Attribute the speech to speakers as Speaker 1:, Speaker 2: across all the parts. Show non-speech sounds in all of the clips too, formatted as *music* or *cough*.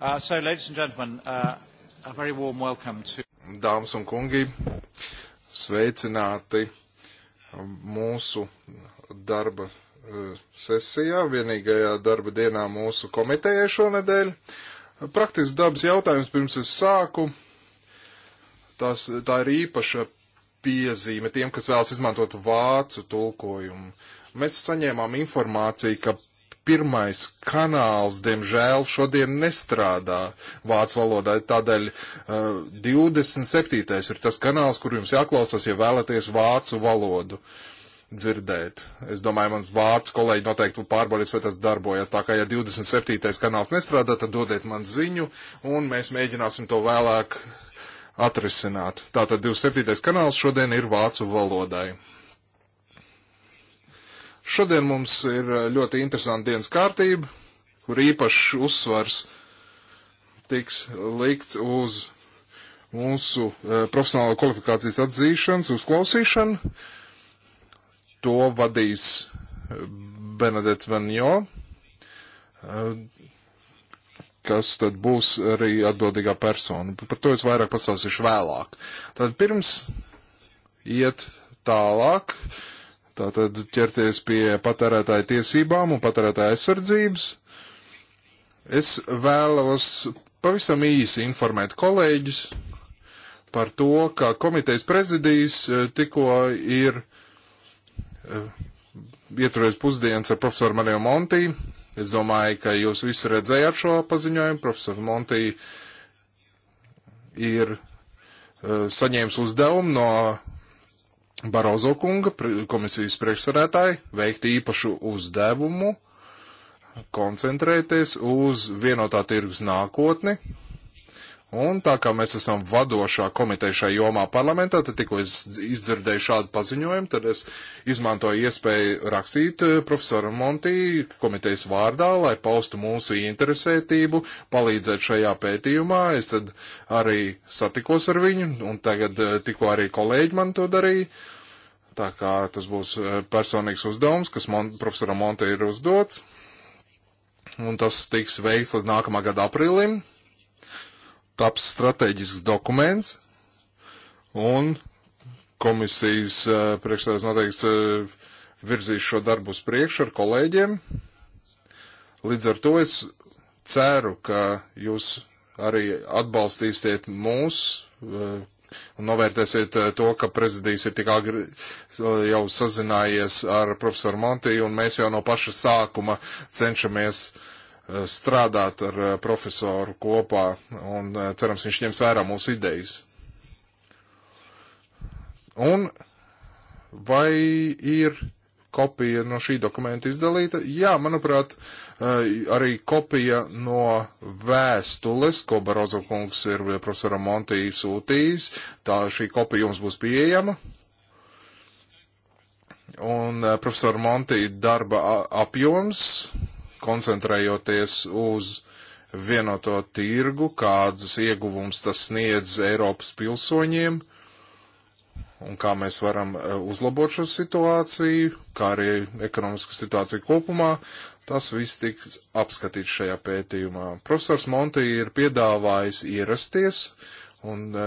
Speaker 1: Uh, so, ladies and gentlemen, uh, a very warm welcome to... Dāmas un kungi, sveicināti mūsu darba uh, sesijā, vienīgajā darba dienā mūsu komitejai šonadēļ. Praktisks dabas jautājums pirms es sāku. Tās, tā ir īpaša piezīme tiem, kas vēlas izmantot vācu tulkojumu. Mēs saņēmām informāciju, ka pirmais kanāls, diemžēl, šodien nestrādā vācu valodā. Tādēļ uh, eh, 27. ir tas kanāls, kur jums jāklausās, ja vēlaties vācu valodu dzirdēt. Es domāju, man vācu kolēģi noteikti pārbaudīs, vai tas darbojas. Tā kā ja 27. kanāls nestrādā, tad dodiet man ziņu, un mēs mēģināsim to vēlāk atrisināt. Tātad 27. kanāls šodien ir vācu valodai. Šodien mums ir eh, ļoti interesanti dienas kārtība, kur īpašs uzsvars tiks likts uz mūsu eh, profesionālo kvalifikācijas atzīšanas uzklausīšanu. To vadīs eh, Benedets Venjo, kas tad būs arī atbildīgā persona. Par to es vairāk pastāstīšu vēlāk. Tad pirms iet tālāk. Tātad ķerties pie patērētāja tiesībām un patērētāja aizsardzības. Es vēlos pavisam īsi informēt kolēģis par to, ka komitejas prezidijas eh, tikko ir eh, ieturējis pusdienas ar profesoru Mariju Montī. Es domāju, ka jūs visi redzējāt šo paziņojumu. Profesors Montī ir eh, saņēmis uzdevumu no Barozo kunga, komisijas priekšsarētāji, veikt īpašu uzdevumu, koncentrēties uz vienotā tirgus nākotni. Un tā kā mēs esam vadošā komiteja šajā jomā parlamentā, tad tikko es izdzirdēju šādu paziņojumu, tad es izmantoju iespēju rakstīt eh, profesoram Montī komitejas vārdā, lai paustu mūsu interesētību, palīdzētu šajā pētījumā. Es tad arī satikos ar viņu, un tagad eh, tikko arī kolēģi man to darīja. Tā kā tas būs eh, personīgs uzdevums, kas man profesoram Monte ir uzdots, un tas tiks veikts līdz nākamā gada aprīlim. Taps strateģisks dokuments, un komisijas eh, priekšstādājs noteikti eh, virzīs šo darbu uz priekšu ar kolēģiem. Līdz ar to es ceru, ka jūs arī atbalstīsiet mūs novērtēsiet eh, to, ka prezidijs ir tik agri eh, jau sazinājies ar profesoru Montiju, un mēs jau no paša sākuma cenšamies eh, strādāt ar profesoru kopā, un cerams, viņš ņems vērā mūsu idejas. Un vai ir kopija no šī dokumenta izdalīta? Jā, manuprāt, eh, arī kopija no vēstules, ko Barozo kungs ir profesoram Montī sūtījis, tā šī kopija jums būs pieejama. Un eh, profesora Montī darba apjoms, koncentrējoties uz vienoto tirgu, kādas ieguvums tas sniedz Eiropas pilsoņiem un kā mēs varam e, uzlabot šo situāciju, kā arī ekonomisku situāciju kopumā, tas viss tiks apskatīts šajā pētījumā. Profesors Monti ir piedāvājis ierasties un e,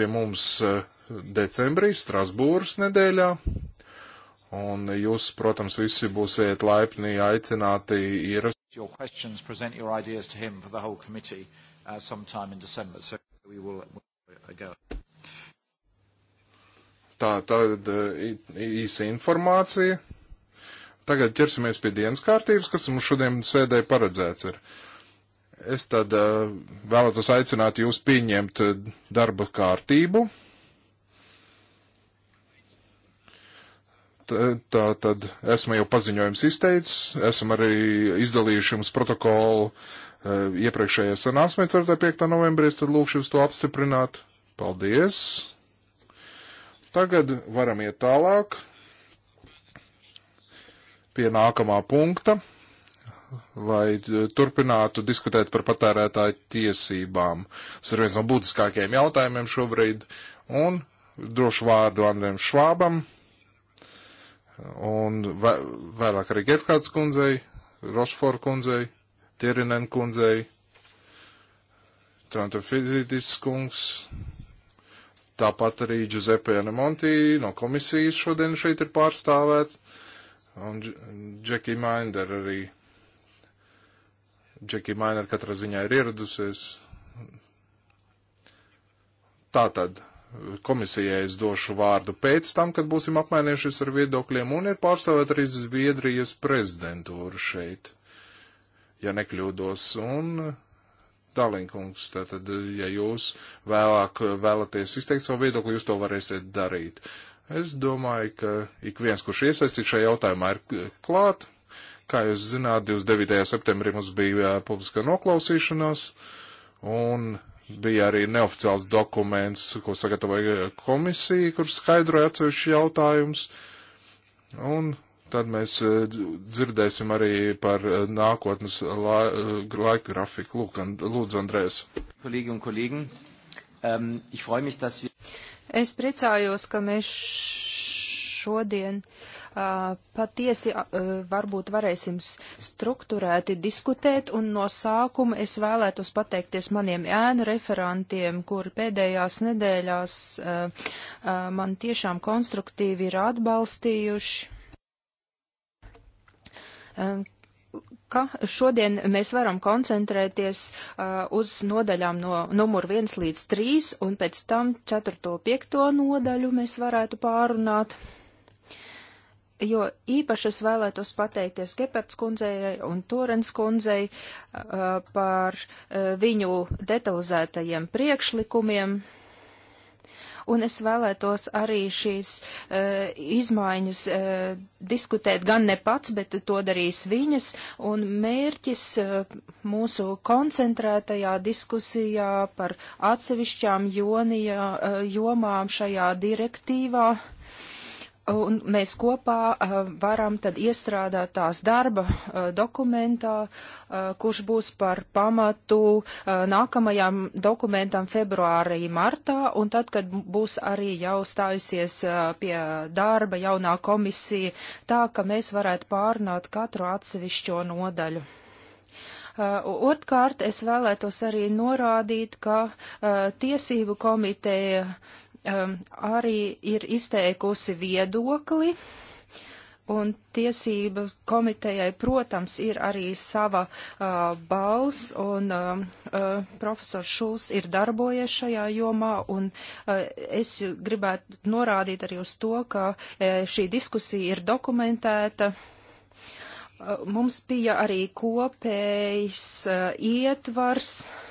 Speaker 1: pie mums e, decembrī Strasbūras nedēļā. Un jūs, protams, visi būsiet laipni aicināti ierasties. Tā tad e, īsa informācija. Tagad ķersimies pie dienas kārtības, kas mums šodien sēdē paredzēts ir. Es tad e, vēlētos aicināt jūs pieņemt e, darba kārtību. Tā tad esmu jau paziņojums izteicis, esam arī izdalījuši jums protokolu iepriekšējā sanāksmē 4.5. novembrī, es tad lūkšu jūs to apstiprināt. Paldies! Tagad varam iet tālāk pie nākamā punkta, lai turpinātu diskutēt par patērētāju tiesībām. Tas ir viens no būtiskākajiem jautājumiem šobrīd. Un došu vārdu Andriem Švābam un vēlāk arī Gerfkārds kundzei, Rošfor kundzei, Tirinen kundzei, Trantafidītis kungs, Tāpat arī Giuseppe Anamonti no komisijas šodien šeit ir pārstāvēts, un Džeki Mainder arī. Džeki Mainer katrā ziņā ir ieradusies. Tātad komisijai es došu vārdu pēc tam, kad būsim apmainījušies ar viedokļiem, un ir pārstāvēt arī Zviedrijas prezidentūru šeit, ja nekļūdos, un Dalinkungs, tātad, ja jūs vēlāk vēlaties izteikt savu viedokli, jūs to varēsiet darīt. Es domāju, ka ik viens, kurš iesaistīts šajā jautājumā, ir klāt. Kā jūs zināt, 29. septembrī mums bija publiska noklausīšanās, un bija arī neoficiāls dokuments, ko sagatavoja komisija, kur skaidroja atsevišķi jautājums. Un tad mēs e, dzirdēsim arī par e, nākotnes la e, laika grafiku. Lūk, and, lūdzu, Andrēs. Kolēģi un kolēģi, um, mich, dass wir.
Speaker 2: Es priecājos, ka mēs šodien uh, patiesi uh, varbūt varēsim struktūrēti diskutēt, un no sākuma es vēlētos pateikties maniem ēnu referantiem, kuri pēdējās nedēļās uh, uh, man tiešām konstruktīvi ir atbalstījuši Um, ka šodien mēs varam koncentrēties uh, uz nodaļām no numur 1 līdz 3, un pēc tam 4. 5. nodaļu mēs varētu pārunāt. Jo īpaši es vēlētos pateikties Gepards kundzei un Torens kundzei uh, par uh, viņu detalizētajiem priekšlikumiem un es vēlētos arī šīs uh, izmaiņas uh, diskutēt gan ne pats, bet to darīs viņas, un mērķis uh, mūsu koncentrētajā diskusijā par atsevišķām jonijā, uh, jomām šajā direktīvā uh, Un mēs kopā uh, varam tad iestrādāt tās darba uh, dokumentā, uh, kurš būs par pamatu nākamajam dokumentam februārī, martā, un tad, kad būs arī jau stājusies pie darba jaunā komisija, tā, ka mēs varētu pārnāt katru atsevišķo nodaļu. Otkārt, es vēlētos arī norādīt, ka tiesību komiteja Um, arī ir izteikusi viedokli, un tiesība komitejai, protams, ir arī sava uh, balss, un um, uh, profesors Šuls ir darbojies šajā jomā, un uh, es gribētu norādīt arī uz to, ka uh, šī diskusija ir dokumentēta. Uh, mums bija arī kopējs uh, ietvars. Uh,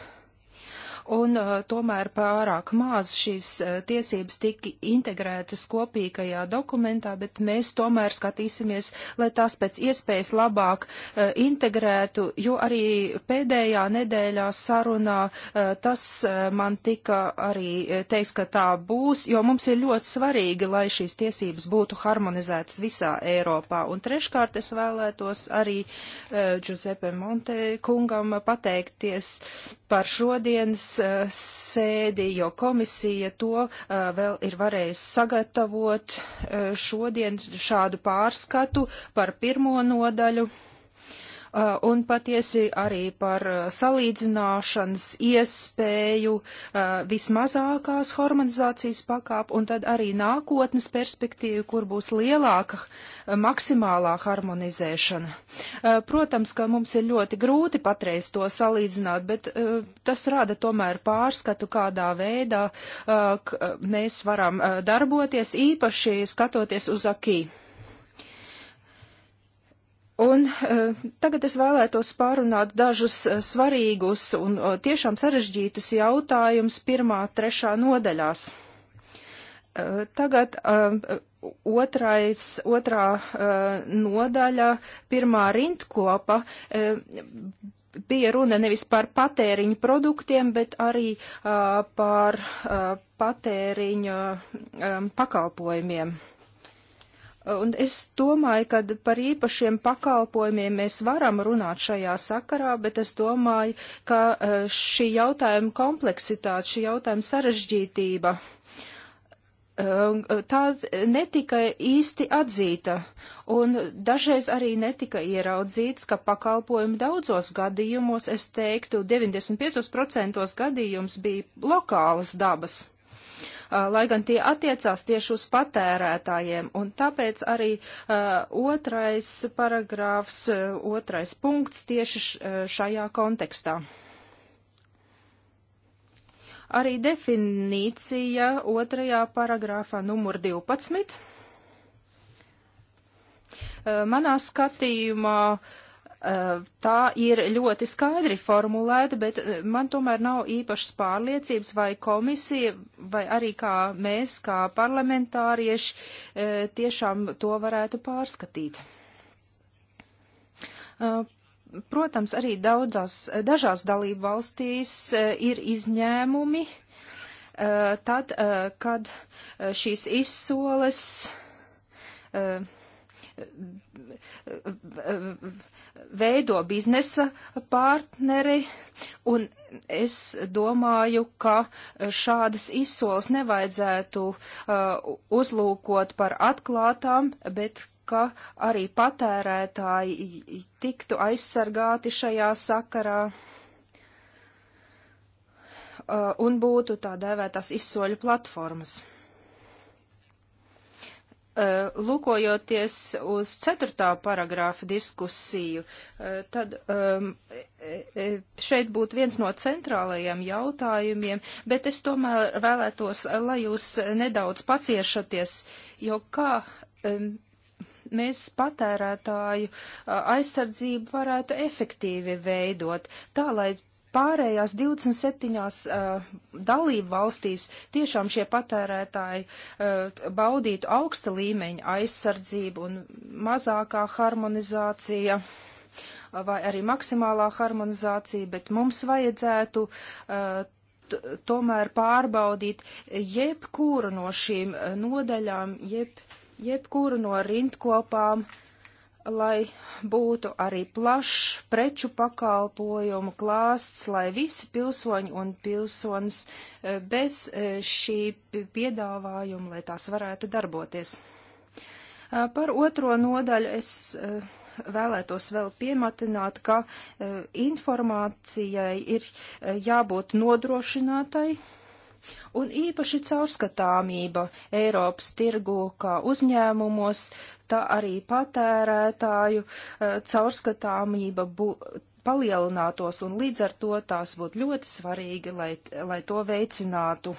Speaker 2: un uh, tomēr pārāk maz šīs uh, tiesības tika integrētas kopīgajā dokumentā, bet mēs tomēr skatīsimies, lai tās pēc iespējas labāk uh, integrētu, jo arī pēdējā nedēļā sarunā tas man tika arī teiks, ka tā būs, jo mums ir ļoti svarīgi, lai šīs tiesības būtu harmonizētas visā Eiropā. Un treškārt es vēlētos arī Giuseppe Monte kungam pateikties par šodienas eh, sēdi, jo komisija to eh, vēl ir varējusi sagatavot eh, šodien šādu pārskatu par pirmo nodaļu. Eh, un patiesi arī par eh, salīdzināšanas iespēju eh, vismazākās harmonizācijas pakāpu, un tad arī nākotnes perspektīvu, kur būs lielāka maksimālā harmonizēšana. Protams, ka mums ir ļoti grūti patreiz to salīdzināt, bet tas rada tomēr pārskatu, kādā veidā mēs varam darboties, īpaši skatoties uz akī. Un e, tagad es vēlētos pārunāt dažus e, svarīgus un e, tiešām sarežģītus jautājumus pirmā, trešā nodaļās. Tagad otrais, otrā nodaļa, pirmā rindkopa bija runa nevis par patēriņu produktiem, bet arī uh, par uh, patēriņu pakalpojumiem. Un es domāju, ka par īpašiem pakalpojumiem mēs varam runāt šajā sakarā, bet es domāju, ka e, šī jautājuma kompleksitāte, šī jautājuma sarežģītība, e, e, tā netika īsti atzīta. Un dažreiz arī netika ieraudzīts, ka pakalpojumi daudzos gadījumos, es teiktu, 95% gadījums bija lokālas dabas lai gan tie attiecās tieši uz patērētājiem. Un tāpēc arī otrais paragrāfs, otrais punkts tieši šajā kontekstā. Arī definīcija otrajā paragrāfā numur 12. Manā skatījumā uh, Eh, tā ir ļoti skaidri formulēta, bet eh, man tomēr nav īpašas pārliecības, vai komisija, vai arī kā mēs, kā parlamentārieši, eh, tiešām to varētu pārskatīt. Protams, arī daudzās, dažās dalību valstīs ir izņēmumi, tad, kad šīs izsoles veido biznesa partneri, un es domāju, ka šādas izsoles nevajadzētu uh, uzlūkot par atklātām, bet ka arī patērētāji tiktu aizsargāti šajā sakarā uh, un būtu tā dēvētās izsoļu platformas. Eh, lūkojoties uz ceturtā paragrāfa diskusiju, eh, tad ehm, e, e, šeit būtu viens no centrālajiem jautājumiem, bet es tomēr vēlētos, lai jūs nedaudz paciešaties, jo kā ehm, mēs patērētāju aizsardzību varētu efektīvi veidot, tā lai pārējās 27 uh, eh, dalību valstīs tiešām šie patērētāji uh, baudītu augsta līmeņa aizsardzību un mazākā harmonizācija eh, vai arī maksimālā harmonizācija, bet mums vajadzētu uh, tomēr pārbaudīt jebkuru no šīm nodaļām, jeb, jebkuru no rindkopām, uh, lai būtu arī plašs preču pakalpojumu klāsts, lai visi pilsoņi un pilsonis e, bez e, šī piedāvājuma, lai tās varētu darboties. E, par otro nodaļu es vēlētos vēl piematināt, ka informācijai ir jābūt nodrošinātai, Un īpaši caurskatāmība Eiropas tirgu kā uzņēmumos, tā arī patērētāju eh, caurskatāmība bū, palielinātos, un līdz ar to tās būtu ļoti svarīgi, lai, lai to veicinātu.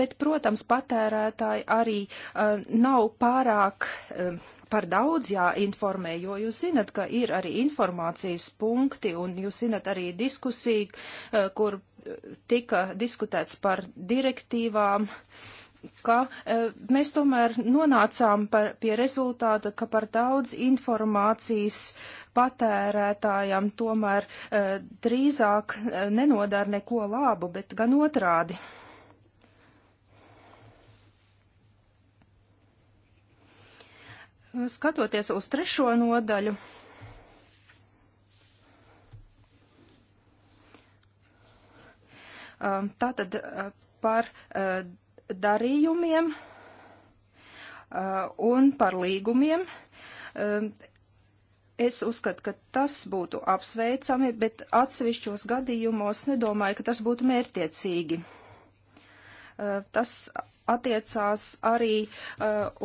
Speaker 2: Bet, protams, patērētāji arī uh, nav pārāk uh, par daudz jāinformē, jo jūs zinat, ka ir arī informācijas punkti, un jūs zinat arī diskusiju, uh, kur tika diskutēts par direktīvām, ka e, mēs tomēr nonācām par, pie rezultāta, ka par daudz informācijas patērētājam tomēr e, drīzāk e, nenodara neko labu, bet gan otrādi. Skatoties uz trešo nodaļu, Tātad par darījumiem un par līgumiem. Es uzskatu, ka tas būtu apsveicami, bet atsevišķos gadījumos nedomāju, ka tas būtu mērtiecīgi. Tas attiecās arī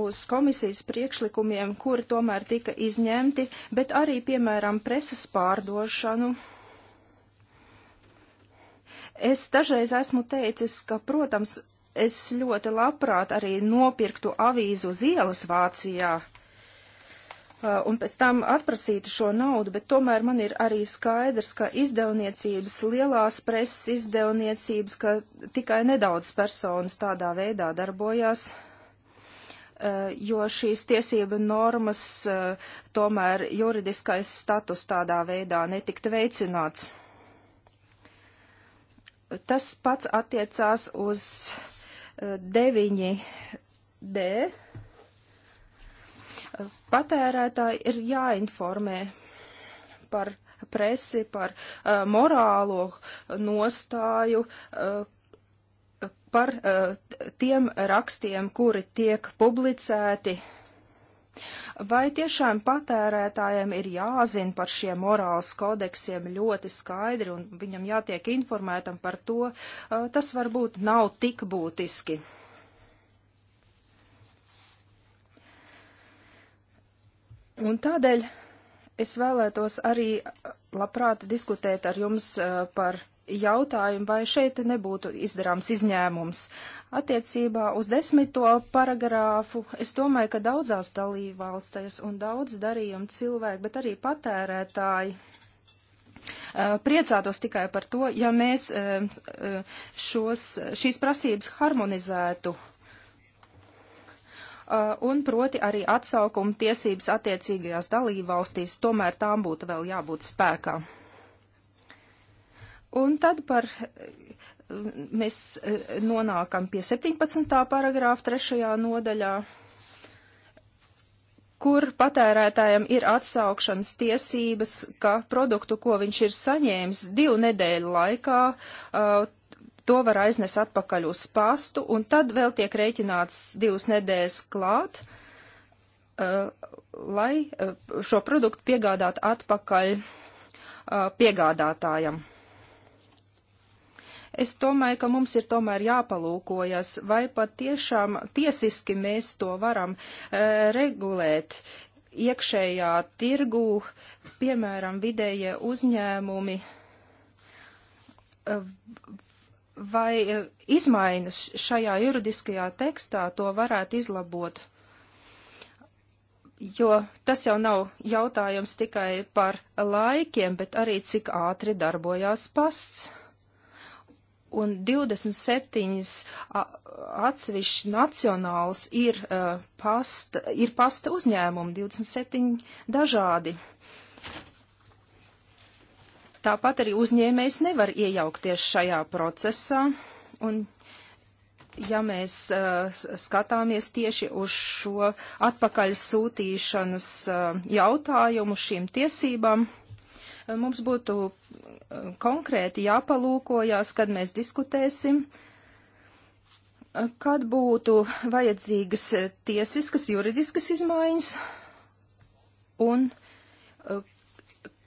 Speaker 2: uz komisijas priekšlikumiem, kuri tomēr tika izņemti, bet arī, piemēram, preses pārdošanu. Es dažreiz esmu teicis, ka, protams, es ļoti labprāt arī nopirktu avīzu uz ielas Vācijā uh, un pēc tam atprasītu šo naudu, bet tomēr man ir arī skaidrs, ka izdevniecības, lielās preses izdevniecības, ka tikai nedaudz personas tādā veidā darbojās, uh, jo šīs tiesība normas uh, tomēr juridiskais status tādā veidā netikt veicināts. Tas pats attiecās uz 9D. Eh, Patērētāji ir jāinformē par presi, par uh, morālo nostāju, uh, par uh, tiem rakstiem, kuri tiek publicēti uh, vai tiešām patērētājiem ir jāzina par šiem morāls kodeksiem ļoti skaidri un viņam jātiek informētam par to, tas varbūt nav tik būtiski. Un tādēļ es vēlētos arī labprāt diskutēt ar jums par jautājumu, vai šeit nebūtu izdarāms izņēmums. Attiecībā uz desmito paragrāfu es domāju, ka daudzās dalībvalstēs un daudz darījumu cilvēki, bet arī patērētāji priecātos tikai par to, ja mēs šos, šīs prasības harmonizētu un proti arī atsaukuma tiesības attiecīgajās dalībvalstīs, tomēr tām būtu vēl jābūt spēkā. Un tad par, mēs eh, nonākam pie 17. paragrāfa trešajā nodaļā, kur patērētājiem ir atsaukšanas tiesības, ka produktu, ko viņš ir saņēmis divu nedēļu laikā, eh, to var aiznes atpakaļ uz pastu, un tad vēl tiek rēķināts divas nedēļas klāt, eh, lai šo produktu piegādāt atpakaļ piegādātājam. Es domāju, ka mums ir tomēr jāpalūkojas, vai pat tiešām tiesiski mēs to varam eh, regulēt. Iekšējā tirgū, piemēram, vidējie uzņēmumi eh, vai eh, izmaiņas šajā juridiskajā tekstā to varētu izlabot? Jo tas jau nav jautājums tikai par laikiem, bet arī cik ātri darbojās pasts un 27 atsevišķi nacionāls ir, uh, pasta, ir pasta uzņēmumi, 27 dažādi. Tāpat arī uzņēmējs nevar iejaukties šajā procesā, un ja mēs uh, skatāmies tieši uz šo atpakaļ sūtīšanas uh, jautājumu šīm tiesībām, mums būtu eh, konkrēti jāpalūkojās, kad mēs diskutēsim, eh, kad būtu vajadzīgas eh, tiesiskas, juridiskas izmaiņas un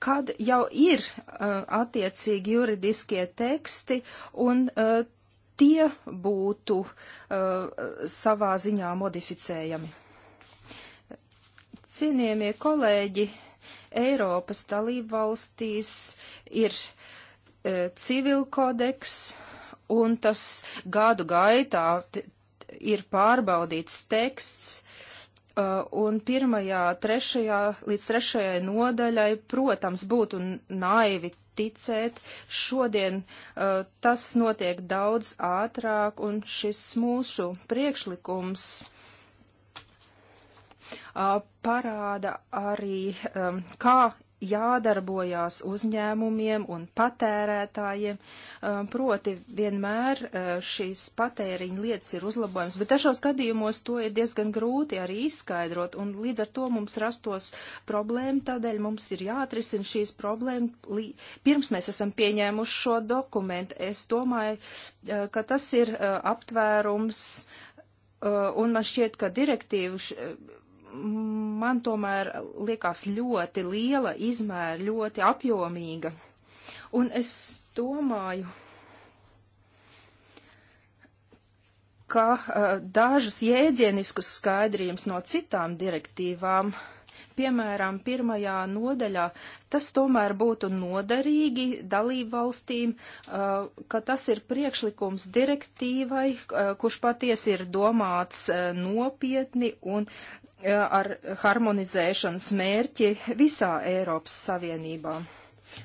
Speaker 2: kad jau ir attiecīgi juridiskie teksti un tie būtu savā ziņā modificējami. Cienījamie kolēģi, uh, Eiropas dalībvalstīs ir e, civilkodeks, un tas gadu gaitā ir pārbaudīts teksts, Uh, un pirmajā, trešajā, līdz trešajai nodaļai, protams, būtu naivi ticēt. Šodien uh, tas notiek daudz ātrāk, un šis mūsu priekšlikums uh, parāda arī, um, kā jādarbojās uzņēmumiem un patērētājiem. Um, proti vienmēr uh, šīs patēriņa lietas ir uzlabojums, bet dažos gadījumos to ir diezgan grūti arī izskaidrot, un līdz ar to mums rastos problēma, tādēļ mums ir jāatrisina šīs problēmas. Pirms mēs esam pieņēmuši šo dokumentu, es domāju, uh, ka tas ir uh, aptvērums, uh, un man šķiet, ka direktīva man tomēr likās ļoti liela izmēra, ļoti apjomīga. Un es domāju, ka uh, dažas jēdzieniskus skaidrījums no citām direktīvām, piemēram, pirmajā nodaļā, tas tomēr būtu noderīgi dalību valstīm, uh, ka tas ir priekšlikums direktīvai, uh, kurš paties ir domāts nopietni un Eh, ar harmonizēšanas mērķi visā Eiropas Savienībā.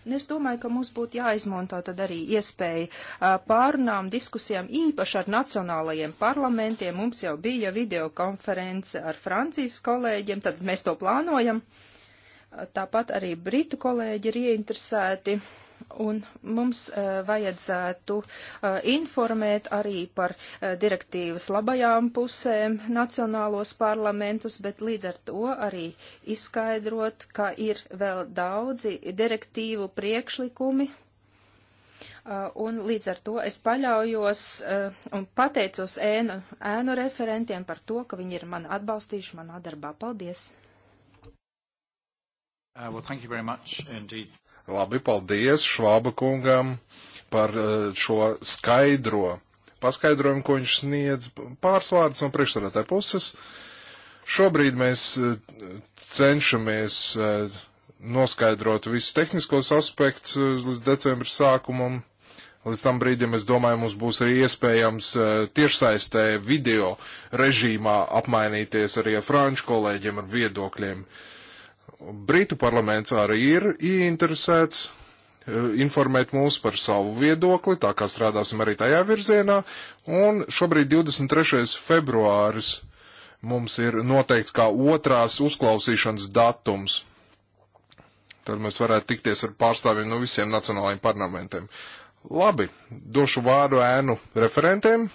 Speaker 2: Un es domāju, ka mums būtu jāizmanto tad arī iespēja eh, pārunām, diskusijām, īpaši ar nacionālajiem parlamentiem. Mums jau bija videokonference ar Francijas kolēģiem, tad mēs to plānojam. Eh, tāpat arī Britu kolēģi ir ieinteresēti un mums eh, vajadzētu eh, informēt arī par eh, direktīvas labajām pusēm nacionālos parlamentus, bet līdz ar to arī izskaidrot, ka ir vēl daudzi direktīvu priekšlikumi, un līdz ar to es paļaujos un pateicos ēnu, ēnu referentiem par to, ka viņi ir mani atbalstījuši manā darbā. Paldies!
Speaker 3: Uh, well, thank you very much indeed.
Speaker 1: Labi, paldies Švāba kungam par eh, šo skaidro paskaidrojumu, ko viņš sniedz pārsvārds no priekšstādātāja puses. Šobrīd mēs eh, cenšamies eh, noskaidrot visus tehniskos aspektus līdz decembra sākumam. Līdz tam brīdim, es domāju, mums būs arī iespējams tiešsaistē video režīmā apmainīties arī ar franču kolēģiem ar viedokļiem. Britu parlaments arī ir ieinteresēts eh, informēt mūs par savu viedokli, tā kā strādāsim arī tajā virzienā. Un šobrīd 23. februāris mums ir noteikts kā otrās uzklausīšanas datums. Tad mēs varētu tikties ar pārstāvjiem no visiem nacionālajiem parlamentiem. Labi, došu vārdu ēnu referentiem.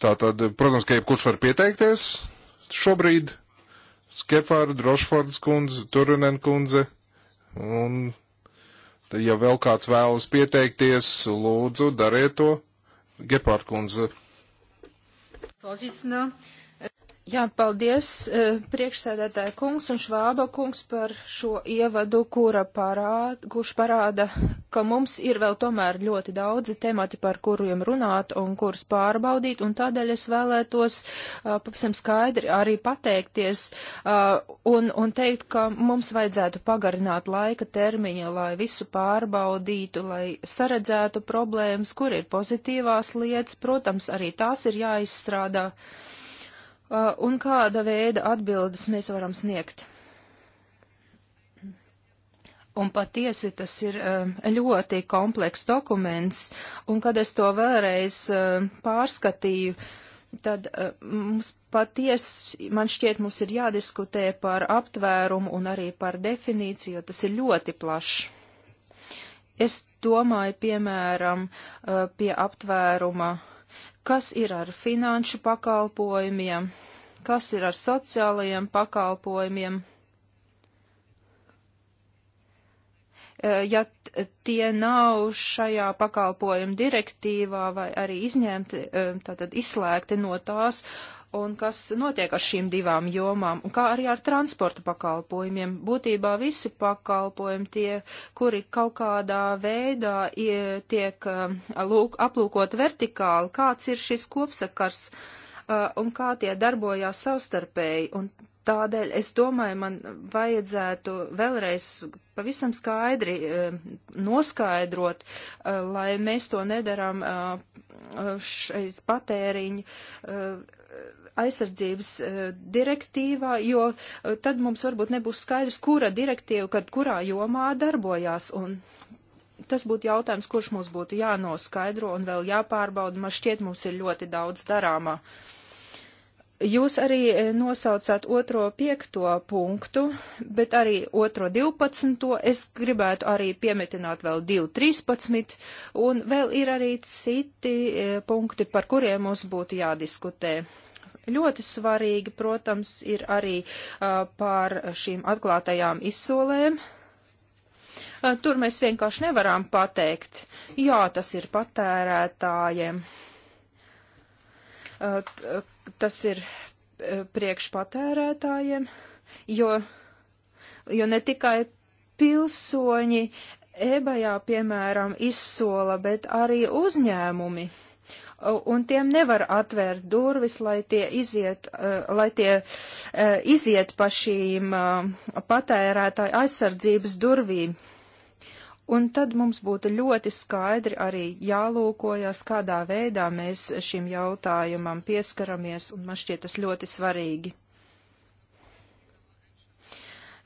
Speaker 1: Tātad, protams, ka jebkurš var pieteikties šobrīd Skepāra, Rošfords kundze, Turunen kundze. Un, ja vēl kāds vēlas pieteikties, lūdzu, dariet to. Gepāra kundze.
Speaker 2: Pozicināts. Jā, paldies e, priekšsēdētāja kungs un švāba kungs par šo ievadu, kura parāda, kurš parāda, ka mums ir vēl tomēr ļoti daudzi temati, par kuriem runāt un kurus pārbaudīt, un tādēļ es vēlētos e, pavisam skaidri arī pateikties e, un, un teikt, ka mums vajadzētu pagarināt laika termiņu, lai visu pārbaudītu, lai saredzētu problēmas, kur ir pozitīvās lietas, protams, arī tās ir jāizstrādā. Uh, un kāda veida atbildes mēs varam sniegt. Un patiesi tas ir um, ļoti komplekss dokuments, un kad es to vēlreiz um, pārskatīju, tad um, mums patiesi, man šķiet, mums ir jādiskutē par aptvērumu un arī par definīciju, jo tas ir ļoti plašs. Es domāju, piemēram, uh, pie aptvēruma kas ir ar finanšu pakalpojumiem, kas ir ar sociālajiem pakalpojumiem. E, ja tie nav šajā pakalpojuma direktīvā vai arī izņemti, e, tātad izslēgti no tās, uh, un kas notiek ar šīm divām jomām, un kā arī ar transporta pakalpojumiem. Būtībā visi pakalpojumi tie, kuri kaut kādā veidā tiek eh, aplūkot vertikāli, kāds ir šis kopsakars eh, un kā tie darbojās savstarpēji. Un tādēļ es domāju, man vajadzētu vēlreiz pavisam skaidri eh, noskaidrot, lai mēs to nedaram šeit patēriņi aizsardzības eh, direktīvā, jo eh, tad mums varbūt nebūs skaidrs, kura direktīva, kad kurā jomā darbojās. Un tas būtu jautājums, kurš mums būtu jānoskaidro un vēl jāpārbauda. Man šķiet, mums ir ļoti daudz darāmā. Jūs arī eh, nosaucāt otro piekto punktu, bet arī otro divpadsmito. Es gribētu arī piemetināt vēl divu trīspadsmit, un vēl ir arī citi punkti, par kuriem mums būtu jādiskutē. Ļoti svarīgi, protams, ir arī pār šīm atklātajām izsolēm. tur mēs vienkārši nevaram pateikt, jā, tas ir patērētājiem, tas ir priekšpatērētājiem, jo, jo ne tikai pilsoņi ebajā, piemēram, izsola, bet arī uzņēmumi un tiem nevar atvērt durvis, lai tie iziet, eh, lai tie eh, iziet pa šīm eh, patērētāju aizsardzības durvīm. Un tad mums būtu ļoti skaidri arī jālūkojas, kādā veidā mēs šim jautājumam pieskaramies, un man šķiet tas ļoti svarīgi.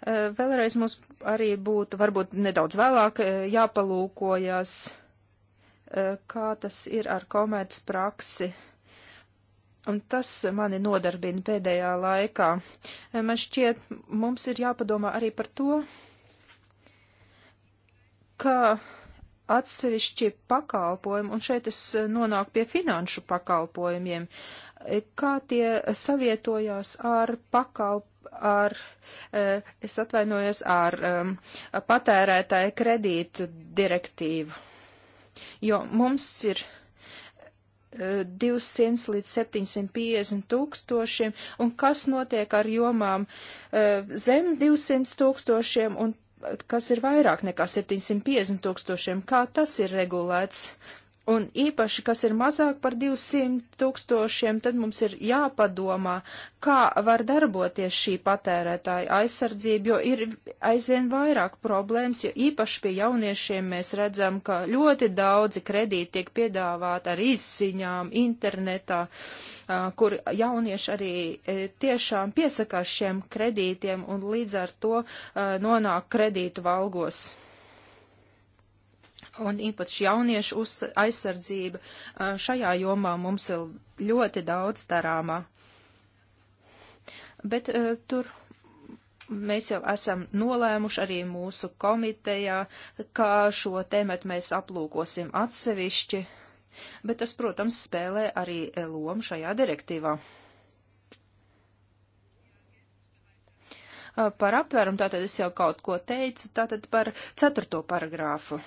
Speaker 2: Vēlreiz mums arī būtu, varbūt nedaudz vēlāk, jāpalūkojas kā tas ir ar komerc praksi. Un tas mani nodarbina pēdējā laikā. Man šķiet, mums ir jāpadomā arī par to, ka atsevišķi pakalpojumi, un šeit es nonāku pie finanšu pakalpojumiem, e, kā tie savietojās ar pakalpojumiem. ar, e, es atvainojos, ar um, patērētāju kredītu direktīvu jo mums ir 200 e, līdz 750 tūkstošiem, un kas notiek ar jomām e, zem 200 tūkstošiem un kas ir vairāk nekā 750 tūkstošiem, kā tas ir regulēts. Un īpaši, kas ir mazāk par 200 tūkstošiem, tad mums ir jāpadomā, kā var darboties šī patērētāja aizsardzība, jo ir aizvien vairāk problēmas, jo īpaši pie jauniešiem mēs redzam, ka ļoti daudzi kredīti tiek piedāvāti ar izziņām internetā, kur jaunieši arī tiešām piesakās šiem kredītiem un līdz ar to nonāk kredītu valgos un īpaši jauniešu uz, aizsardzība. Šajā jomā mums ir ļoti daudz darāmā. Bet uh, tur mēs jau esam nolēmuši arī mūsu komitejā, kā šo tēmetu mēs aplūkosim atsevišķi, bet tas, protams, spēlē arī lomu šajā direktīvā. Par aptvērumu tātad es jau kaut ko teicu, tātad par ceturto paragrāfu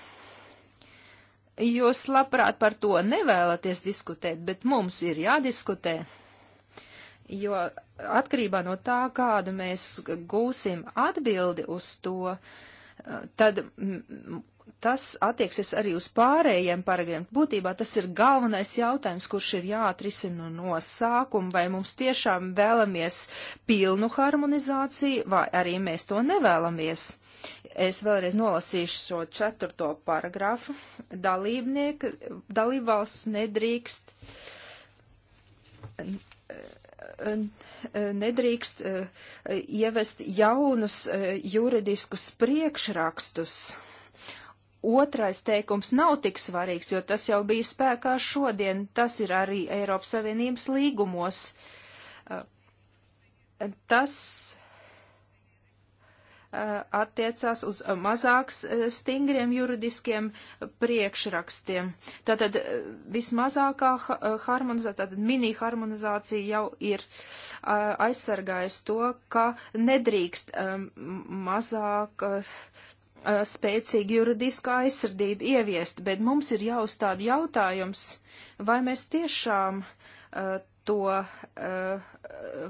Speaker 2: jūs labprāt par to nevēlaties diskutēt, bet mums ir jādiskutē. Jo atkarībā no tā, kādu mēs gūsim atbildi uz to, tad tas attieksies arī uz pārējiem paragriem. Būtībā tas ir galvenais jautājums, kurš ir jāatrisina no sākuma, vai mums tiešām vēlamies pilnu harmonizāciju, vai arī mēs to nevēlamies. Es vēlreiz nolasīšu šo ceturto paragrafu. Dalībnieki, dalībvalsts nedrīkst, nedrīkst eh, ievest jaunus eh, juridiskus priekšrakstus. Otrais teikums nav tik svarīgs, jo tas jau bija spēkā šodien. Tas ir arī Eiropas Savienības līgumos. Eh, tas Eh, attiecās uz mazāk eh, stingriem juridiskiem priekšrakstiem. Tātad eh, vismazākā harmonizācija, tātad mini-harmonizācija jau ir aizsargājusi to, ka nedrīkst mazāk spēcīgi juridiska aizsardība ieviest, bet mums ir jāuzstāda jautājums, vai mēs tiešām to uh,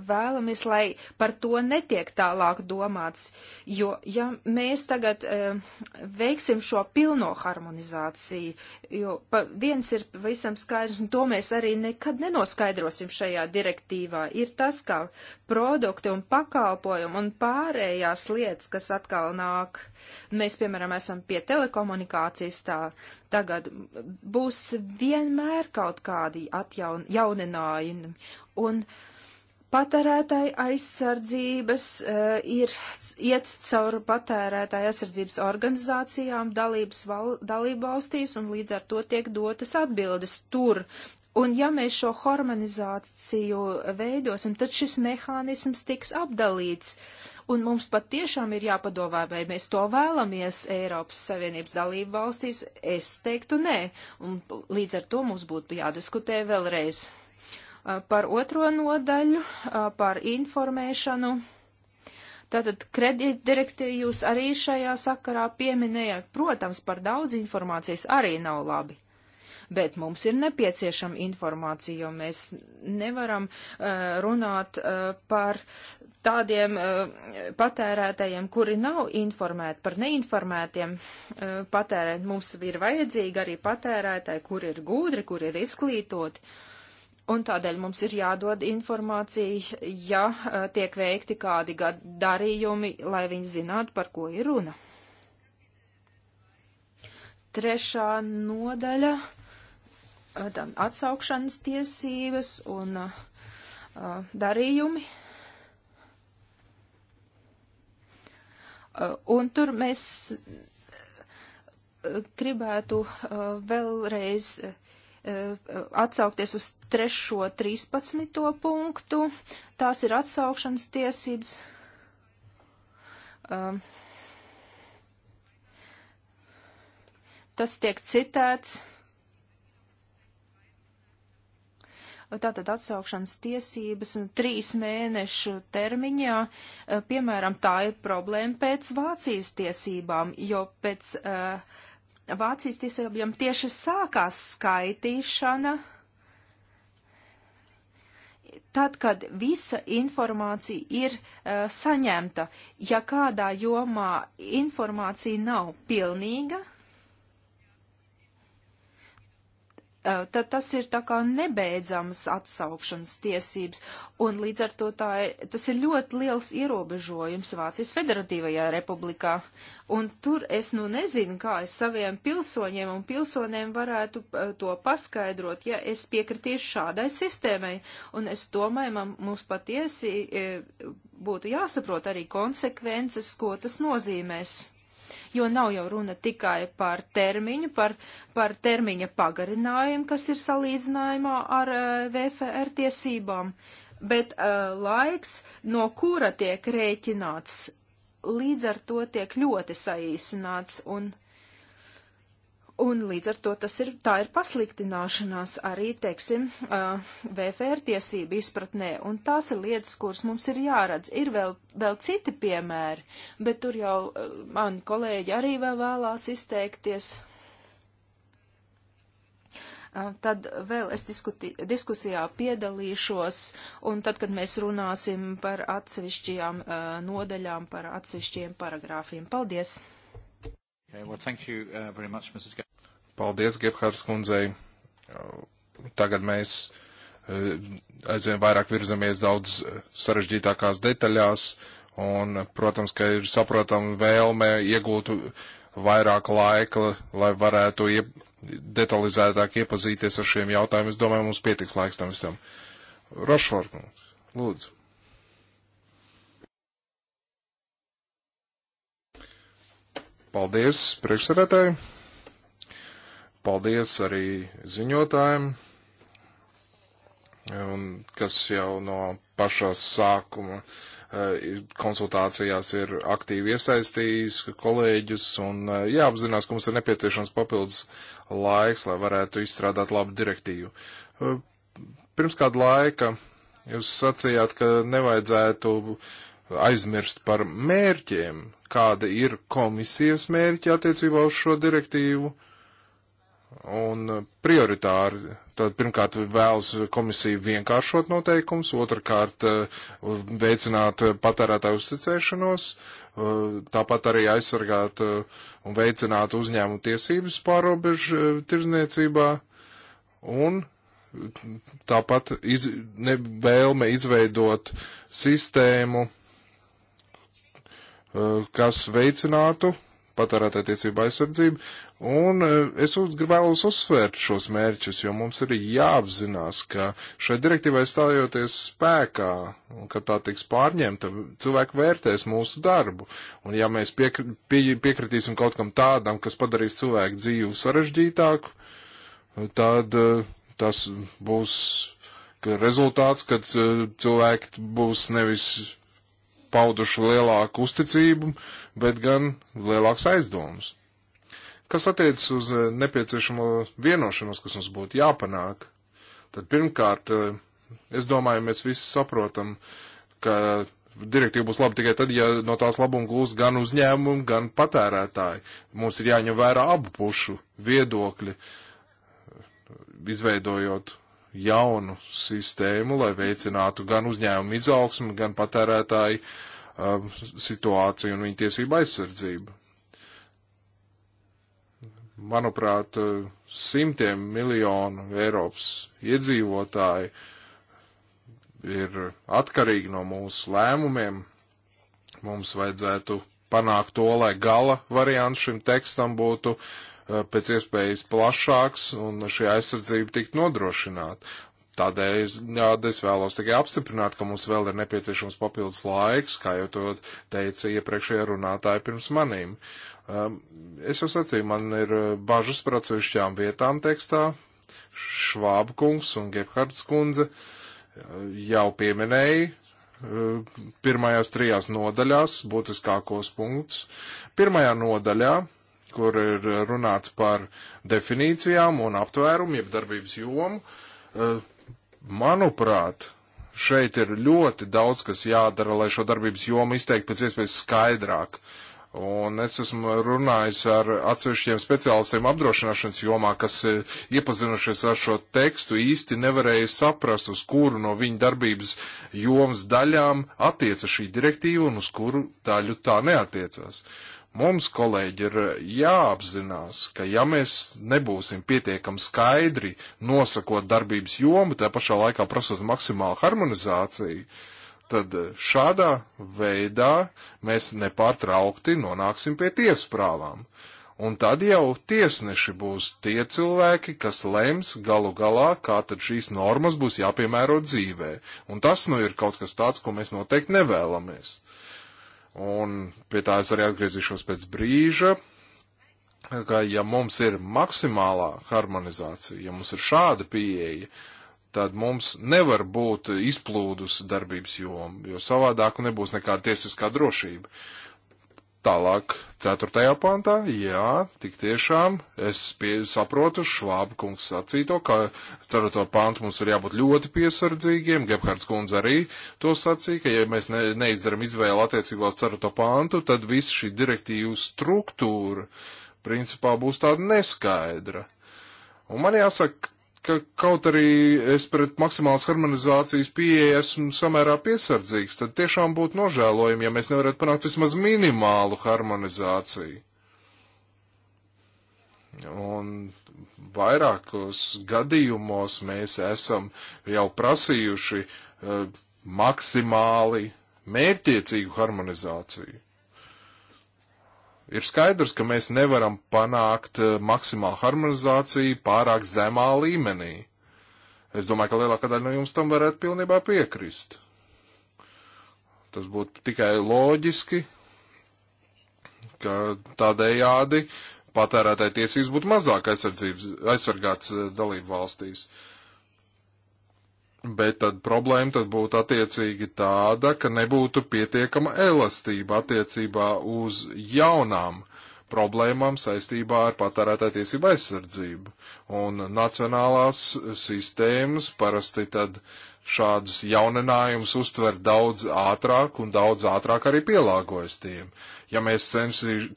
Speaker 2: vēlamies, lai par to netiek tālāk domāts. Jo, ja mēs tagad uh, veiksim šo pilno harmonizāciju, jo pa, viens ir visam skaidrs, un to mēs arī nekad nenoskaidrosim šajā direktīvā, ir tas, ka produkti un pakalpojumi un pārējās lietas, kas atkal nāk. Mēs, piemēram, esam pie telekomunikācijas tā tagad būs vienmēr kaut kādi atjauninājumi. Un patērētāja aizsardzības uh, ir iet cauri patērētāja aizsardzības organizācijām dalības val, dalību valstīs, un līdz ar to tiek dotas atbildes tur. Un ja mēs šo harmonizāciju veidosim, tad šis mehānisms tiks apdalīts. Uh, un mums patiešām ir jāpadomā, vai mēs to vēlamies Eiropas Savienības dalību valstīs. Es teiktu nē, un līdz ar to mums būtu jādiskutē vēlreiz. Par otro nodaļu, par informēšanu. Tātad kredītdirektīvi arī šajā sakarā pieminēja, protams, par daudz informācijas arī nav labi bet mums ir nepieciešama informācija, jo mēs nevaram uh, runāt uh, par tādiem uh, patērētājiem, kuri nav informēti, par neinformētiem uh, patērēt. Mums ir vajadzīgi arī patērētāji, kur ir gudri, kur ir izklītoti. Un tādēļ mums ir jādod informācija, ja uh, tiek veikti kādi darījumi, lai viņi zinātu, par ko ir runa. Trešā nodaļa atsaukšanas tiesības un uh, darījumi. un tur mēs uh, gribētu uh, vēlreiz atsaukties uz trešo 13. punktu. Tās ir atsaukšanas tiesības. Tas tiek citēts tātad atsaukšanas tiesības trīs mēnešu termiņā. Eh, piemēram, tā ir problēma pēc Vācijas tiesībām, jo pēc eh, Vācijas tiesībām tieši sākās skaitīšana. Tad, kad visa informācija ir uh, saņemta, ja kādā jomā informācija nav pilnīga, tad tas ir tā kā nebeidzams atsaukšanas tiesības, un līdz ar to tā ir, tas ir ļoti liels ierobežojums Vācijas Federatīvajā republikā, un tur es nu nezinu, kā es saviem pilsoņiem un pilsonēm varētu to paskaidrot, ja es piekritīšu šādai sistēmai, un es domāju, man, mums patiesi būtu jāsaprot arī konsekvences, ko tas nozīmēs jo nav jau runa tikai par termiņu, par, par termiņa pagarinājumu, kas ir salīdzinājumā ar eh, VFR tiesībām, bet uh, laiks, no kura tiek rēķināts, līdz ar to tiek ļoti saīsināts un Un līdz ar to tas ir, tā ir pasliktināšanās arī, teiksim, uh, VFR tiesību izpratnē, un tās ir lietas, kuras mums ir jāredz. Ir vēl, vēl citi piemēri, bet tur jau uh, mani kolēģi arī vēl vēlās izteikties. tad vēl es diskuti, diskusijā piedalīšos, un tad, kad mēs runāsim par atsevišķajām nodaļām, par atsevišķiem paragrāfiem. Paldies!
Speaker 1: Uh, Paldies, Gebhards kundzei. Uh, tagad mēs uh, aizvien vairāk virzamies daudz sarežģītākās detaļās, un, protams, ka ir saprotama vēlme iegūt vairāk laika, lai varētu iep detalizētāk iepazīties ar šiem jautājumiem. Es domāju, mums pietiks laiks tam visam. Rošvārds, lūdzu. Paldies priekšsēdētāji, Paldies arī ziņotājiem, un kas jau no pašā sākuma eh, konsultācijās ir aktīvi iesaistījis kolēģus, un eh, jāapzinās, ka mums ir nepieciešams papildus laiks, lai varētu izstrādāt labu direktīvu. Eh, pirms kādu laika jūs sacījāt, ka nevajadzētu aizmirst par mērķiem, kāda ir komisijas mērķi attiecībā uz šo direktīvu. Un prioritāri, tad pirmkārt vēlas komisiju vienkāršot noteikums, otrkārt uh, veicināt patērētāju uzticēšanos, uh, tāpat arī aizsargāt uh, un veicināt uzņēmu tiesības pārobežu tirzniecībā un tāpat iz, ne, vēlme izveidot sistēmu Eh, kas veicinātu patērētāju tiesību aizsardzību, un eh, es vēlos uzsvērt šos mērķus, jo mums ir jāapzinās, ka šai direktīvai stājoties spēkā, un ka tā tiks pārņemta, cilvēki vērtēs mūsu darbu, un ja mēs piekri, pie, piekritīsim kaut kam tādam, kas padarīs cilvēku dzīvi sarežģītāku, tad eh, tas būs rezultāts, kad cilvēki būs nevis pauduši lielāku uzticību, bet gan lielāks aizdomus. Kas attiecas uz eh, nepieciešamo vienošanos, kas mums būtu jāpanāk, tad pirmkārt, eh, es domāju, mēs visi saprotam, ka direktīva būs laba tikai tad, ja no tās labuma gūs gan uzņēmumi, gan patērētāji. Mums ir jāņem vērā abu pušu viedokļi, izveidojot jaunu sistēmu, lai veicinātu gan uzņēmumu izaugsmu, gan patērētāju um, situāciju un viņa tiesību aizsardzību. Manuprāt, simtiem miljonu Eiropas iedzīvotāji ir atkarīgi no mūsu lēmumiem. Mums vajadzētu panākt to, lai gala variants šim tekstam būtu uh, Eh, pēc iespējas plašāks un šī aizsardzība tikt nodrošināta. Tādēļ es, es vēlos tikai apstiprināt, ka mums vēl ir nepieciešams papildus laiks, kā jau to teica iepriekšējā runātāja pirms manīm. Ehm, es jau sacīju, man ir eh, bažas par atsevišķām vietām tekstā. Švāba kungs un Gebhards kundze eh, jau pieminēja pirmajās trijās nodaļās būtiskākos punktus. Pirmajā nodaļā kur ir runāts par definīcijām un aptvērumu, jeb darbības jomu. Eh, manuprāt, šeit ir ļoti daudz, kas jādara, lai šo darbības jomu izteikt pēc iespējas skaidrāk. Un es esmu runājis ar atsevišķiem speciālistiem apdrošināšanas jomā, kas eh, iepazinušies ar šo tekstu, īsti nevarēja saprast, uz kuru no viņa darbības jomas daļām attieca šī direktīva un uz kuru daļu tā neatiecās. Mums, kolēģi, ir jāapzinās, ka ja mēs nebūsim pietiekami skaidri nosakot darbības jomu, tā pašā laikā prasot maksimālu harmonizāciju, tad šādā veidā mēs nepārtraukti nonāksim pie tiesprāvām. Un tad jau tiesneši būs tie cilvēki, kas lems galu galā, kā tad šīs normas būs jāpiemēro dzīvē. Un tas nu ir kaut kas tāds, ko mēs noteikti nevēlamies. Un pie tā es arī atgriezīšos pēc brīža, ka ja mums ir maksimālā harmonizācija, ja mums ir šāda pieeja, tad mums nevar būt izplūdus darbības joma, jo savādāk nebūs nekāda tiesiskā drošība. Tālāk, 4. pantā, jā, tik tiešām es pie, saprotu Švāba kungs sacīto, ka 4. pantu mums ir jābūt ļoti piesardzīgiem, Gebhards kundze arī to sacīja, ka ja mēs ne, neizdaram izvēli attiecībā uz 4. pantu, tad viss šī direktīva struktūra principā būs tāda neskaidra. Un man jāsaka, ka kaut arī es pret maksimālas harmonizācijas pieeju esmu samērā piesardzīgs, tad tiešām būtu nožēlojami, ja mēs nevarētu panākt vismaz minimālu harmonizāciju. Un vairākos gadījumos mēs esam jau prasījuši uh, maksimāli mērķiecīgu harmonizāciju. Ir skaidrs, ka mēs nevaram panākt eh, maksimālu harmonizāciju pārāk zemā līmenī. Es domāju, ka lielākā daļa no jums tam varētu pilnībā piekrist. Tas būtu tikai loģiski, ka tādējādi patērētāji tiesības būtu mazāk aizsargāts eh, dalību valstīs. Uh, Bet tad problēma tad būtu attiecīgi tāda, ka nebūtu pietiekama elastība attiecībā uz jaunām problēmām saistībā ar patērētāju tiesību aizsardzību. Un nacionālās sistēmas parasti tad šādus jauninājumus uztver daudz ātrāk un daudz ātrāk arī pielāgojas tiem. Ja mēs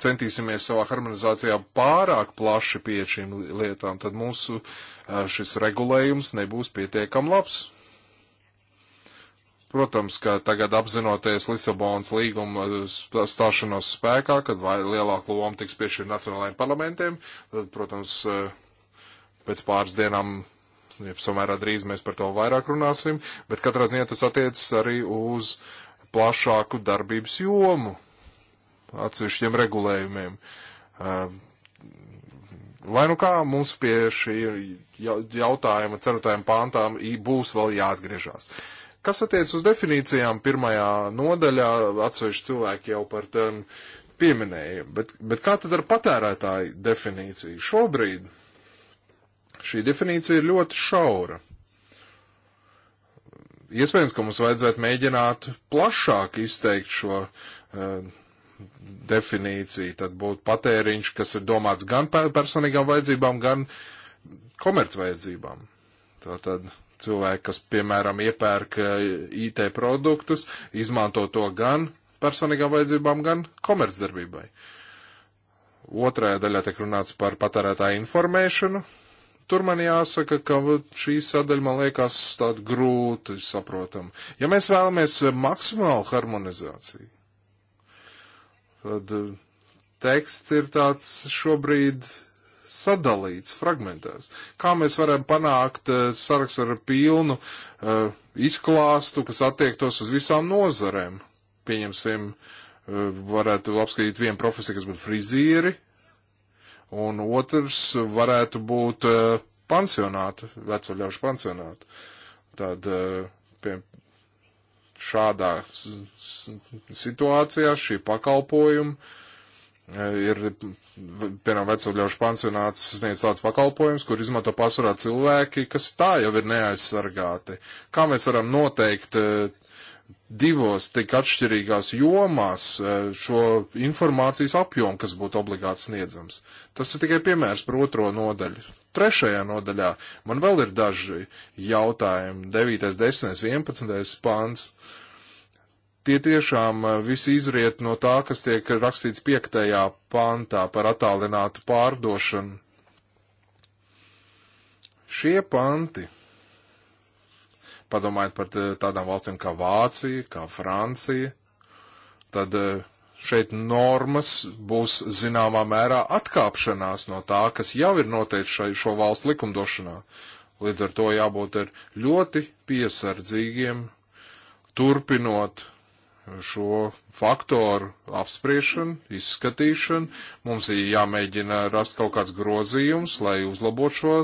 Speaker 1: centīsimies savā harmonizācijā pārāk plaši pie šīm lietām, tad mūsu eh, šis regulējums nebūs pietiekam labs Protams, ka tagad apzinoties Lisabonas līguma stāšanos spēkā, kad lielāku lomu tiks piešķirt nacionālajiem parlamentiem, tad, protams, eh, pēc pāris dienām, ja samērā drīz mēs par to vairāk runāsim, bet katrā ziņā tas attiecas arī uz plašāku darbības jomu atsevišķiem regulējumiem. Eh, lai nu kā mums pie šī jautājuma, cerotājiem pāntām būs vēl jāatgriežās. Kas attiec uz definīcijām, pirmajā nodaļā atsevišķi cilvēki jau par tiem pieminēja, bet, bet kā tad ar patērētāju definīciju? Šobrīd šī definīcija ir ļoti šaura. Iespējams, ka mums vajadzētu mēģināt plašāk izteikt šo eh, definīciju, tad būtu patēriņš, kas ir domāts gan personīgām vajadzībām, gan komercvajadzībām. Tātad Cilvēki, kas, piemēram, iepērk eh, IT produktus, izmanto to gan personīgām vajadzībām, gan komercdarbībai. Otrajā daļā tiek runāts par patērētāju informēšanu. Tur man jāsaka, ka šī sadaļa man liekas tāda grūta, saprotama. Ja mēs vēlamies maksimālu harmonizāciju, tad eh, teksts ir tāds šobrīd sadalīts, fragmentās. Kā mēs varam panākt eh, sarakstu ar pilnu uh, izklāstu, kas attiektos uz visām nozarēm? Pieņemsim, uh, varētu apskatīt vienu profesiju, kas būtu frizieri, un otrs varētu būt uh, pansionāta, veco ļaužu pansionāta. Tad, pie, šādā situācijā šī pakalpojuma Eh, ir, piemēram, veco ļaužu pansionāts sniedz tāds pakalpojums, kur izmanto pasvarā cilvēki, kas tā jau ir neaizsargāti. Kā mēs varam noteikt eh, divos tik atšķirīgās jomās eh, šo informācijas apjomu, kas būtu obligāti sniedzams? Tas ir tikai piemērs par otro nodaļu. Trešajā nodaļā man vēl ir daži jautājumi. 9, 10, 11 pāns tie tiešām eh, visi izriet no tā, kas tiek rakstīts piektajā pantā par attālinātu pārdošanu. Šie panti, padomājiet par eh, tādām valstīm kā Vācija, kā Francija, tad eh, šeit normas būs zināmā mērā atkāpšanās no tā, kas jau ir noteikts šo valstu likumdošanā. Līdz ar to jābūt ar ļoti piesardzīgiem, turpinot šo faktoru apspriešanu, izskatīšanu. Mums ir jāmēģina rast kaut kāds grozījums, lai uzlabotu šo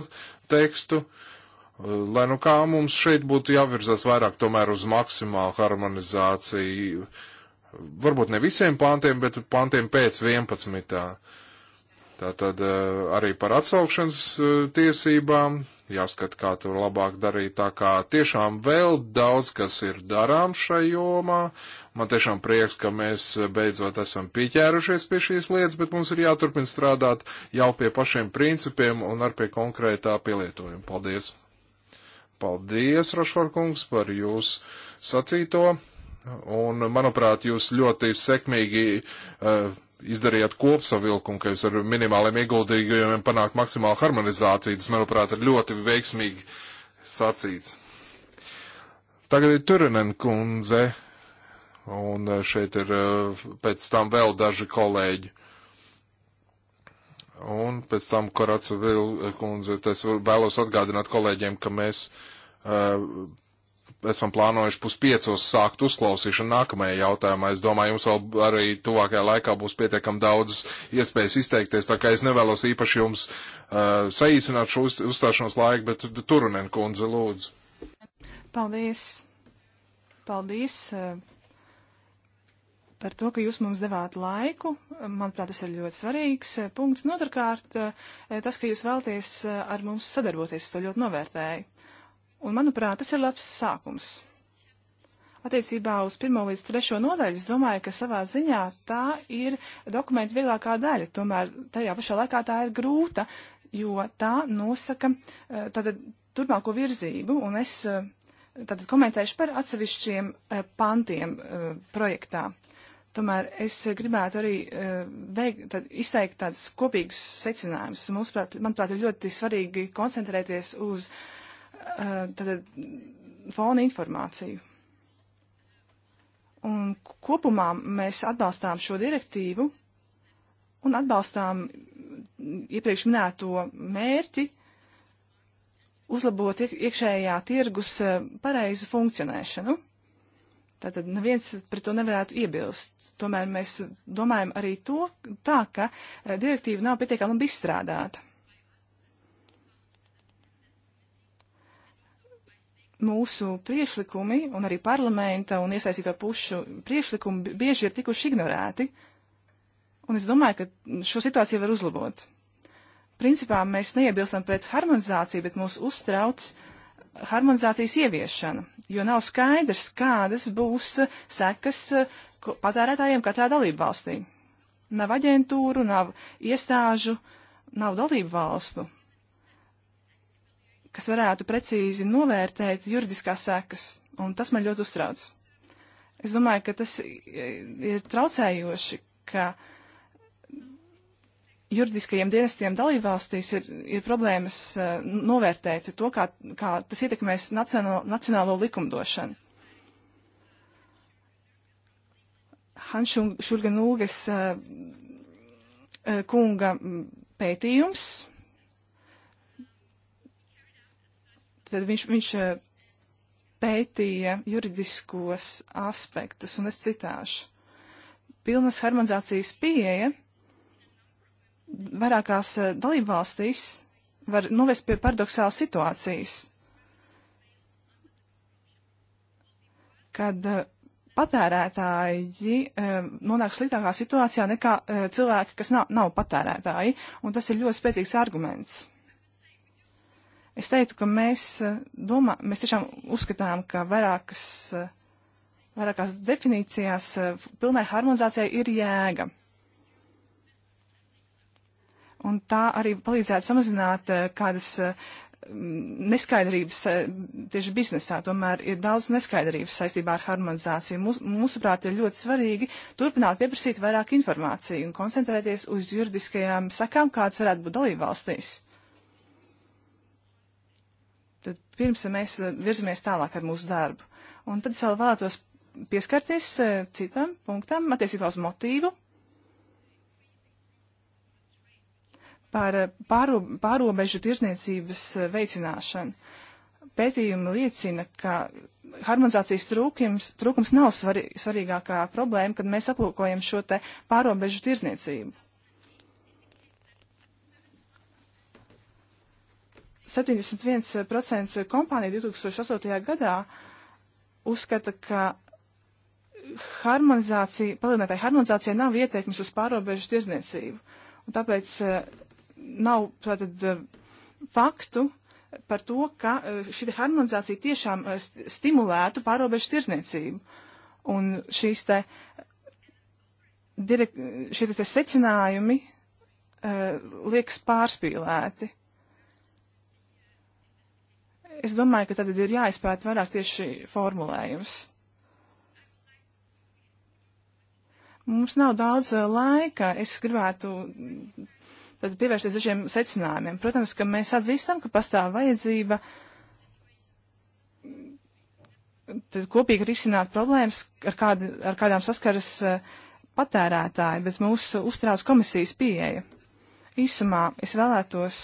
Speaker 1: tekstu. Lai nu kā mums šeit būtu jāvirzās vairāk tomēr uz maksimālu harmonizāciju. Varbūt ne visiem pantiem, bet pantiem pēc 11. Tātad eh, arī par atsaukšanas eh, tiesībām jāskat, kā tur labāk darīt. Tā kā tiešām vēl daudz, kas ir darām šai jomā. Man tiešām prieks, ka mēs eh, beidzot esam pieķērušies pie šīs lietas, bet mums ir jāturpina strādāt jau pie pašiem principiem un ar pie konkrētā pielietojuma. Paldies! Paldies, Rašvarkungs, par jūs sacīto. Un, manuprāt, jūs ļoti sekmīgi uh, izdarījāt kopsavilkumu, ka jūs ar minimāliem ieguldījumiem panākt maksimālu harmonizāciju. Tas, manuprāt, ir ļoti veiksmīgi sacīts. Tagad ir Turinen kundze, un eh, šeit ir eh, pēc tam vēl daži kolēģi. Un pēc tam Koraca Vilkundze, eh, es vēlos atgādināt kolēģiem, ka mēs esam plānojuši puspiecos sākt uzklausīšanu nākamajā jautājumā. Es domāju, jums vēl arī tuvākajā laikā būs pietiekami daudz iespējas izteikties, tā kā es nevēlos īpaši jums uh, saīsināt šo uz, uzstāšanos laiku, bet Turunen kundze lūdzu.
Speaker 4: Paldies! Paldies! Uh, par to, ka jūs mums devāt laiku. Manuprāt, tas ir ļoti svarīgs uh, punkts. Notarkārt, uh, tas, ka jūs vēlties ar mums sadarboties, to ļoti novērtēju. Un, manuprāt, tas ir labs sākums. Attiecībā uz pirmo līdz trešo nodaļu, es domāju, ka savā ziņā tā ir dokumentu vieglākā daļa, tomēr tajā pašā laikā tā ir grūta, jo tā nosaka eh, tātad turpmāko virzību, un es eh, tātad komentēšu par atsevišķiem eh, pantiem projektā. Tomēr es gribētu arī uh, veik, tad, izteikt tādus kopīgus secinājumus. manuprāt, ir ļoti svarīgi koncentrēties uz uh, tātad, eh, fona eh, informāciju. Un kopumā mēs atbalstām šo direktīvu un atbalstām iepriekš minēto mērķi uzlabot iekšējā tirgus eh, pareizu funkcionēšanu. Tātad neviens pret to nevarētu iebilst. Tomēr mēs domājam arī to tā, ka direktīva nav pietiekami labi izstrādāta. mūsu priešlikumi un arī parlamenta un iesaistīto pušu priešlikumi bieži ir tikuši ignorēti, un es domāju, ka šo situāciju var uzlabot. Principā mēs neiebilstam pret harmonizāciju, bet mūs uztrauc harmonizācijas ieviešana, jo nav skaidrs, kādas būs sekas eh, patērētājiem katrā dalību valstī. Nav aģentūru, nav iestāžu, nav dalību valstu kas varētu precīzi novērtēt juridiskās sekas, un tas man ļoti uztrauc. Es domāju, ka tas ir traucējoši, ka juridiskajiem dienestiem dalībvalstīs ir, ir problēmas e, novērtēt to, kā, kā tas ietekmēs nacionālo, nacionālo likumdošanu. Hanšurga Nūgas e, e, kunga pētījums tad viņš, viņš eh, pētīja juridiskos aspektus, un es citāšu. Pilnas harmonizācijas pieeja vairākās eh, dalībvalstīs var novest pie paradoxālas situācijas, kad eh, patērētāji nonāk sliktākā situācijā nekā cilvēki, kas nav, nav patērētāji, un tas ir ļoti spēcīgs arguments. Es teiktu, ka mēs, eh, domā, mēs tiešām uzskatām, ka vairākas, eh, vairākās definīcijās eh, pilnai harmonizācijai ir jēga. Un tā arī palīdzētu samazināt kādas neskaidrības tieši biznesā. Tomēr ir daudz neskaidrības saistībā ar harmonizāciju. Mūs, mūsuprāt, ir ļoti svarīgi turpināt pieprasīt vairāk informāciju un koncentrēties uz juridiskajām sakām, kādas varētu būt dalībvalstīs. valstīs pirms mēs eh, virzamies tālāk ar mūsu darbu. Un tad es vēl vēlētos pieskarties eh, citam punktam attiecībā uz motīvu par eh, pāro, pārobežu tirzniecības veicināšanu. Pētījumi liecina, ka harmonizācijas trūkums, trūkums nav svarīgākā problēma, kad mēs aplūkojam šo te pārobežu tirzniecību. 71% kompānija 2008. gadā uzskata, ka harmonizācija, palielinātai harmonizācija nav ieteikums uz pārobežu tirzniecību. Un tāpēc eh, nav tātad eh, faktu par to, ka eh, šī harmonizācija tiešām stimulētu pārobežu tirzniecību. Un šīs te, direk, šie te, te secinājumi uh, liekas pārspīlēti. Es domāju, ka tad ir jāizpēta vairāk tieši formulējums. Mums nav daudz eh, laika. Es gribētu pievērsties dažiem secinājumiem. Protams, ka mēs atzīstam, ka pastāv vajadzība kopīgi risināt problēmas, ar, kādi, ar kādām saskaras eh, patērētāji, bet mūsu uzstrādes komisijas pieeja. Īsumā es vēlētos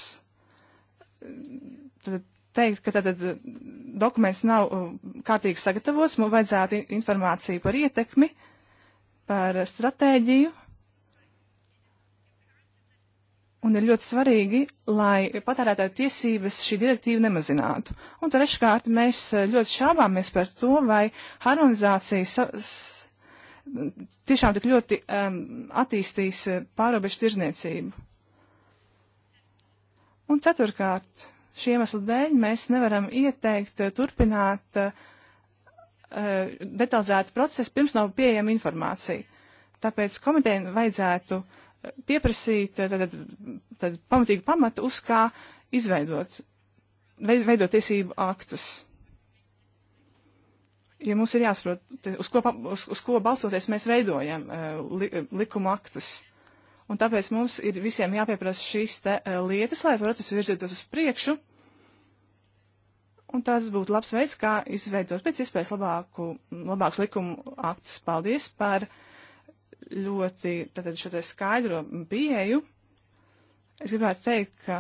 Speaker 4: eh, teikt, ka tad eh, dokuments nav eh, kārtīgi sagatavots, mums vajadzētu informāciju par ietekmi, par stratēģiju. Un ir ļoti svarīgi, lai patērētāju tiesības šī direktīva nemazinātu. Un treškārt, mēs eh, ļoti šābāmies par to, vai harmonizācija tiešām tik ļoti um, attīstīs pārobežu tirzniecību. Un ceturkārt, Šī iemesla dēļ mēs nevaram ieteikt eh, turpināt eh, detalizētu procesu, pirms nav pieejama informācija. Tāpēc komitejai vajadzētu eh, pieprasīt tad, tad tad pamatīgu pamatu, uz kā izveidot, veidot tiesību aktus. Ja mums ir jāsaprot, uz ko, uz, uz ko balsoties mēs veidojam li, likuma aktus. Un tāpēc mums ir visiem jāpieprasa šīs te, lietas, lai process virzītos uz priekšu. Un tas būtu labs veids, kā izveidot pēc iespējas labāku, labāks likumu aktus. Paldies par ļoti šo te skaidro pieeju. Es gribētu teikt, ka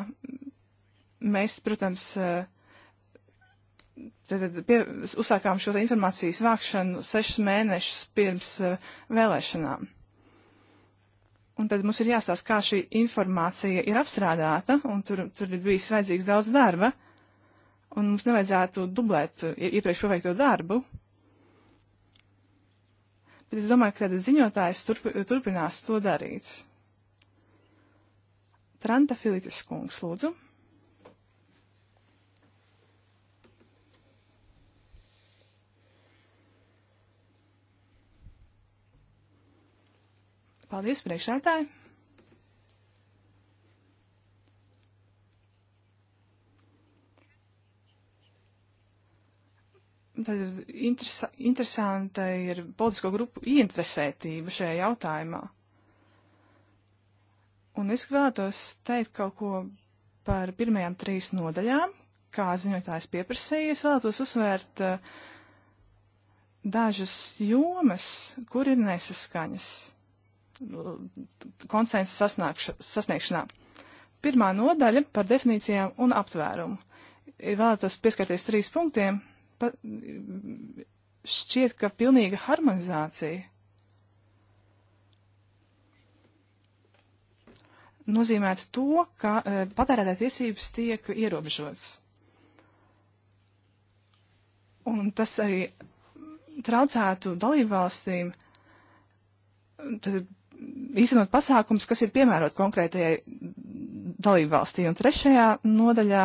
Speaker 4: mēs, protams, tad pie, uzsākām šo informācijas vākšanu sešus mēnešus pirms eh, vēlēšanām. Un tad mums ir jāstāsta, kā šī informācija ir apstrādāta, un tur, tur ir bijis vajadzīgs daudz darba un mums nevajadzētu dublēt iepriekš paveikto darbu. Bet es domāju, ka tāda ziņotājs turp, turpinās to darīt. Tranta Filitis kungs, lūdzu. Paldies, priekšsētāji! Tad interesa, interesanta ir politisko grupu ieinteresētība šajā jautājumā. Un es vēlētos teikt kaut ko par pirmajām trīs nodaļām, kā ziņotājs pieprasīja. Es vēlētos uzsvērt uh, dažas jomas, kur ir nesaskaņas konsensa sasniegšanā. Pirmā nodaļa par definīcijām un aptvērumu. Vēlētos pieskarties trīs punktiem pa, šķiet, ka pilnīga harmonizācija nozīmētu to, ka e, tiesības tiek ierobežotas. Un tas arī traucētu dalību valstīm īstenot pasākums, kas ir piemērot konkrētajai dalību valstī. Un trešajā nodaļā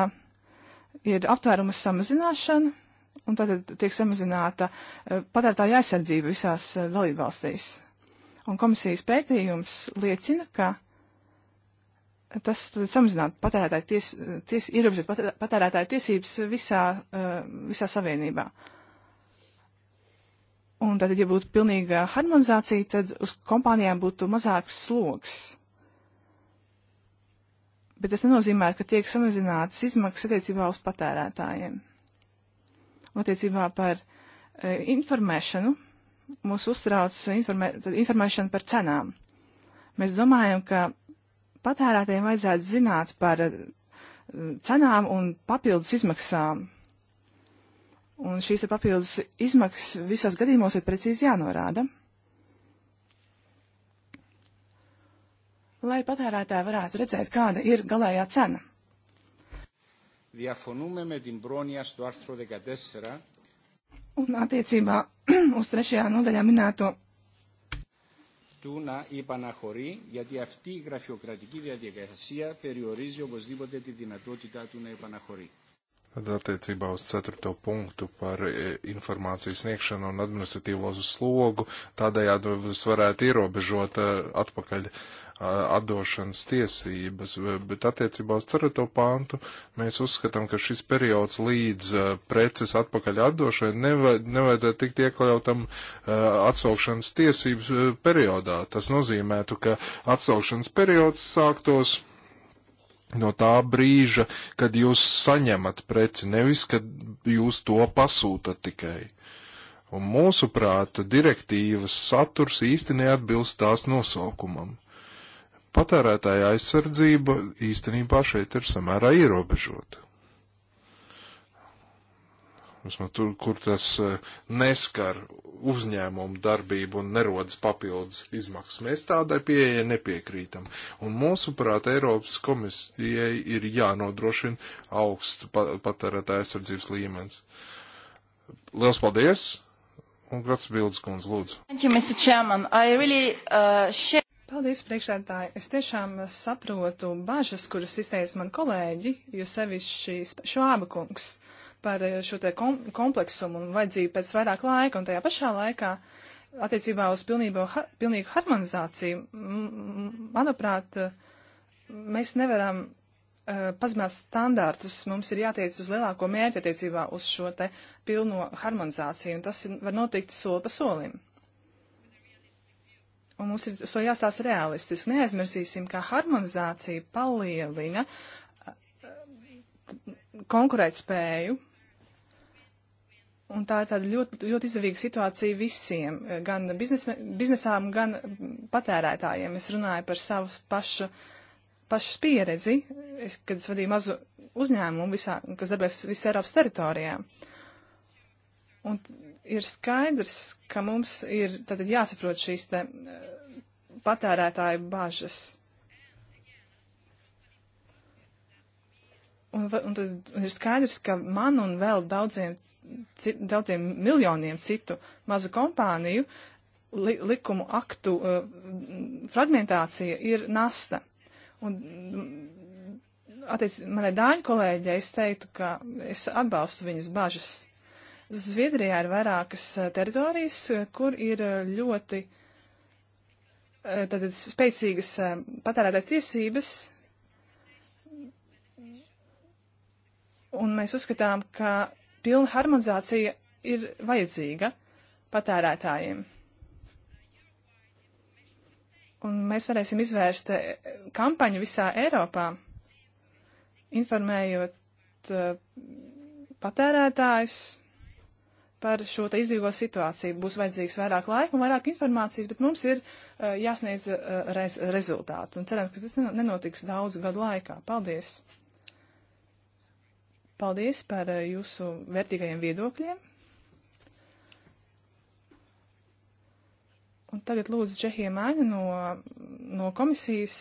Speaker 4: ir aptvērumas samazināšana un tad tiek samazināta eh, patērtāja aizsardzība visās eh, dalībvalstīs. Un komisijas pētījums liecina, ka eh, tas samazinātu patērētāju ties, ties, ierobežot patērētāju tiesības visā, visā savienībā. Un tad, ja būtu pilnīga harmonizācija, tad uz kompānijām būtu mazāks sloks. Bet tas nenozīmē, ka tiek samazinātas izmaksas attiecībā uz patērētājiem attiecībā par e, informēšanu. Mūs uztrauc informē, informēšana par cenām. Mēs domājam, ka patērētiem vajadzētu zināt par e, cenām un papildus izmaksām. Un šīs papildus izmaksas visos gadījumos ir precīzi jānorāda. Lai patērētāji varētu redzēt, kāda ir galējā cena
Speaker 5: διαφωνούμε με την πρόνοια στο άρθρο 14.
Speaker 4: Un attiecībā uz trešajā nodaļā
Speaker 5: του να υπαναχωρεί, γιατί αυτή η γραφειοκρατική διαδικασία περιορίζει οπωσδήποτε τη δυνατότητά του να υπαναχωρεί.
Speaker 1: Attiecībā uz 4. punktu par informācijas sniegšanu un administratīvo slogu, tādējādi varētu ierobežot atpakaļ atdošanas tiesības, bet attiecībā uz ceruto pantu mēs uzskatām, ka šis periods līdz preces atpakaļ atdošanai nevajadzētu tikt iekļautam atsaukšanas tiesības periodā. Tas nozīmētu, ka atsaukšanas periods sāktos no tā brīža, kad jūs saņemat preci, nevis kad jūs to pasūtat tikai. Un mūsuprāt, direktīvas saturs īsti neatbilst tās nosaukumam. Patērētāja aizsardzība īstenībā šeit ir samērā ierobežota. Vismaz tur, kur tas e, neskar uzņēmumu darbību un nerodas papildus izmaksas. Mēs tādai pieejai nepiekrītam. Un mūsuprāt, Eiropas komisijai ir jānodrošina augsts patērētāja aizsardzības līmenis. Liels paldies! Un Grats Bildes kundz, lūdzu.
Speaker 4: Thank you, Mr. Chairman. I really, uh, share... Paldies, priekšētāji. Es tiešām saprotu bažas, kuras izteica man kolēģi, jo sevišķi šāba kungs par eh, šo te kom kompleksumu un vajadzību pēc vairāk laika, un tajā pašā laikā attiecībā uz pilnību, ha pilnīgu harmonizāciju, manuprāt, eh, mēs nevaram uh, pazemināt standārtus, mums ir jātiec uz lielāko mērķi attiecībā uz šo te pilno harmonizāciju, un tas var notikt soli pa solim. Un mums ir so jāstāsta realistiski. Neaizmirsīsim, ka harmonizācija palielina uh, konkurēt spēju. Un tā ir tāda ļoti, ļoti izdevīga situācija visiem, gan biznes, biznesām, gan patērētājiem. Es runāju par savu pašu, pašu pieredzi, es, kad es vadīju mazu uzņēmumu, visā, kas darbojas visā Eiropas teritorijā. Un Ir skaidrs, ka mums ir tātad jāsaprot šīs te eh, patērētāju bažas. Un, un tad ir skaidrs, ka man un vēl daudziem, cit, daudziem miljoniem citu mazu kompāniju li, likumu aktu uh, fragmentācija ir nasta. Un, mm, attiec, manai dāņu kolēģei es teiktu, ka es atbalstu viņas bažas. Zviedrijā ir vairākas eh, teritorijas, eh, kur ir eh, ļoti tad, spēcīgas patērētāja tiesības, un mēs uzskatām, ka pilna harmonizācija ir vajadzīga patērētājiem. Un mēs varēsim izvērst kampaņu visā Eiropā, informējot patērētājus par šo izdzīvo situāciju. Būs vajadzīgs vairāk laika un vairāk informācijas, bet mums ir uh, jāsniedz uh, rez rezultāti. Un ceram, ka tas nenotiks daudzu gadu laikā. Paldies! Paldies par uh, jūsu vērtīgajiem viedokļiem. Un tagad lūdzu Čehija Maņa no, no komisijas.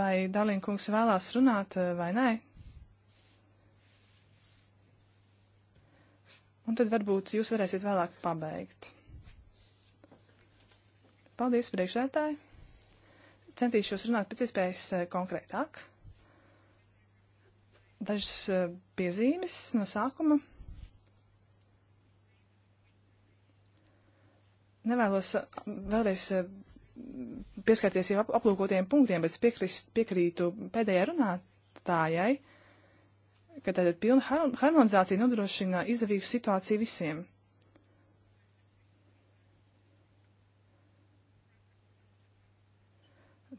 Speaker 4: Vai Dalinkungs vēlās runāt vai nē? Un tad varbūt jūs varēsiet vēlāk pabeigt. Paldies, priekšētāji! Centīšos runāt pēc iespējas eh, konkrētāk. Dažas eh, piezīmes no sākuma. Nevēlos eh, vēlreiz pieskarties jau aplūkotiem punktiem, bet piekrist, piekrītu pēdējai runātājai ka tad pilna harmonizācija nodrošina izdevīgu situāciju visiem.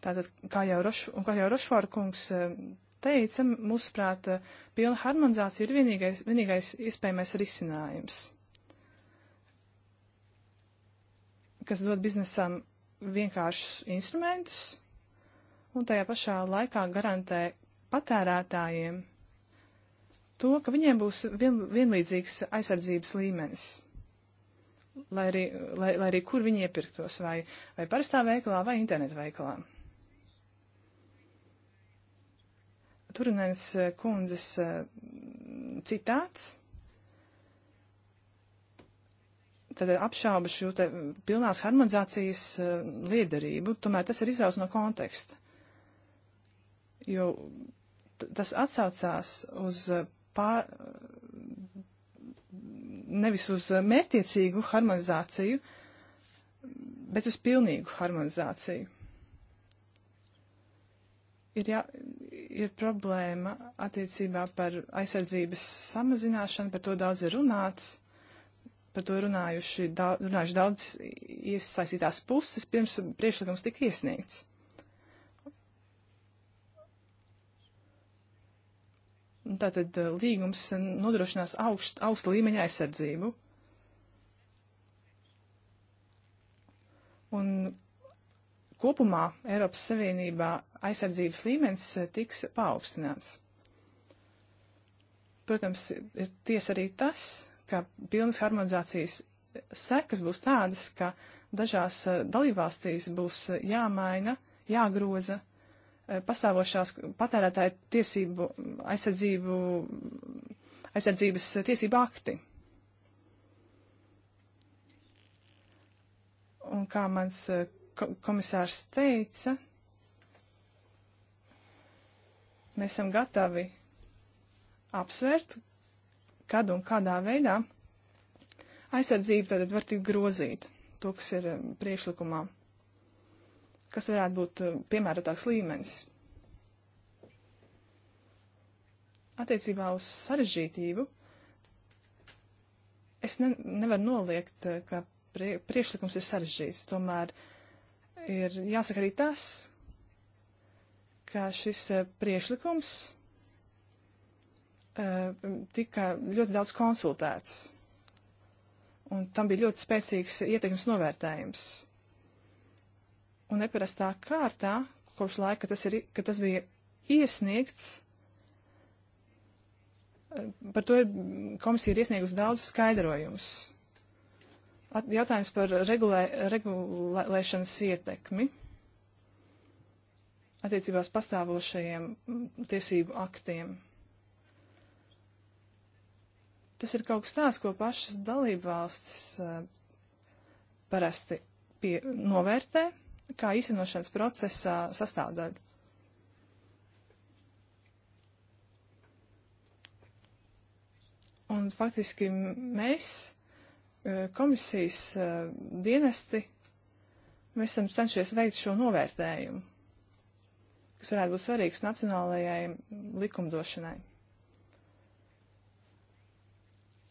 Speaker 4: Tātad, kā jau, Roš, kā jau Rošvāra kungs eh, teica, mūsuprāt, eh, pilna harmonizācija ir vienīgais, vienīgais iespējamais risinājums, kas dod biznesam vienkāršus instrumentus un tajā pašā laikā garantē patērētājiem to, ka viņiem būs vien, vienlīdzīgs aizsardzības līmenis. Lai arī, lai, lai arī kur viņi iepirktos, vai, vai parastā veikalā, vai internetu veikalā. Turunēns eh, kundzes eh, citāts. Tad apšauba šo te pilnās harmonizācijas eh, liederību, tomēr tas ir izraus no konteksta. Jo tas atsaucās uz pār, nevis uz mērķiecīgu harmonizāciju, bet uz pilnīgu harmonizāciju. Ir, jā, ir problēma attiecībā par aizsardzības samazināšanu, par to daudz ir runāts, par to runājuši, da, runājuši daudz iesaistītās puses, pirms priekšlikums tika iesniegts. Tātad eh, līgums nodrošinās augst, augsta līmeņa aizsardzību. Un kopumā Eiropas Savienībā aizsardzības līmenis eh, tiks paaugstināts. Protams, ir tiesa arī tas, ka pilnas harmonizācijas sekas būs tādas, ka dažās eh, dalībvalstīs būs jāmaina, jāgroza Eh, pastāvošās patērētāju tiesību aizsardzību, aizsardzības tiesību akti. Un kā mans eh, komisārs teica, mēs esam gatavi apsvērt, kad un kādā veidā aizsardzību tad var tikt grozīt to, kas ir eh, priekšlikumā kas varētu būt eh, piemērotāks līmenis. Attiecībā uz sarežģītību es ne, nevaru noliegt, eh, ka prie, priekšlikums ir sarežģīts. Tomēr ir jāsaka arī tas, ka šis eh, priekšlikums tika ļoti daudz konsultēts. Un tam bija ļoti spēcīgs ietekmes novērtējums. Un neparastā kārtā, kopš laika, tas ir, tas bija iesniegts, eh, par to ir komisija ir iesniegusi daudz skaidrojumus. jautājums par regulē, regulēšanas ietekmi attiecībās pastāvošajiem tiesību aktiem. Tas ir kaut kas tāds, ko pašas dalībvalstis eh, parasti pie, novērtē kā īstenošanas procesa sastāvdaļa. Un faktiski mēs, eh, komisijas eh, dienesti, mēs esam cenšies veikt šo novērtējumu, kas varētu būt svarīgs nacionālajai likumdošanai.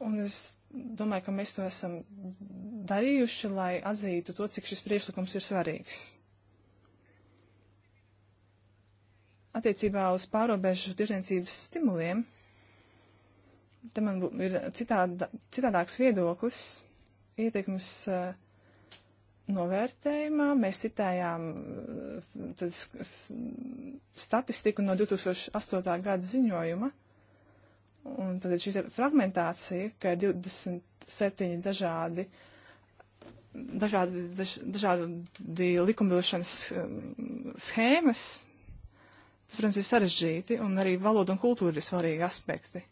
Speaker 4: Un es domāju, ka mēs to esam darījuši, lai atzītu to, cik šis priekšlikums ir svarīgs. Attiecībā uz pārobežu tirdzniecības stimuliem, te man ir citāda, citādāks viedoklis, ieteikums eh, novērtējumā mēs citējām eh, tad, statistiku no 2008. gada ziņojuma. Un tad ir šī fragmentācija, ka ir 27 dažādi uh, dažādi, daž, dažādi likumdošanas um, schēmas. Tas, protams, ir sarežģīti, un arī valoda un kultūra ir svarīgi aspekti.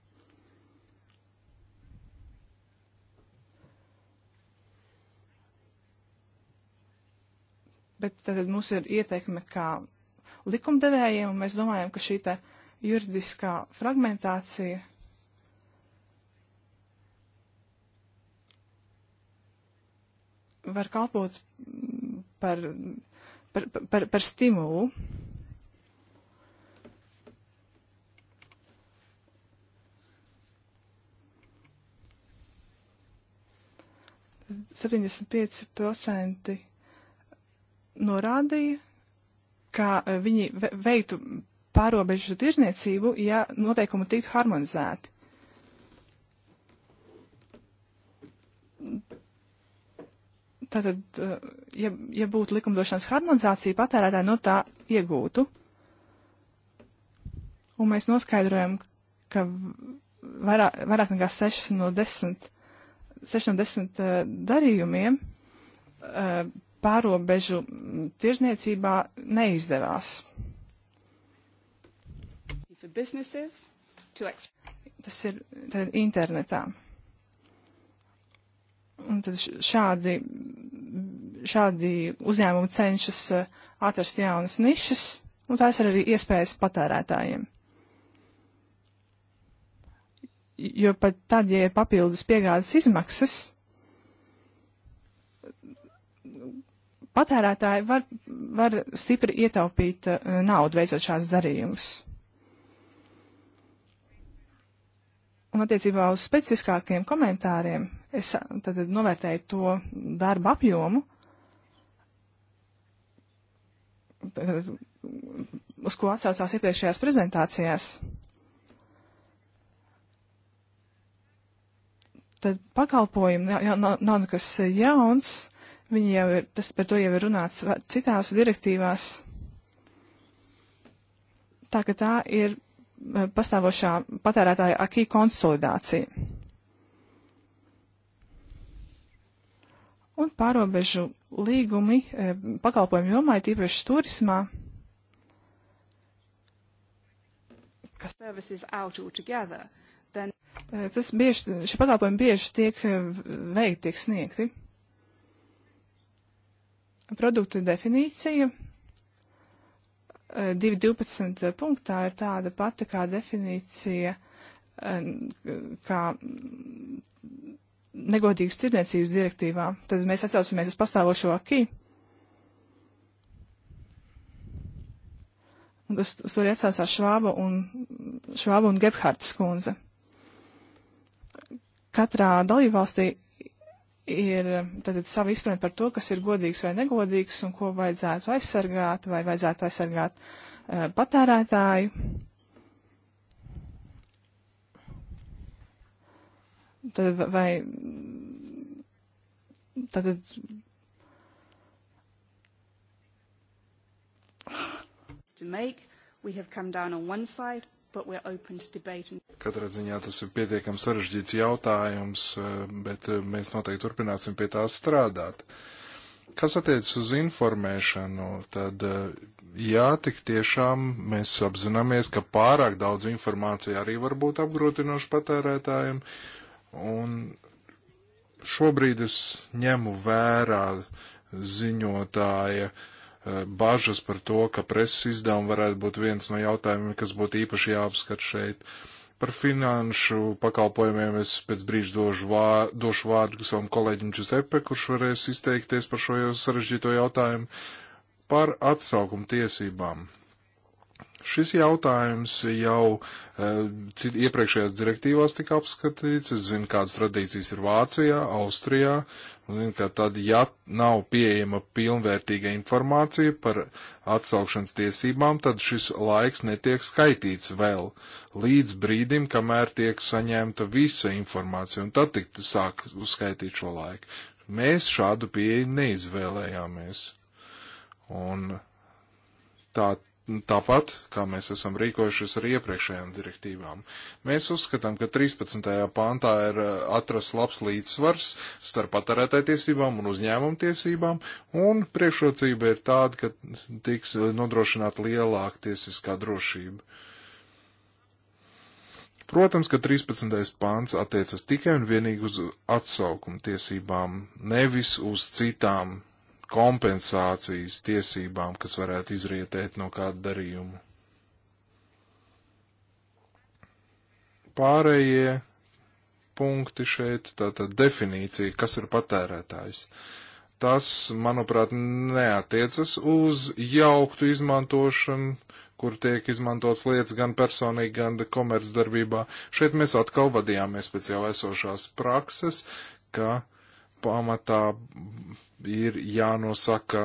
Speaker 4: Bet tad mums ir ieteikme kā likumdevējiem, un mēs domājam, ka šī juridiskā fragmentācija var kalpot par, par, par, par stimulu. Septiņdesmit pieci procenti norādīja, ka viņi veiktu pārobežu tirzniecību, ja noteikumi tiktu harmonizēti. Tātad, eh, ja, ja būtu likumdošanas harmonizācija, patērētāji no tā iegūtu. Un mēs noskaidrojam, ka vairāk, vairāk nekā 6 no 10, 6 no 10 eh, darījumiem eh, pārobežu tirzniecībā neizdevās. Tas ir internetā šādi, šādi uzņēmumi cenšas eh, atrast jaunas nišas, un tās ir arī iespējas patērētājiem. Jo pat tad, ja ir papildus piegādes izmaksas, patērētāji var, var stipri ietaupīt eh, naudu veicot šādus darījumus. Un attiecībā uz specifiskākiem komentāriem es tad novērtēju to darba apjomu, tad, uz ko atsaucās iepriekšējās prezentācijās. Tad pakalpojumi nav, nav, nav nekas jauns, viņi jau ir, tas par to jau ir runāts citās direktīvās. Tā ka tā ir pastāvošā patērētāja akī konsolidācija. Un pārobežu līgumi e, pakalpojumu jomā, tīpaši turismā, e, tas bieži, šie pakalpojumi bieži tiek e, veikti, tiek sniegti. Produktu definīcija 2.12. punktā ir tāda pati kā definīcija, eh, kā negodīgas tirdzniecības direktīvā. Tad mēs atsaucamies uz pastāvošo akī. Uz, uz to arī atsaucās Švāba un, Švāba un Gebhards kundze. Katrā dalībvalstī ir tātad savu izpratni par to, kas ir godīgs vai negodīgs un ko vajadzētu aizsargāt vai vajadzētu aizsargāt uh, patērētāju. Tad vai tātad.
Speaker 2: To make, we have come down on one
Speaker 4: side, Katrā
Speaker 1: ziņā tas ir pietiekami sarežģīts jautājums, bet eh, mēs noteikti turpināsim pie tā strādāt. Kas attiecas uz informēšanu, tad eh, jā, tik tiešām mēs apzināmies, ka pārāk daudz informācija arī var būt apgrūtinoši patērētājiem, un šobrīd es ņemu vērā ziņotāja uh, Eh, bažas par to, ka preses izdevumi varētu būt viens no jautājumiem, kas būtu īpaši jāapskata šeit. Par finanšu pakalpojumiem es pēc brīža došu, vā, došu vārdu savam kolēģim Čusepe, kurš varēs izteikties par šo jau sarežģīto jautājumu par atsaukumu tiesībām. Šis jautājums jau eh, cit, iepriekšējās direktīvās tika apskatīts. Es zinu, kādas tradīcijas ir Vācijā, Austrijā, tad, ja nav pieejama pilnvērtīga informācija par atsaukšanas tiesībām, tad šis laiks netiek skaitīts vēl līdz brīdim, kamēr tiek saņemta visa informācija, un tad tik sāk uzskaitīt šo laiku. Mēs šādu pieeju neizvēlējāmies. Un tā Tāpat, kā mēs esam rīkojušies ar iepriekšējām direktīvām, mēs uzskatām, ka 13. pāntā ir eh, atrasts labs līdzsvars starp patērētāju tiesībām un uzņēmumu tiesībām, un priekšrocība ir tāda, ka tiks eh, nodrošināta lielāka tiesiskā drošība. Protams, ka 13. pāns attiecas tikai un vienīgi uz atsaukumu tiesībām, nevis uz citām kompensācijas tiesībām, kas varētu izrietēt no kāda darījuma. Pārējie punkti šeit, tātad definīcija, kas ir patērētājs. Tas, manuprāt, neatiecas uz jauktu izmantošanu, kur tiek izmantots lietas gan personīgi, gan komercdarbībā. Šeit mēs atkal vadījāmies pēc jau esošās prakses, ka pamatā ir jānosaka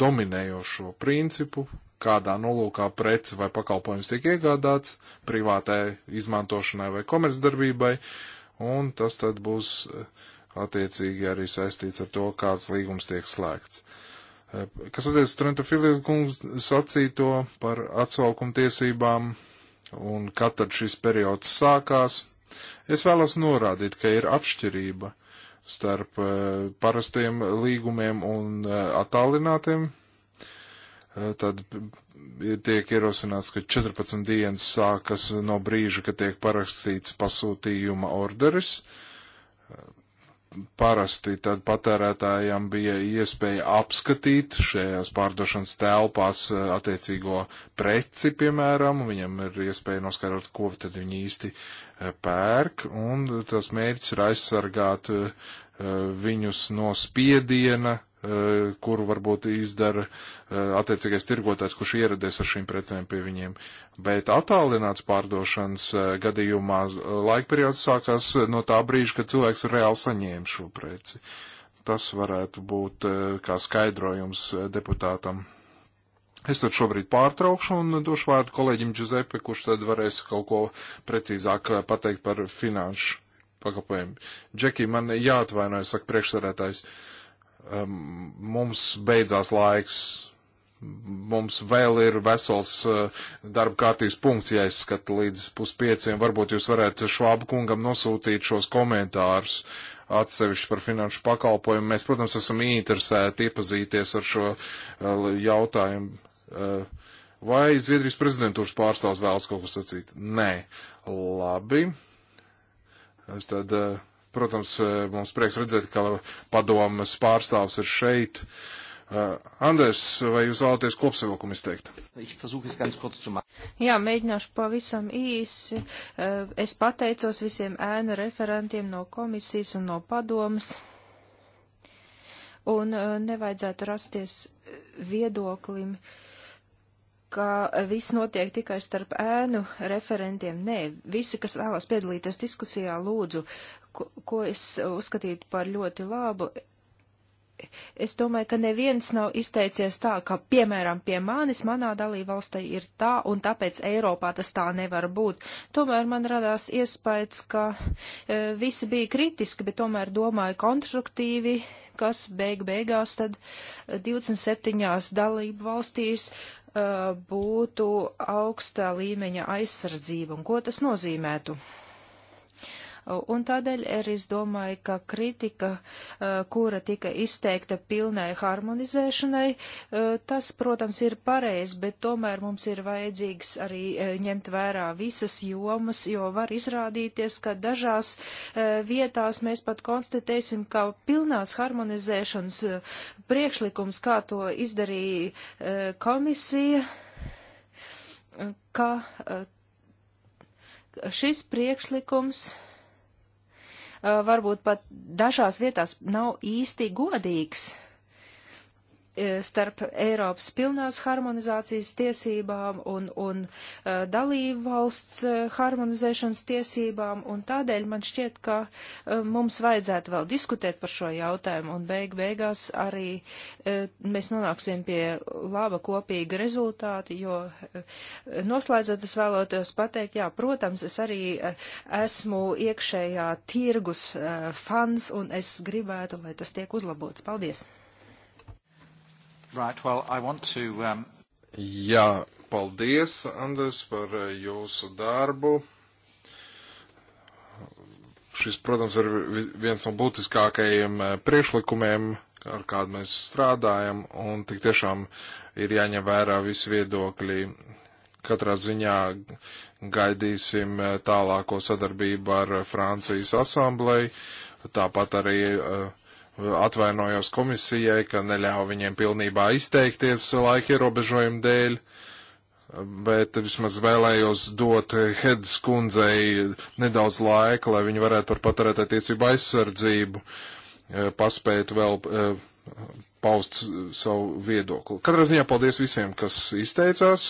Speaker 1: dominējošo principu, kādā nolūkā preci vai pakalpojums tiek iegādāts privātai izmantošanai vai komercdarbībai, un tas tad būs eh, attiecīgi arī saistīts ar to, kāds līgums tiek slēgts. Eh, kas attiecas Trenta Filija kungs sacīto par atsaukumu tiesībām un kad tad šis periods sākās, es vēlos norādīt, ka ir atšķirība starp eh, parastiem līgumiem un eh, attālinātiem. Eh, tad tiek ierosināts, ka 14 dienas sākas no brīža, kad tiek parakstīts pasūtījuma orderis. Parasti tad patērētājiem bija iespēja apskatīt šajās pārdošanas telpās attiecīgo preci, piemēram, viņam ir iespēja noskarot, ko tad viņi īsti pērk, un tas mērķis ir aizsargāt eh, viņus no spiediena, eh, kuru varbūt izdara eh, attiecīgais tirgotājs, kurš ieradies ar šīm precēm pie viņiem. Bet attālināts pārdošanas gadījumā laika periods sākās no tā brīža, kad cilvēks reāli saņēma šo preci. Tas varētu būt kā skaidrojums deputātam. Es tad šobrīd pārtraukšu un došu vārdu kolēģim Giuseppe, kurš tad varēs kaut ko precīzāk eh, pateikt par finanšu pakalpojumu. Džeki, man jāatvainojas, saka priekšsarētājs, um, mums beidzās laiks, mums vēl ir vesels uh, darba kārtības punkts, ja es skatu līdz puspieciem. Varbūt jūs varētu švābu kungam nosūtīt šos komentārus atsevišķi par finanšu pakalpojumu. Mēs, protams, esam interesēti iepazīties ar šo eh, jautājumu Eh, vai Zviedrijas prezidentūras pārstāvs vēlas kaut ko sacīt? Nē. Labi. Es tad, eh, protams, eh, mums prieks redzēt, ka padomas pārstāvs ir šeit. Uh, Andrēs, vai jūs vēlaties kopsavilkumu izteikt?
Speaker 2: Jā, mēģināšu pavisam īsi. Uh, es pateicos visiem ēnu referentiem no komisijas un no padomas. Un uh, nevajadzētu rasties viedoklim. Uh, ka viss notiek tikai starp ēnu referentiem. Nē, visi, kas vēlas piedalīties diskusijā, lūdzu, ko, ko es uzskatītu par ļoti labu. Es domāju, ka neviens nav izteicies tā, ka, piemēram, pie manis manā dalībvalstī ir tā, un tāpēc Eiropā tas tā nevar būt. Tomēr man radās iespējas, ka e, visi bija kritiski, bet tomēr domāju konstruktīvi, kas beig beigās tad 27 e, dalību valstīs būtu augstā līmeņa aizsardzība un ko tas nozīmētu. Un tādēļ arī es domāju, ka kritika, eh, kura tika izteikta pilnai harmonizēšanai, eh, tas, protams, ir pareizi, bet tomēr mums ir vajadzīgs arī eh, ņemt vērā visas jomas, jo var izrādīties, ka dažās vietās mēs pat konstatēsim, ka pilnās harmonizēšanas priekšlikums, kā to izdarīja komisija, ka šis priekšlikums varbūt pat dažās vietās nav īsti godīgs E, starp Eiropas pilnās harmonizācijas tiesībām un, un e, dalību valsts e, harmonizēšanas tiesībām, un tādēļ man šķiet, ka mums vajadzētu vēl diskutēt par šo jautājumu, un beig beigās arī mēs nonāksim pie laba kopīga rezultāta, jo noslēdzot es vēlētos pateikt, jā, protams, es arī esmu iekšējā tirgus fans, un es gribētu, lai tas tiek uzlabots. Paldies!
Speaker 1: Right, well, I want to, um... Jā, paldies, Andris, par uh, jūsu darbu. Šis, protams, ir viens no būtiskākajiem uh, priekšlikumiem, ar kādu mēs strādājam, un tik tiešām ir jāņem vērā visi viedokļi. Katrā ziņā gaidīsim uh, tālāko sadarbību ar Francijas asamblēju, tāpat arī uh, Atvainojos komisijai, ka neļāva viņiem pilnībā izteikties laika ierobežojumu dēļ, bet vismaz vēlējos dot Hedas kundzei nedaudz laika, lai viņi varētu par paturētā tiesību aizsardzību eh, paspēt vēl eh, paust savu viedokli. Katrā ziņā paldies visiem, kas izteicās.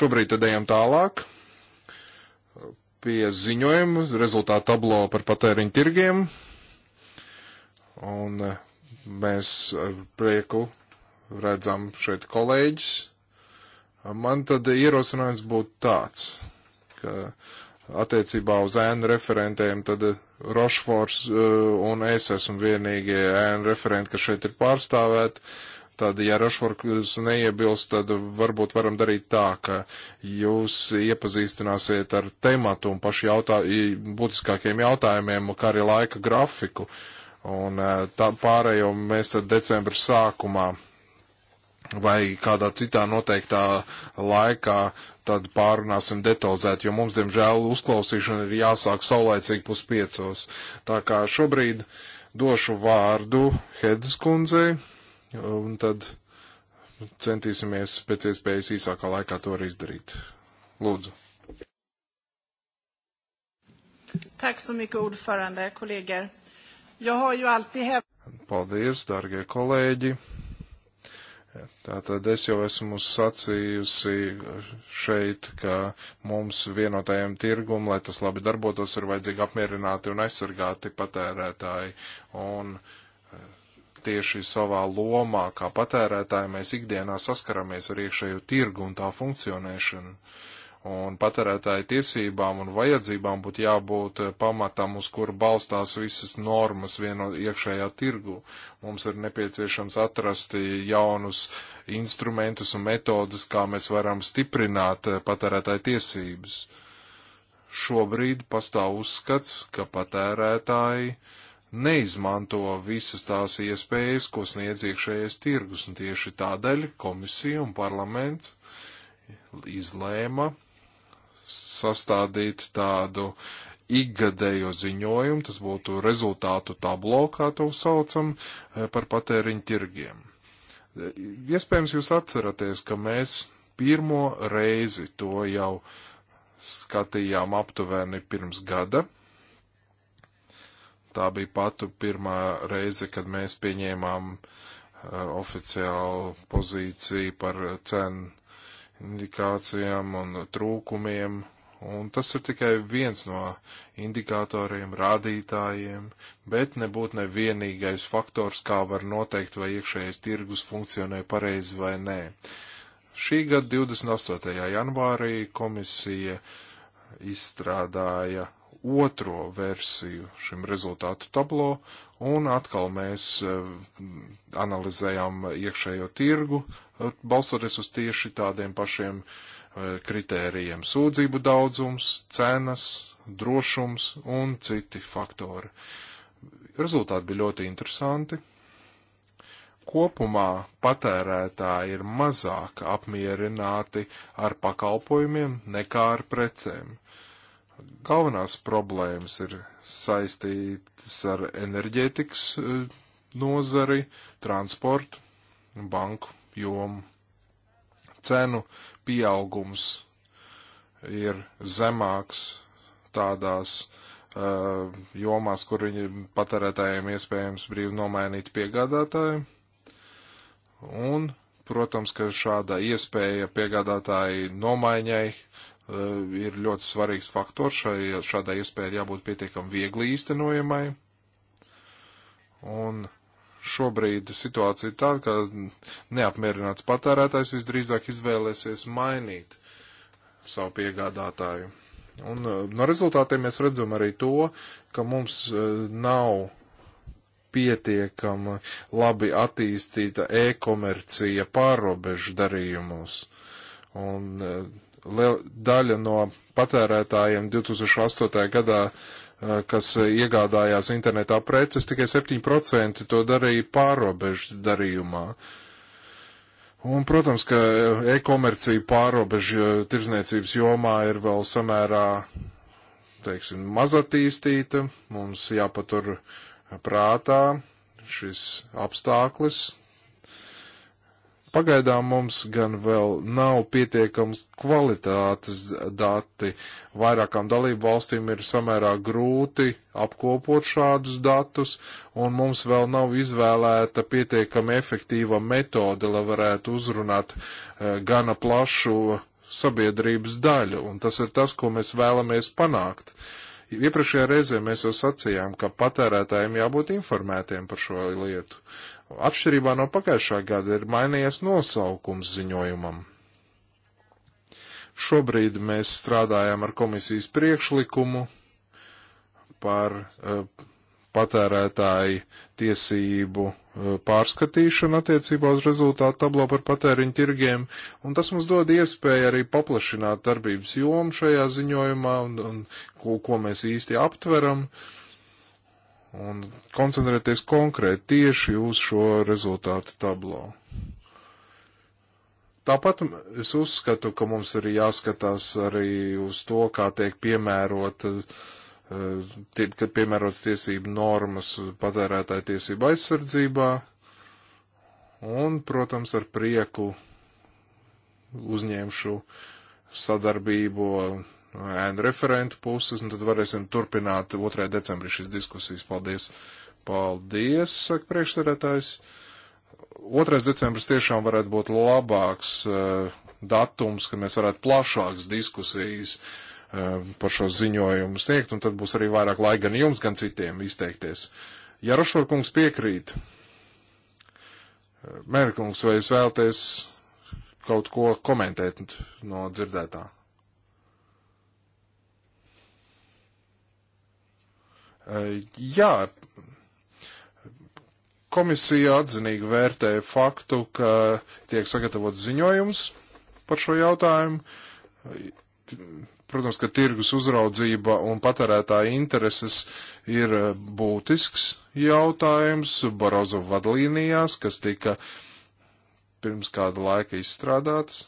Speaker 1: Šobrīd tad ejam tālāk eh, pie ziņojumu rezultātu tablo par patēriņu tirgiem. Un eh, mēs ar eh, prieku redzam šeit kolēģis. Man tad ierosinājums būtu tāds, ka attiecībā uz ēnu referentiem tad eh, Rošfors un es esmu vienīgie ēnu referenti, kas šeit ir pārstāvēt. Tad, ja Rošfors neiebilst, tad varbūt varam darīt tā, ka jūs iepazīstināsiet ar tematu un pašu jautā, būtiskākiem jautājumiem, kā arī laika grafiku. Uh, Un tā pārējo mēs tad decembra sākumā vai kādā citā noteiktā laikā tad pārunāsim detalizēt, jo mums, diemžēl, uzklausīšana ir jāsāk saulēcīgi puspiecos. Tā kā šobrīd došu vārdu Hedzes kundzei, un tad centīsimies pēc iespējas īsākā laikā to arī izdarīt. Lūdzu.
Speaker 4: Tack så mycket ordförande, kollegor. Paldies,
Speaker 1: darbie kolēģi! Tātad es jau esmu sacījusi šeit, ka mums vienotajam tirgumam, lai tas labi darbotos, ir vajadzīgi apmierināti un aizsargāti patērētāji. Un e, tieši savā lomā kā patērētāji mēs ikdienā saskaramies ar iekšēju tirgu un tā funkcionēšanu un patērētāju tiesībām un vajadzībām būtu jābūt eh, pamatam, uz kur balstās visas normas vieno iekšējā tirgu. Mums ir nepieciešams atrast jaunus instrumentus un metodus, kā mēs varam stiprināt eh, patērētāju tiesības. Šobrīd pastāv uzskats, ka patērētāji neizmanto visas tās iespējas, ko sniedz iekšējais tirgus, un tieši tādēļ komisija un parlaments izlēma sastādīt tādu ikgadējo ziņojumu, tas būtu rezultātu tablo, kā to saucam, eh, par patēriņu tirgiem. Eh, iespējams, jūs atceraties, ka mēs pirmo reizi to jau skatījām aptuveni pirms gada. Tā bija patu pirmā reize, kad mēs pieņēmām uh, oficiālu pozīciju par cenu indikācijām un trūkumiem, un tas ir tikai viens no indikatoriem, rādītājiem, bet nebūtu nevienīgais faktors, kā var noteikt, vai iekšējais tirgus funkcionē pareizi vai nē. Šī gada 28. janvārī komisija izstrādāja otro versiju šim rezultātu tablo, un atkal mēs eh, analizējām iekšējo tirgu, balsoties uz tieši tādiem pašiem e, kritērijiem sūdzību daudzums, cenas, drošums un citi faktori. Rezultāti bija ļoti interesanti. Kopumā patērētāji ir mazāk apmierināti ar pakalpojumiem nekā ar precēm. Galvenās problēmas ir saistītas ar enerģētikas e, nozari, transportu, banku jomu. Cenu pieaugums ir zemāks tādās uh, jomās, kur viņi patērētājiem iespējams brīvi nomainīt piegādātāju. Un, protams, ka šāda iespēja piegādātāji nomaiņai uh, ir ļoti svarīgs faktors. Šai, šādai iespēja ir jābūt pietiekam viegli īstenojamai. Un šobrīd situācija ir tāda, ka neapmierināts patērētājs visdrīzāk izvēlēsies mainīt savu piegādātāju. Un uh, no rezultātiem mēs redzam arī to, ka mums uh, nav pietiekama labi attīstīta e-komercija pārobežu darījumos. Un uh, liela daļa no patērētājiem 2008. gadā Eh, kas iegādājās internetā preces, tikai 7% to darīja pārobežu darījumā. Un, protams, ka eh, e-komercija pārobežu eh, tirzniecības jomā ir vēl samērā, teiksim, mazatīstīta. Mums jāpatur prātā šis apstāklis, Pagaidām mums gan vēl nav pietiekams kvalitātes dati. Vairākām dalību valstīm ir samērā grūti apkopot šādus datus, un mums vēl nav izvēlēta pietiekami efektīva metode, lai varētu uzrunāt e, gana plašu sabiedrības daļu, un tas ir tas, ko mēs vēlamies panākt. Iepriekšējā reizē mēs jau sacījām, ka patērētājiem jābūt informētiem par šo lietu atšķirībā no pagājušā gada ir mainījies nosaukums ziņojumam. Šobrīd mēs strādājam ar komisijas priekšlikumu par eh, patērētāju tiesību eh, pārskatīšanu attiecībā uz rezultātu tablo par patēriņu tirgiem, un tas mums dod iespēju arī paplašināt darbības jomu šajā ziņojumā, un, un ko, ko mēs īsti aptveram. Uh, un koncentrēties konkrēti tieši uz šo rezultātu tablo. Tāpat es uzskatu, ka mums ir jāskatās arī uz to, kā tiek piemērot, e, kad piemērots tiesību normas patērētāja tiesība aizsardzībā, un, protams, ar prieku uzņemšu sadarbību no referentu puses, un tad varēsim turpināt 2. decembrī šīs diskusijas. Paldies! Paldies, saka priekšsarētājs. 2. decembris tiešām varētu būt labāks uh, datums, ka mēs varētu plašāks diskusijas uh, par šo ziņojumu sniegt, un tad būs arī vairāk laika gan jums, gan citiem izteikties. Ja Rošvorkungs piekrīt, Mērkungs, vai jūs vēlaties kaut ko komentēt no dzirdētā? Jā, komisija atzinīgi vērtē faktu, ka tiek sagatavots ziņojums par šo jautājumu. Protams, ka tirgus uzraudzība un patērētāja intereses ir būtisks jautājums Barozo vadlīnijās, kas tika pirms kāda laika izstrādāts.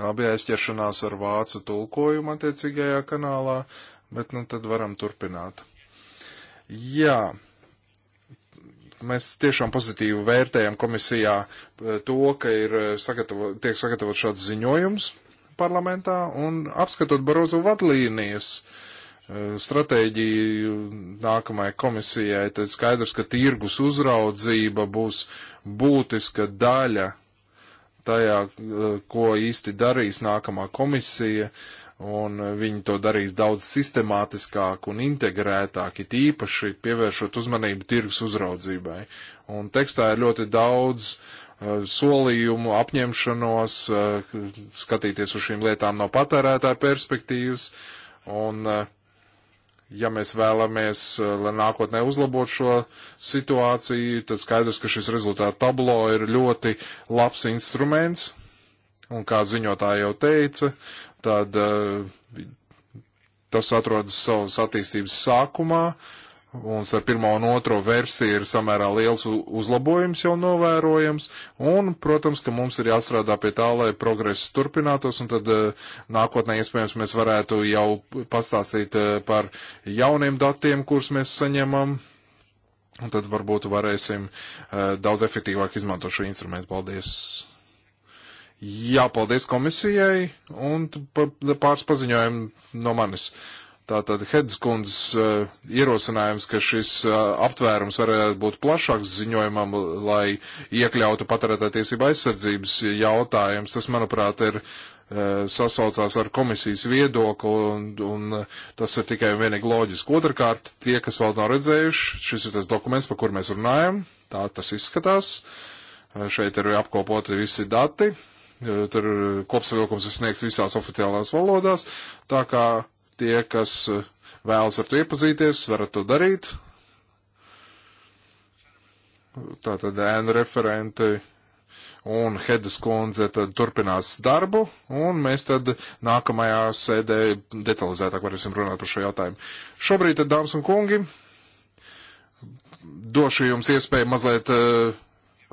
Speaker 1: Labi, aizķeršanās ar vācu tulkojumu attiecīgajā kanālā, bet nu tad varam turpināt. Jā, mēs tiešām pozitīvi vērtējam komisijā eh, to, ka ir eh, sagatavo, tiek sagatavot šāds ziņojums parlamentā un apskatot Barozu vadlīnijas eh, stratēģiju nākamajai komisijai, tad skaidrs, ka tirgus uzraudzība būs būtiska daļa tajā, ko īsti darīs nākamā komisija, un viņi to darīs daudz sistemātiskāk un integrētāk, it īpaši pievēršot uzmanību tirgus uzraudzībai. Un tekstā ir ļoti daudz uh, solījumu, apņemšanos, uh, skatīties uz šīm lietām no patērētāja perspektīvas, un uh, ja mēs vēlamies, eh, lai nākotnē uzlabot šo situāciju, tad skaidrs, ka šis rezultātu tablo ir ļoti labs instruments, un kā ziņotāja jau teica, tad eh, tas atrodas savas attīstības sākumā, uh, Un ar pirmo un otro versiju ir samērā liels uzlabojums jau novērojams, un, protams, ka mums ir jāstrādā pie tā, lai progress turpinātos, un tad eh, nākotnē iespējams mēs varētu jau pastāstīt eh, par jauniem datiem, kurus mēs saņemam, un tad varbūt varēsim eh, daudz efektīvāk izmantot šo instrumentu. Paldies! Jā, paldies komisijai, un pāris paziņojumi no manis. Tātad Hedskundas uh, eh, ierosinājums, ka šis uh, aptvērums varētu būt plašāks ziņojumam, lai iekļautu patērētāju tiesība aizsardzības jautājums, tas, manuprāt, ir uh, sasaucās ar komisijas viedokli, un, un tas ir tikai un vienīgi loģiski. Otrakārt, tie, kas vēl nav redzējuši, šis ir tas dokuments, par kur mēs runājam, tā tas izskatās. Šeit ir apkopoti visi dati, tur kopsavilkums ir sniegts visās oficiālās valodās, tā kā Tie, kas uh, vēlas ar to iepazīties, varat to darīt. Tā tad ēnu referenti un Hedas kundze tad turpinās darbu, un mēs tad nākamajā sēdē detalizētāk varēsim runāt par šo jautājumu. Šobrīd, tad, dāmas un kungi, došu jums iespēju mazliet uh,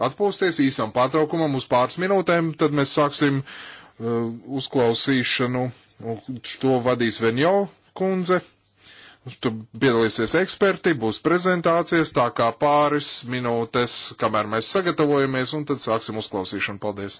Speaker 1: atpūsties īsam pārtraukumam uz pāris minūtēm, tad mēs sāksim uh, uzklausīšanu. To vadīs Venjo kundze. Tur piedalīsies eksperti, būs prezentācijas, tā kā pāris minūtes, kamēr mēs sagatavojamies, un tad sāksim uzklausīšanu. Paldies!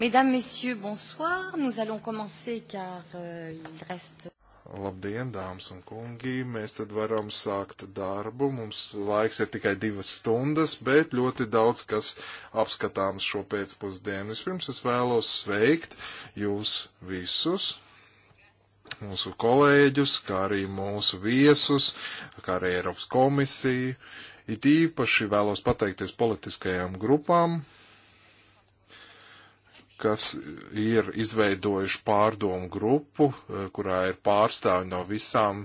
Speaker 1: Mesdames, messieurs, bonsoir. Nous allons commencer car euh, il reste. Labdien, dāmas un kungi! Mēs tad varam sākt darbu. Mums laiks ir tikai divas stundas, bet ļoti daudz kas apskatāms šo pēcpusdienu. Vispirms es vēlos sveikt jūs visus, mūsu kolēģus, kā arī mūsu viesus, kā arī Eiropas komisiju. It īpaši vēlos pateikties politiskajām grupām, kas ir izveidojuši pārdomu grupu, eh, kurā ir pārstāvi no visām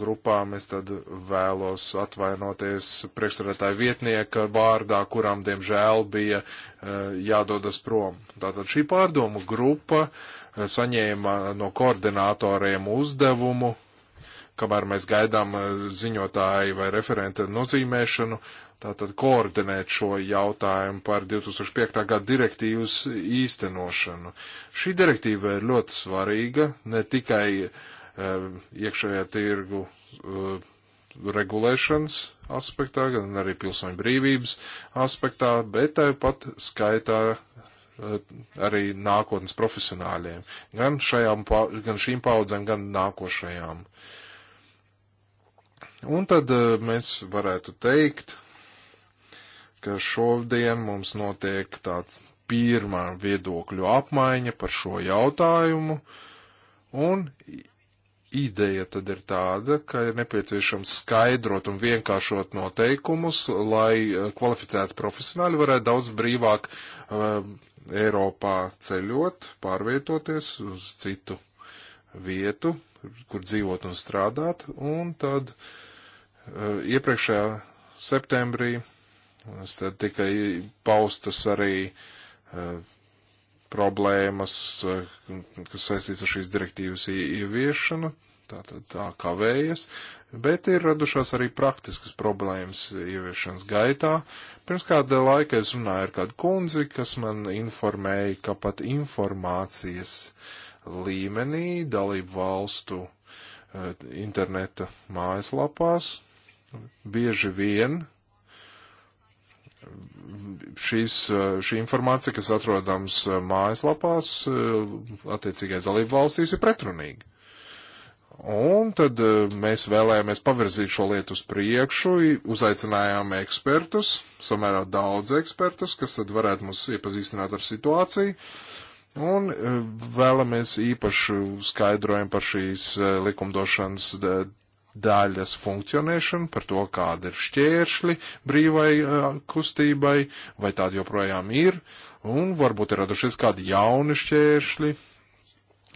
Speaker 1: grupām. Es tad vēlos atvainoties priekšsarētāju vietnieka vārdā, kuram, diemžēl, bija eh, jādodas prom. Tātad šī pārdomu grupa eh, saņēma no koordinatoriem uzdevumu kamēr mēs gaidām ziņotāju vai referenta nozīmēšanu, tātad koordinēt šo jautājumu par 2005. gada direktīvas īstenošanu. Šī direktīva ir ļoti svarīga ne tikai eh, iekšējā tirgu eh, regulēšanas aspektā, gan arī pilsoņu brīvības aspektā, bet tāpat skaitā eh, arī nākotnes profesionāļiem, gan, šajām, gan šīm paudzēm, gan nākošajām. Un tad mēs varētu teikt, ka šodien mums notiek tāds pirmā viedokļu apmaiņa par šo jautājumu, un ideja tad ir tāda, ka ir nepieciešams skaidrot un vienkāršot noteikumus, lai eh, kvalificēti profesionāļi varētu daudz brīvāk eh, Eiropā ceļot, pārvietoties uz citu vietu, kur dzīvot un strādāt, un tad eh, iepriekšējā septembrī tikai paustas arī e, problēmas, e, kas saistīts ar šīs direktīvas ieviešanu, tā, tā, tā vējas, bet ir radušās arī praktiskas problēmas ieviešanas gaitā. Pirms kāda laika es runāju ar kādu kundzi, kas man informēja, ka pat informācijas līmenī dalību valstu e, interneta mājaslapās bieži vien šīs, eh, šī informācija, kas atrodams eh, mājaslapās, eh, attiecīgais dalību valstīs, ir pretrunīga. Un tad mēs vēlējāmies pavirzīt šo lietu uz priekšu, uzaicinājām ekspertus, samērā daudz ekspertus, kas tad varētu mums iepazīstināt ar situāciju. Un vēlamies īpaši skaidrojumu par šīs likumdošanas daļas funkcionēšanu, par to, kāda ir šķēršļi brīvai kustībai, vai tādi joprojām ir, un varbūt ir radušies kādi jauni šķēršļi.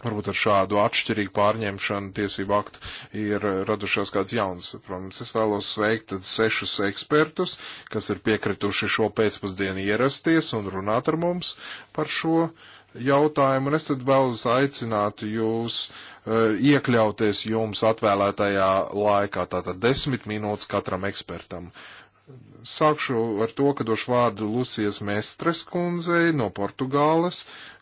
Speaker 1: Varbūt ar šādu atšķirīgu pārņemšanu tiesību aktu ir radušās kāds jauns. Protams, es vēlos sveikt sešus ekspertus, kas ir piekrituši šo pēcpusdienu ierasties un runāt ar mums par šo uh, jautājumu, un es tad vēlos aicināt jūs uh, iekļauties jums atvēlētajā laikā, tātad desmit minūtes katram ekspertam. Sākšu ar to, ka došu vārdu Lusijas Mestres kundzei no Portugāles,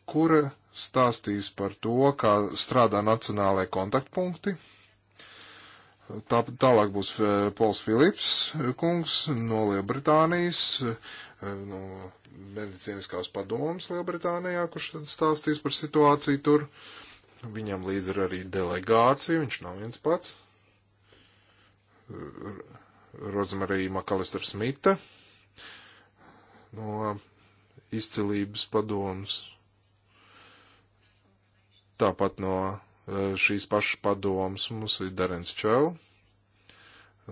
Speaker 1: kura stāstīs par to, kā strādā nacionālajie kontaktpunkti. Tā, tālāk būs e, Pols Filips e, kungs no Lielbritānijas, no medicīniskās padomas Lielbritānijā, kurš tad stāstīs par situāciju tur. Viņam līdz ir arī delegācija, viņš nav viens pats. Rozmarija Makalistra Smita no izcilības padomas. Tāpat no e, šīs pašas padomas mums ir Darens Čau,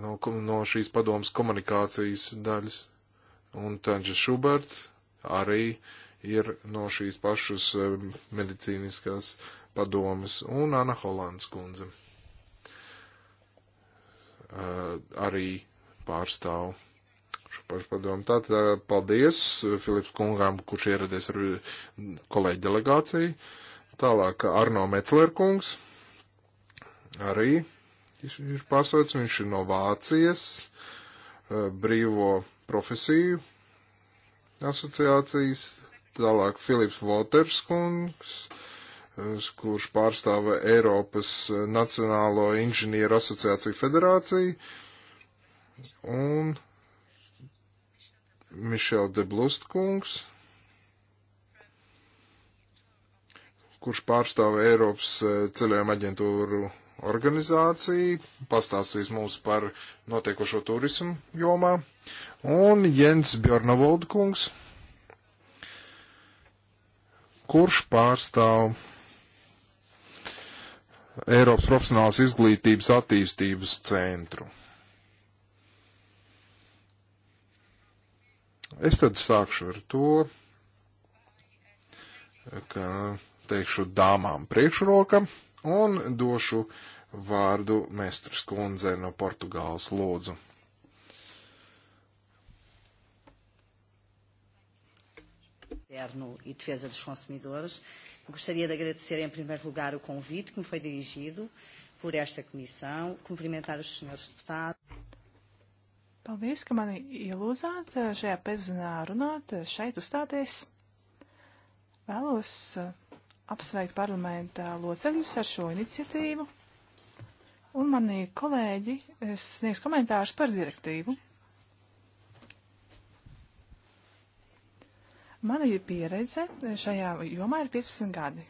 Speaker 1: no, no šīs padomas komunikācijas daļas un Tanģa Šubert arī ir no šīs pašas e, medicīniskās padomas, un Anna Holands kundze e, arī pārstāv šo pašu padomu. Tātad e, paldies Filips kungām, kurš ieradies ar kolēģi delegāciju. Tālāk Arno Metzler kungs arī ir pārsveicis, viņš ir no Vācijas brīvo profesiju asociācijas, tālāk Filips Voterskungs, kurš pārstāva Eiropas Nacionālo inženieru asociāciju federāciju, un Mišel de Deblustkungs, kurš pārstāva Eiropas eh, ceļojuma aģentūru organizāciju, pastāstīs mums par notiekošo turismu jomā, un Jens Bjornavoldkungs, kurš pārstāv Eiropas profesionālās izglītības attīstības centru. Es tad sākšu ar to, ka teikšu dāmām priekšrokam. Un došu vārdu mestras kundzei no Portugāles lūdzu.
Speaker 6: e Defesa dos Consumidores. Gostaria de agradecer, em primeiro lugar, o convite que me foi dirigido
Speaker 4: por esta comissão, cumprimentar os senhores deputados. Paldies, ka mani ielūzāt eh, šajā pēcdienā runāt, eh, šeit uzstāties. Vēlos eh, apsveikt parlamenta locekļus ar šo iniciatīvu, un mani kolēģi sniegs komentārus par direktīvu. Mana pieredze šajā jomā ir 15 gadi.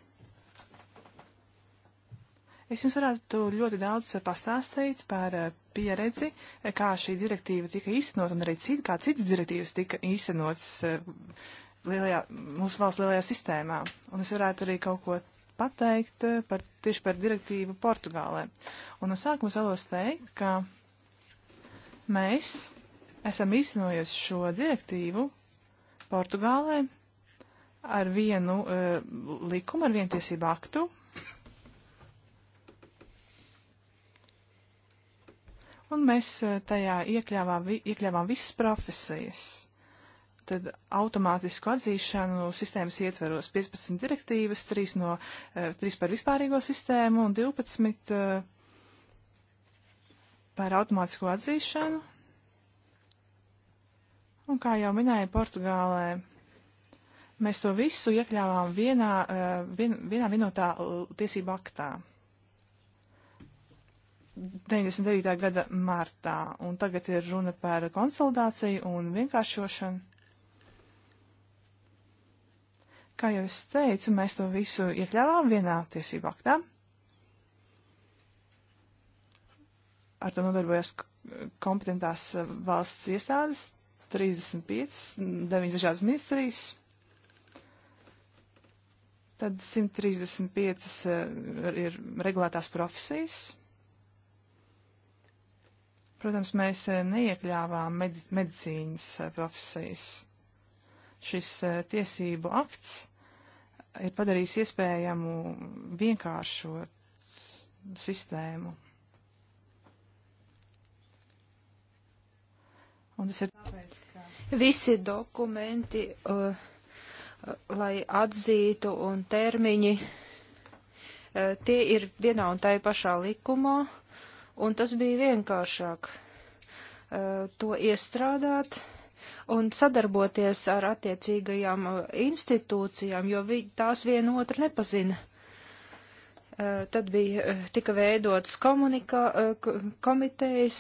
Speaker 4: Es jums varētu ļoti daudz pastāstīt par eh, pieredzi, eh, kā šī direktīva tika īstenot, un arī cit, kā citas direktīvas tika īstenotas eh, lielajā, mūsu valsts lielajā sistēmā. Un es varētu arī kaut ko pateikt eh, par, tieši par direktīvu Portugālē. Un no sākuma vēlos teikt, ka mēs esam iznojusi šo direktīvu Portugālē ar vienu uh, likumu, ar vienu tiesību aktu. Un mēs eh, tajā iekļāvām, iekļāvām visas profesijas tad automātisku atzīšanu sistēmas ietveros 15 direktīvas, 3, no, 3 eh, par vispārīgo sistēmu un 12 eh, par automātisku atzīšanu. Un kā jau minēja Portugālē, mēs to visu iekļāvām vienā, eh, vien, vienā vienotā tiesību aktā. 99. gada martā, un tagad ir runa par konsolidāciju un vienkāršošanu. Kā jau es teicu, mēs to visu iekļāvām vienā tiesību aktā. Ar to nodarbojas kompetentās valsts iestādes, 35, 9 dažādas ministrijas, tad 135 eh, ir regulētās profesijas. Protams, mēs eh, neiekļāvām medicīnas eh, profesijas. Šis tiesību akts ir padarījis iespējamu vienkāršot
Speaker 2: sistēmu. Un tas ir tāpēc, ka visi dokumenti, uh, uh, lai atzītu un termiņi, uh, tie ir vienā un tai pašā likumā, un tas bija vienkāršāk to iestrādāt un sadarboties ar attiecīgajām uh, institūcijām, jo vi, tās viena otru nepazina. Uh, tad bija uh, tika veidotas komitejas,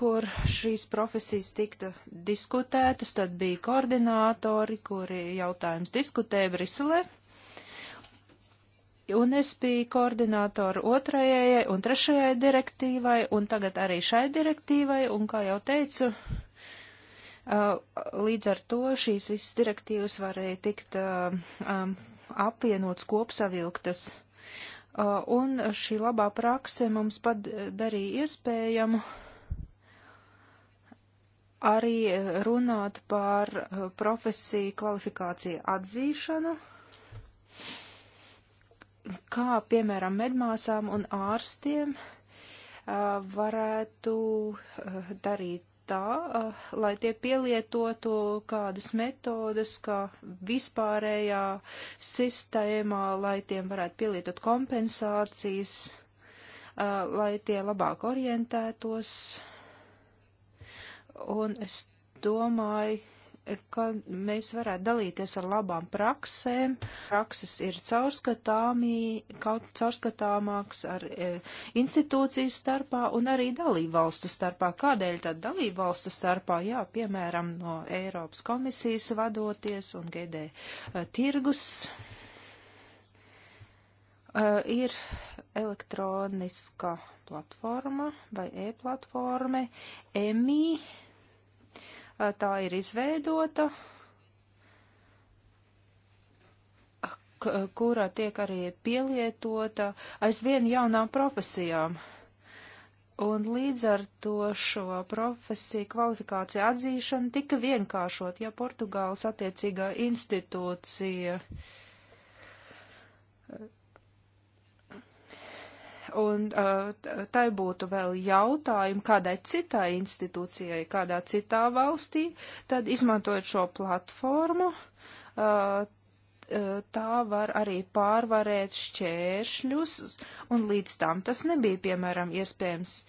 Speaker 2: kur šīs profesijas tika diskutētas, tad bija koordinātori, kuri jautājums diskutēja Briselē un es biju koordinātori otrajai un trešajai direktīvai, un tagad arī šai direktīvai, un kā jau teicu, Uh, līdz ar to šīs visas direktīvas varēja tikt uh, um, apvienotas, kopsavilktas. Uh, un šī labā prakse mums padarīja iespējamu arī runāt par profesiju kvalifikāciju atzīšanu, kā piemēram medmāsām un ārstiem varētu darīt tā, eh, lai tie pielietotu kādas metodas, kā vispārējā sistēmā, lai tiem varētu pielietot kompensācijas, eh, lai tie labāk orientētos. Un es domāju, ka mēs varētu dalīties ar labām praksēm. Prakses ir caurskatāmāks ar e, institūcijas starpā un arī dalību valstu starpā. Kādēļ tad dalību valstu starpā, jā, piemēram, no Eiropas komisijas vadoties un GD e, tirgus Uh, ir elektroniska platforma vai e-platforma, EMI, tā ir izveidota, kurā tiek arī pielietota aizvien jaunām profesijām. Un līdz ar to šo profesiju kvalifikāciju atzīšanu tika vienkāršot, ja Portugāles attiecīgā institūcija uh, un uh, tai būtu vēl jautājumi kādai citai institūcijai, kādā citā valstī, tad izmantojot šo platformu, uh, uh, tā var arī pārvarēt šķēršļus, un līdz tam tas nebija, piemēram, iespējams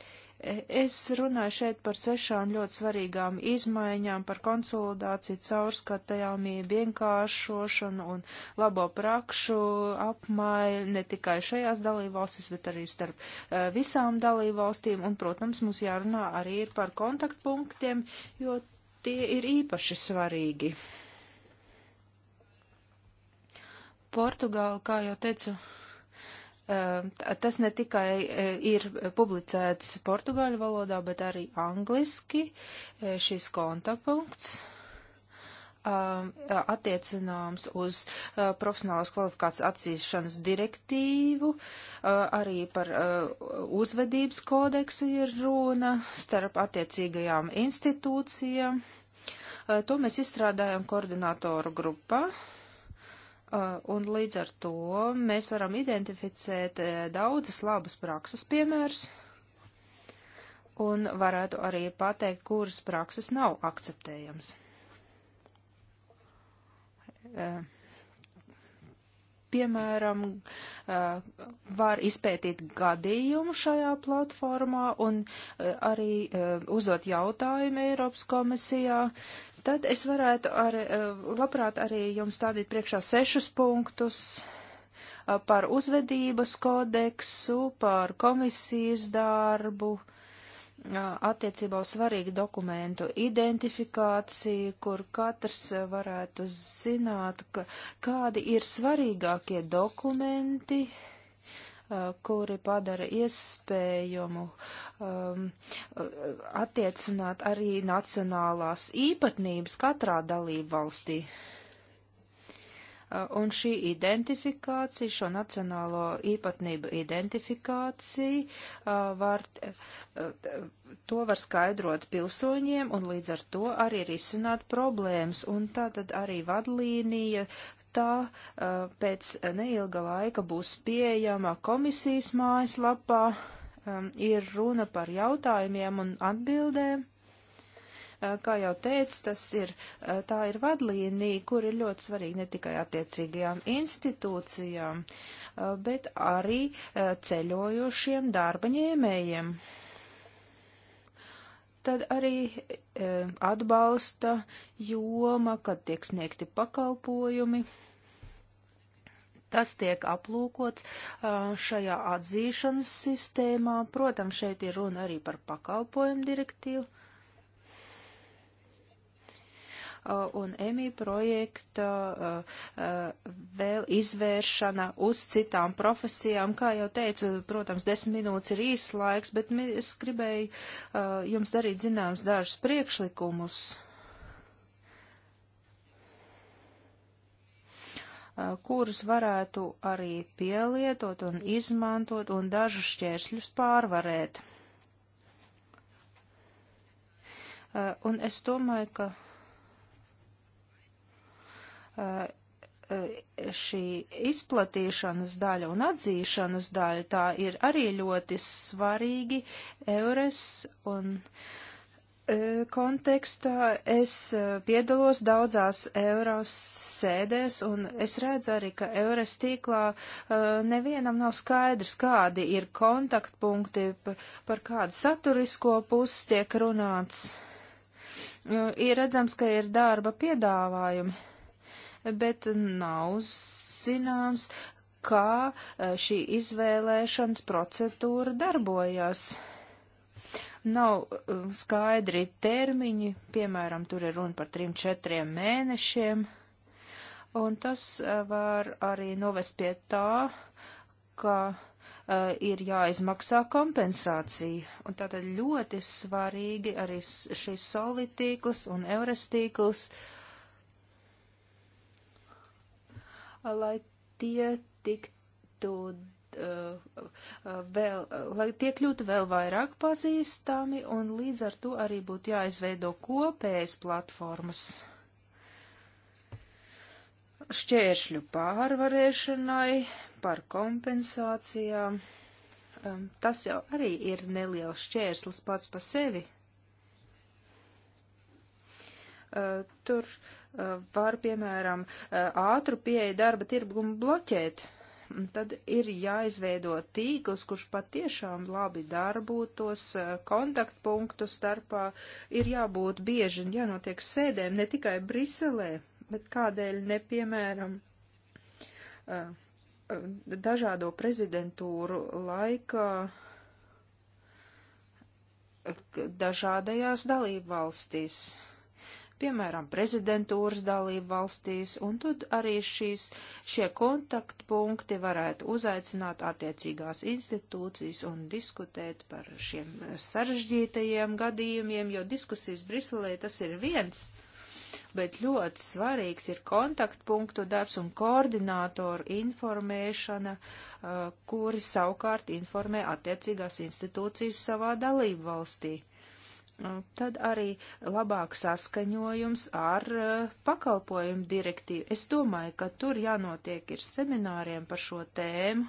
Speaker 2: Es runāju šeit par sešām ļoti svarīgām izmaiņām, par konsolidāciju, caurskatāmību, vienkāršošanu un labo prakšu apmaiņu ne tikai šajās dalībvalstīs, bet arī starp eh, visām dalībvalstīm. Un, protams, mums jārunā arī par kontaktpunktiem, jo tie ir īpaši svarīgi. Portugāla, kā jau teicu, Tas ne tikai ir publicēts portugāļu valodā, bet arī angliski šis kontapunkts attiecināms uz profesionālās kvalifikācijas atzīšanas direktīvu, arī par uzvedības kodeksu ir runa starp attiecīgajām institūcijām. To mēs izstrādājam koordinātoru grupā. Uh, un līdz ar to mēs varam identificēt uh, daudzas labas prakses piemērs un varētu arī pateikt, kuras prakses nav akceptējams. Uh, piemēram, var izpētīt gadījumu šajā platformā un arī uzdot jautājumu Eiropas komisijā Tad es varētu ar, eh, labprāt arī jums stādīt priekšā sešus punktus eh, par uzvedības kodeksu, par komisijas darbu, eh, attiecībā uz svarīgu dokumentu identifikāciju, kur katrs varētu zināt, ka, kādi ir svarīgākie dokumenti, kuri padara iespējumu um, attiecināt arī nacionālās īpatnības katrā dalību valstī. Uh, un šī identifikācija, šo nacionālo īpatnību identifikācija, uh, var, uh, to var skaidrot pilsoņiem un līdz ar to arī risināt problēmas. Un tad arī vadlīnija tā pēc neilga laika būs pieejama komisijas mājaslapā. Ir runa par jautājumiem un atbildēm. Kā jau teicu, tas ir, tā ir vadlīnija, kur ir ļoti svarīgi ne tikai attiecīgajām institūcijām, bet arī ceļojošiem darba ņēmējiem tad arī e, atbalsta joma, kad tiek sniegti pakalpojumi. Tas tiek aplūkots e, šajā atzīšanas sistēmā. Protams, šeit ir runa arī par pakalpojumu direktīvu un EMI projekta e, e, vēl izvēršana uz citām profesijām. Kā jau teicu, protams, desmit minūtes ir īsts laiks, bet es gribēju e, jums darīt zināms dažus priekšlikumus. kurus varētu arī pielietot un izmantot un dažus šķēršļus pārvarēt. Un es domāju, ka šī izplatīšanas daļa un atzīšanas daļa, tā ir arī ļoti svarīgi eures un kontekstā. Es piedalos daudzās euros sēdēs un es redzu arī, ka eures tīklā nevienam nav skaidrs, kādi ir kontaktpunkti, par kādu saturisko pusi tiek runāts. ir redzams, ka ir darba piedāvājumi bet nav zināms, kā e, šī izvēlēšanas procedūra darbojas. Nav e, skaidri termiņi, piemēram, tur ir runa par trim, četriem mēnešiem, un tas e, var arī novest pie tā, ka ir jāizmaksā kompensācija. Un tātad ļoti svarīgi arī šis solītīkls un eures uh, lai tie tiktu eh, eh, vēl, eh, lai tie kļūtu vēl vairāk pazīstami, un līdz ar to arī būtu jāizveido kopējas platformas šķēršļu pārvarēšanai, par kompensācijām. Tas jau arī ir neliels šķērslis pats pa sevi. Tur var, piemēram, ātru pieeja darba tirgumu bloķēt. Tad ir jāizveido tīkls, kurš patiešām labi darbotos, e, kontaktpunktu starpā ir jābūt bieži un jānotiek sēdēm ne tikai Briselē, bet kādēļ nepiemēram e, e, dažādo prezidentūru laikā dažādajās dalībvalstīs. valstīs piemēram, prezidentūras dalību valstīs, un tad arī šīs, šie kontaktpunkti varētu uzaicināt attiecīgās institūcijas un diskutēt par šiem sarežģītajiem gadījumiem, jo diskusijas Briselē tas ir viens bet ļoti svarīgs ir kontaktpunktu darbs un koordinātoru informēšana, uh, kuri savukārt informē attiecīgās institūcijas savā dalību valstī tad arī labāk saskaņojums ar uh, pakalpojumu direktīvu. Es domāju, ka tur jānotiek ir semināriem par šo tēmu.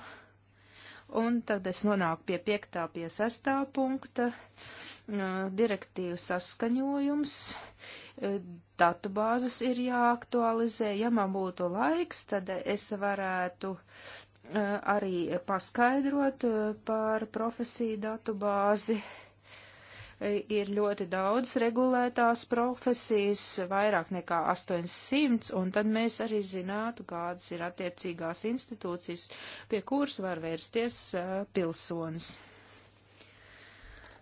Speaker 2: Un tad es nonāku pie piektā, pie sestā punkta uh, direktīvu saskaņojums. Uh, datubāzes ir jāaktualizē. Ja man būtu laiks, tad es varētu uh, arī paskaidrot par profesiju datubāzi. bāzi ir ļoti daudz regulētās profesijas, vairāk nekā 800, un tad mēs arī zinātu, kādas ir attiecīgās institūcijas, pie kuras var vērsties pilsonis.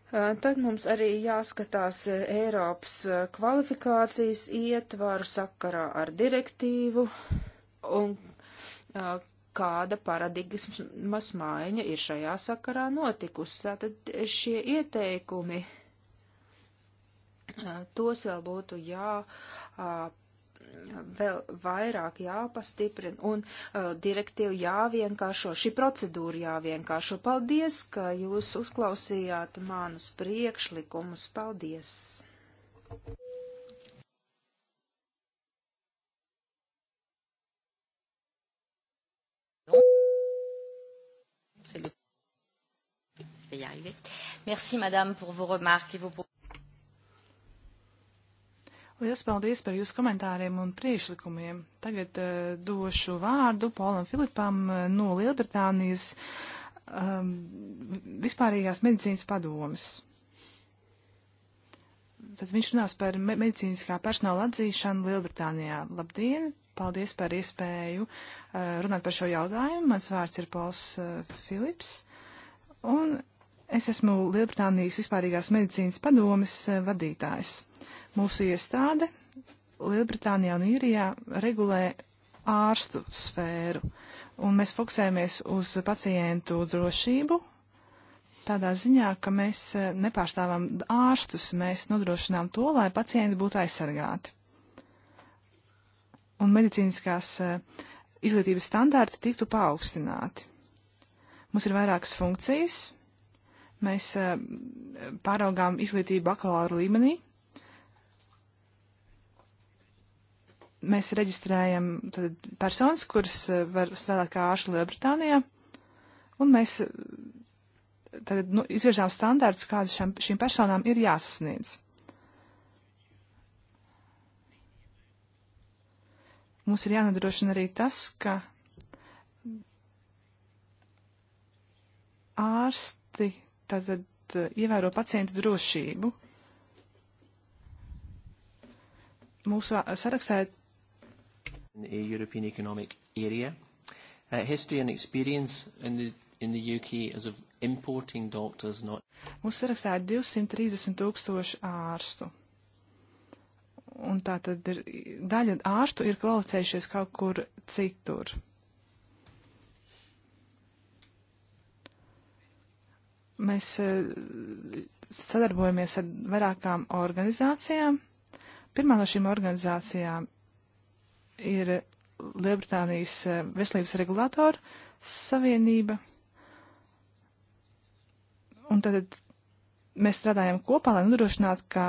Speaker 2: Tad mums arī jāskatās Eiropas kvalifikācijas ietvaru sakarā ar direktīvu un kāda paradigmas maiņa ir šajā sakarā notikusi. Tātad šie ieteikumi tos vēl būtu jā. Vēl vairāk jāpastiprina un uh, direktīvu jāvienkāršo, šī procedūra jāvienkāršo. Paldies, ka jūs uzklausījāt manus priekšlikumus. Paldies!
Speaker 4: Merci, madame, pour vos remarques et vos... Lielas paldies par jūsu komentāriem un priekšlikumiem. Tagad uh, došu vārdu Polam Filipam uh, no Lielbritānijas um, ehm, vispārējās medicīnas padomas. Tad viņš runās par me medicīniskā personāla atzīšanu Lielbritānijā. Labdien! Paldies par iespēju uh, runāt par šo jautājumu. Mans vārds ir Pols uh, Filips. Un es esmu Lielbritānijas vispārīgās medicīnas padomas uh, vadītājs. Uh, Mūsu iestāde Lielbritānijā un Īrijā regulē ārstu sfēru, un mēs fokusējamies uz pacientu drošību tādā ziņā, ka mēs eh, nepārstāvam ārstus, mēs nodrošinām to, lai pacienti būtu aizsargāti. Un medicīniskās eh, izglītības standarti tiktu paaugstināti. Mums ir vairākas funkcijas. Mēs eh, pāraugām izglītību bakalauru līmenī, mēs reģistrējam personas, kuras eh, var strādāt kā ārsti Lielbritānijā, un mēs eh, tad, nu, izvirzām standārtus, kādus šiem, šīm personām ir jāsasniedz. Mums ir jānodrošina arī tas, ka ārsti tātad eh, ievēro pacientu drošību. Mūsu sarakstē
Speaker 1: in a European Economic Area. Uh, history and experience in the, in the UK as of importing doctors not.
Speaker 4: Mums sarakstā ir 230 tūkstoši ārstu. Un tā tad ir, daļa ārstu ir kvalificējušies kaut kur citur. Mēs uh, sadarbojamies ar vairākām organizācijām. Pirmā no šīm organizācijām ir Lielbritānijas eh, veselības regulātora savienība. Un tad mēs strādājam kopā, lai nodrošinātu, ka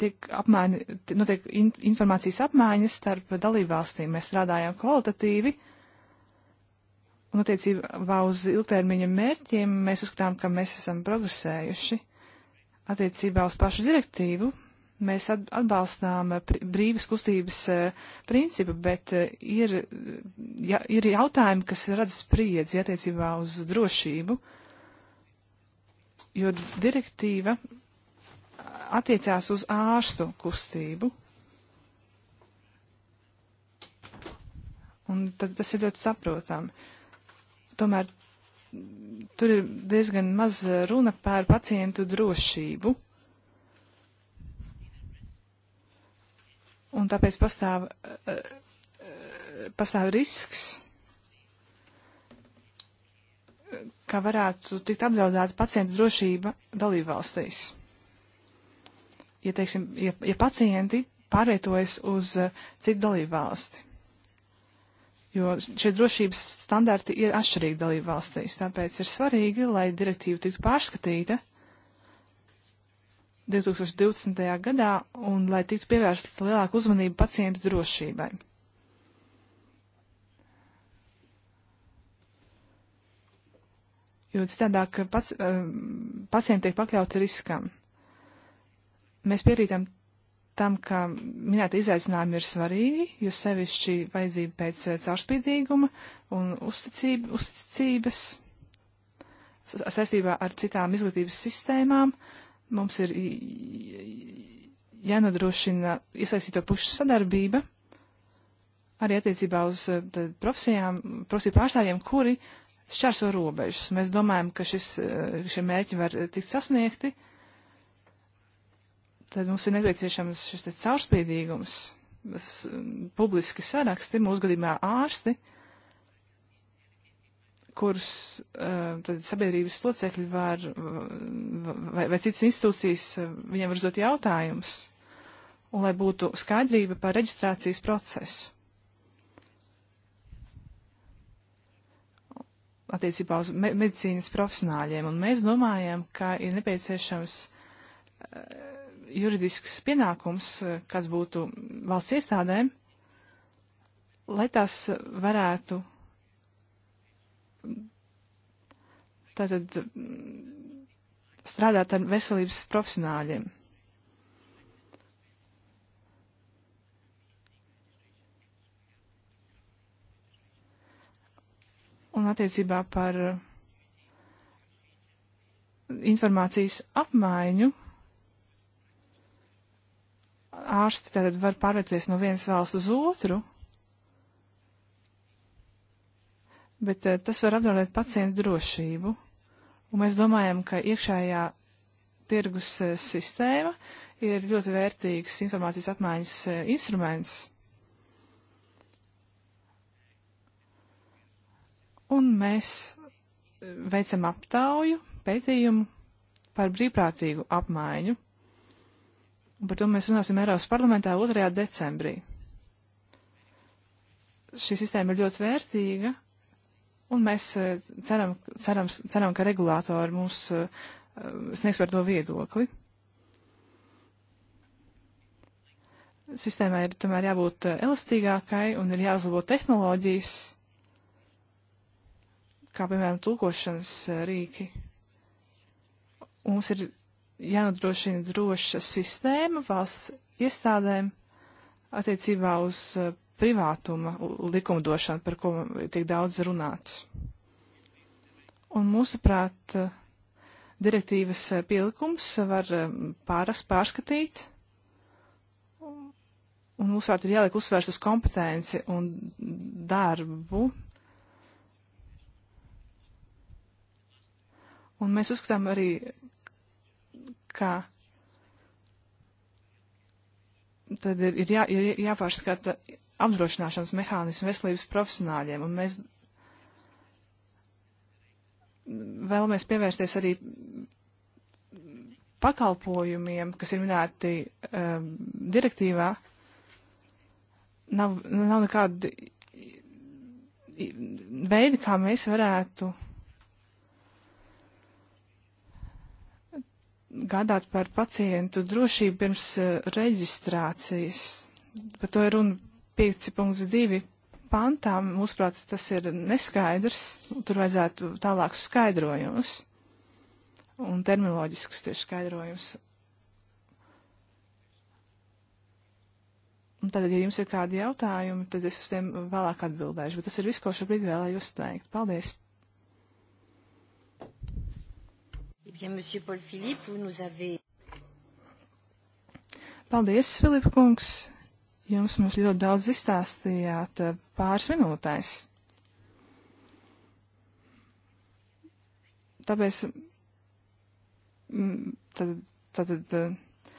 Speaker 4: tiek apmaiņa, notiek nu, in, informācijas apmaiņa starp dalībvalstīm. Mēs strādājam kvalitatīvi. Un attiecībā uz ilgtermiņa mērķiem mēs uzskatām, ka mēs esam progresējuši. Attiecībā uz pašu direktīvu Mēs atbalstām eh, brīvas kustības eh, principu, bet eh, ir, ja, ir jautājumi, kas rada spriedzi attiecībā uz drošību, jo direktīva attiecās uz ārstu kustību. Un tad tas ir ļoti saprotami. Tomēr mm, tur ir diezgan maz runa par pacientu drošību. un tāpēc pastāv, eh, eh, pastāv risks, ka varētu tikt apdraudēta pacienta drošība dalību valstīs. Ja, teiksim, ja, ja pacienti pārvietojas uz eh, citu dalību valsti, jo šie drošības standarti ir atšķirīgi dalību valstīs, tāpēc ir svarīgi, lai direktīva tiktu pārskatīta 2020. gadā un lai tiktu pievērsta lielāka uzmanība pacientu drošībai. Jo citādāk pats, ehm, pacienti tiek pakļauti riskam. Mēs pierītam tam, ka minēta izaicinājumi ir svarīgi, jo sevišķi vajadzība pēc eh, caurspīdīguma un uzticības saistībā ar citām izglītības sistēmām. Uh, Mums ir jānodrošina iesaistīto pušu sadarbība arī attiecībā uz eh, profesijām, profesiju pārstāvjiem, kuri šķērso robežas. Mēs domājam, ka šis, eh, šie mērķi var eh, tikt sasniegti. Tad mums ir nepieciešams šis caurspīdīgums, publiski saraksti, mūsu gadījumā ārsti, kurus uh, eh, sabiedrības locekļi var, vai, vai citas institūcijas, eh, viņiem var uzdot jautājumus, un lai būtu skaidrība par reģistrācijas procesu. attiecībā uz me medicīnas profesionāļiem, un mēs domājam, ka ir nepieciešams eh, juridisks pienākums, kas būtu valsts iestādēm, lai tās varētu tātad strādāt ar veselības profesionāļiem. Un attiecībā par informācijas apmaiņu ārsti tātad var pārvietoties no vienas valsts uz otru, bet eh, tas var apdraudēt pacientu drošību. Un mēs domājam, ka iekšējā tirgus eh, sistēma ir ļoti vērtīgs informācijas apmaiņas eh, instruments. Un mēs veicam aptauju, pētījumu par brīvprātīgu apmaiņu. Un par to mēs runāsim Eiropas parlamentā 2. decembrī. Šī sistēma ir ļoti vērtīga, Un mēs eh, ceram, ceram, ceram ka regulātori mums eh, sniegs par to viedokli. Sistēmai ir tomēr jābūt eh, elastīgākai un ir jāuzlabo tehnoloģijas, kā piemēram tulkošanas rīki. Mums ir jānodrošina droša sistēma valsts iestādēm attiecībā uz privātuma likumdošana, par ko tiek daudz runāts. Un mūsuprāt, direktīvas pielikums var eh, pāras pārskatīt, un mūsuprāt ir jāliek uzsvērs uz kompetenci un darbu. Un mēs uzskatām arī, ka tad ir, ir, jā, ir jāpārskata apdrošināšanas mehānismu veselības profesionāļiem, un mēs vēlamies pievērsties arī pakalpojumiem, kas ir minēti um, direktīvā. Nav, nav nekāda veida, kā mēs varētu gādāt par pacientu drošību pirms uh, reģistrācijas. Par to ir runa 5.2 pantā, mūsuprāt, tas ir neskaidrs, tur vajadzētu tālāk skaidrojumus un terminoloģiskus tieši skaidrojumus. Un tad, ja jums ir kādi jautājumi, tad es uz tiem vēlāk atbildēšu, bet tas ir viss, ko šobrīd vēlējos teikt. Paldies!
Speaker 6: Eh
Speaker 4: Paldies, Filipa kungs! Jums mums ļoti daudz izstāstījāt eh, pāris minūtēs. Tāpēc mm, tad, tad, tad eh,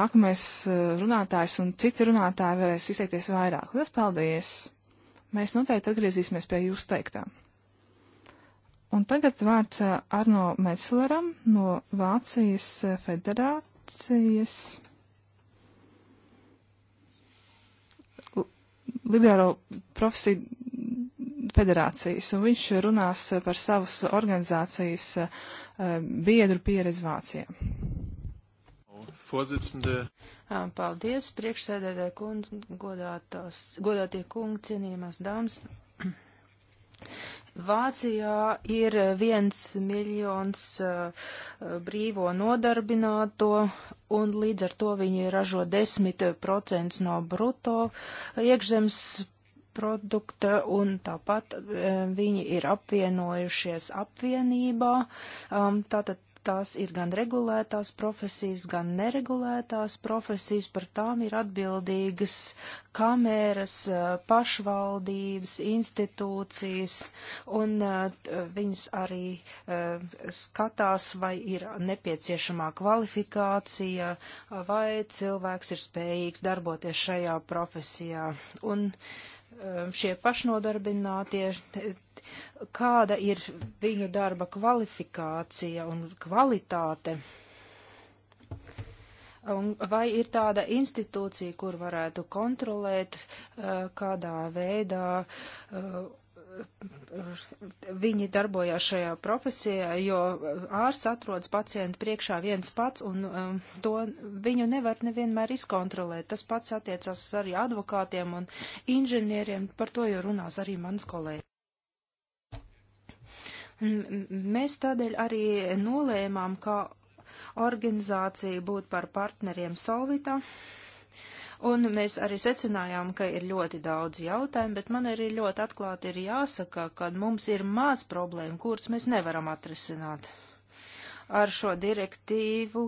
Speaker 4: nākamais eh, runātājs un citi runātāji varēs izteikties vairāk. Lielas paldies! Mēs noteikti atgriezīsimies pie jūsu teiktā. Un tagad vārds Arno Metzleram no Vācijas federācijas. liberālo profesiju federācijas, un viņš runās par savas organizācijas eh, biedru
Speaker 2: pieredzi Vācijā.
Speaker 1: Ah,
Speaker 2: paldies, priekšsēdētāji kundze, godātie kungi, cienījumās dāmas Vācijā ir viens miljons eh, brīvo nodarbināto, un līdz ar to viņi ražo procents no bruto iekšzemes produkta, un tāpat eh, viņi ir apvienojušies apvienībā. Um, tātad Tās ir gan regulētās profesijas, gan neregulētās profesijas, par tām ir atbildīgas kameras, eh, pašvaldības, institūcijas, un eh, viņas arī eh, skatās, vai ir nepieciešamā kvalifikācija, vai cilvēks ir spējīgs darboties šajā profesijā. Un, Um, šie pašnodarbinātie, kāda ir viņu darba kvalifikācija un kvalitāte. Un vai ir tāda institūcija, kur varētu kontrolēt, uh, kādā veidā uh, viņi darbojās šajā profesijā, jo ārsts atrodas pacientu priekšā viens pats, un um, to viņu nevar nevienmēr izkontrolēt. Tas pats attiecas arī advokātiem un inženieriem, par to jau runās arī mans kolēģis. Mēs tādēļ arī nolēmām, ka organizācija būtu par partneriem Solvita. Un mēs arī secinājām, ka ir ļoti daudz jautājumu, bet man arī ļoti atklāti ir jāsaka, ka mums ir maz problēmu, kuras mēs nevaram atrisināt. Ar šo direktīvu,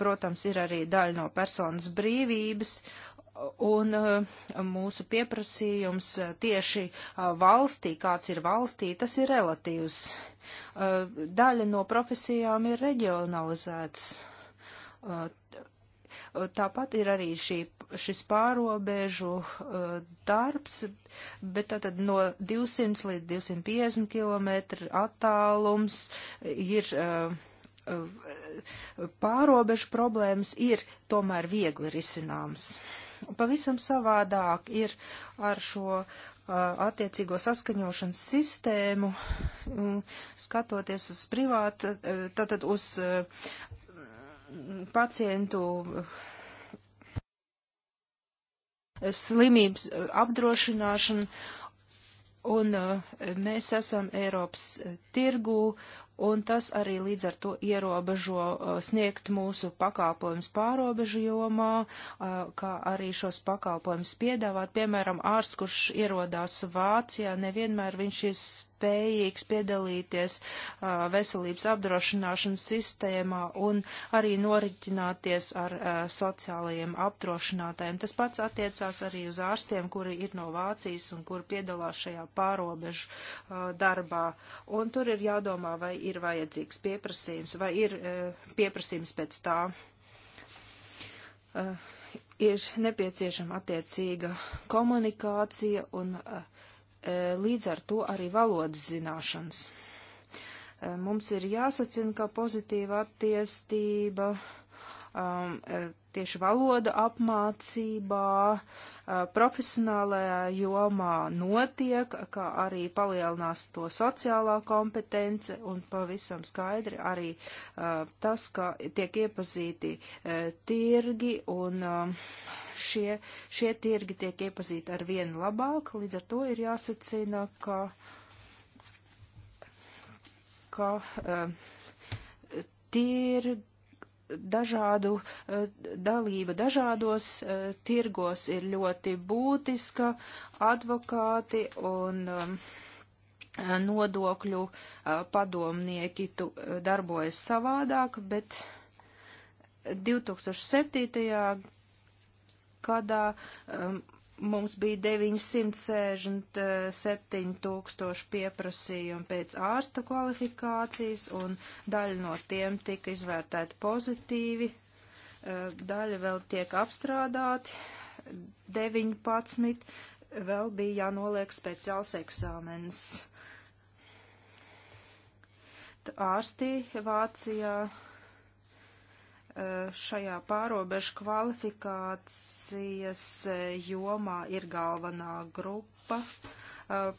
Speaker 2: protams, ir arī daļa no personas brīvības, un mūsu pieprasījums tieši valstī, kāds ir valstī, tas ir relatīvs. Daļa no profesijām ir reģionalizēts Tāpat ir arī šī, šis pārobežu e, darbs, bet tātad no 200 līdz 250 km attālums ir. E, e, pārobežu problēmas ir tomēr viegli risināmas. Pavisam savādāk ir ar šo attiecīgo saskaņošanas sistēmu, skatoties uz privātu, tātad uz pacientu slimības apdrošināšanu, un eh, mēs esam Eiropas tirgū, un tas arī līdz ar to ierobežo eh, sniegt mūsu pakalpojums pārobežu jomā, eh, kā arī šos pakalpojums piedāvāt. Piemēram, ārsts, kurš ierodās Vācijā, nevienmēr viņš ir spējīgs piedalīties veselības apdrošināšanas sistēmā un arī noriķināties ar sociālajiem apdrošinātājiem. Tas pats attiecās arī uz ārstiem, kuri ir no Vācijas un kuri piedalās šajā pārobežu darbā. Un tur ir jādomā, vai ir vajadzīgs pieprasījums, vai ir pieprasījums pēc tā ir nepieciešama attiecīga komunikācija un uh, E, līdz ar to arī valodas zināšanas. E, mums ir jāsacina, ka pozitīva attiestība um, e, tieši valoda apmācībā, profesionālajā jomā notiek, kā arī palielinās to sociālā kompetence un pavisam skaidri arī tas, ka tiek iepazīti tirgi un šie, šie tirgi tiek iepazīti ar vienu labāku, līdz ar to ir jāsacina, ka, ka tirgi dažādu eh, dalība dažādos eh, tirgos ir ļoti būtiska, advokāti un um, eh, nodokļu padomnieki tu, darbojas savādāk, bet 2007. gadā um, Mums bija 967 tūkstoši pieprasījumi pēc ārsta kvalifikācijas, un daļa no tiem tika izvērtēta pozitīvi, eh, daļa vēl tiek apstrādāti, 19 vēl bija jānoliek speciāls eksāmens. Ārstī Vācijā E, šajā pārobežu kvalifikācijas e, jomā ir galvenā grupa. E,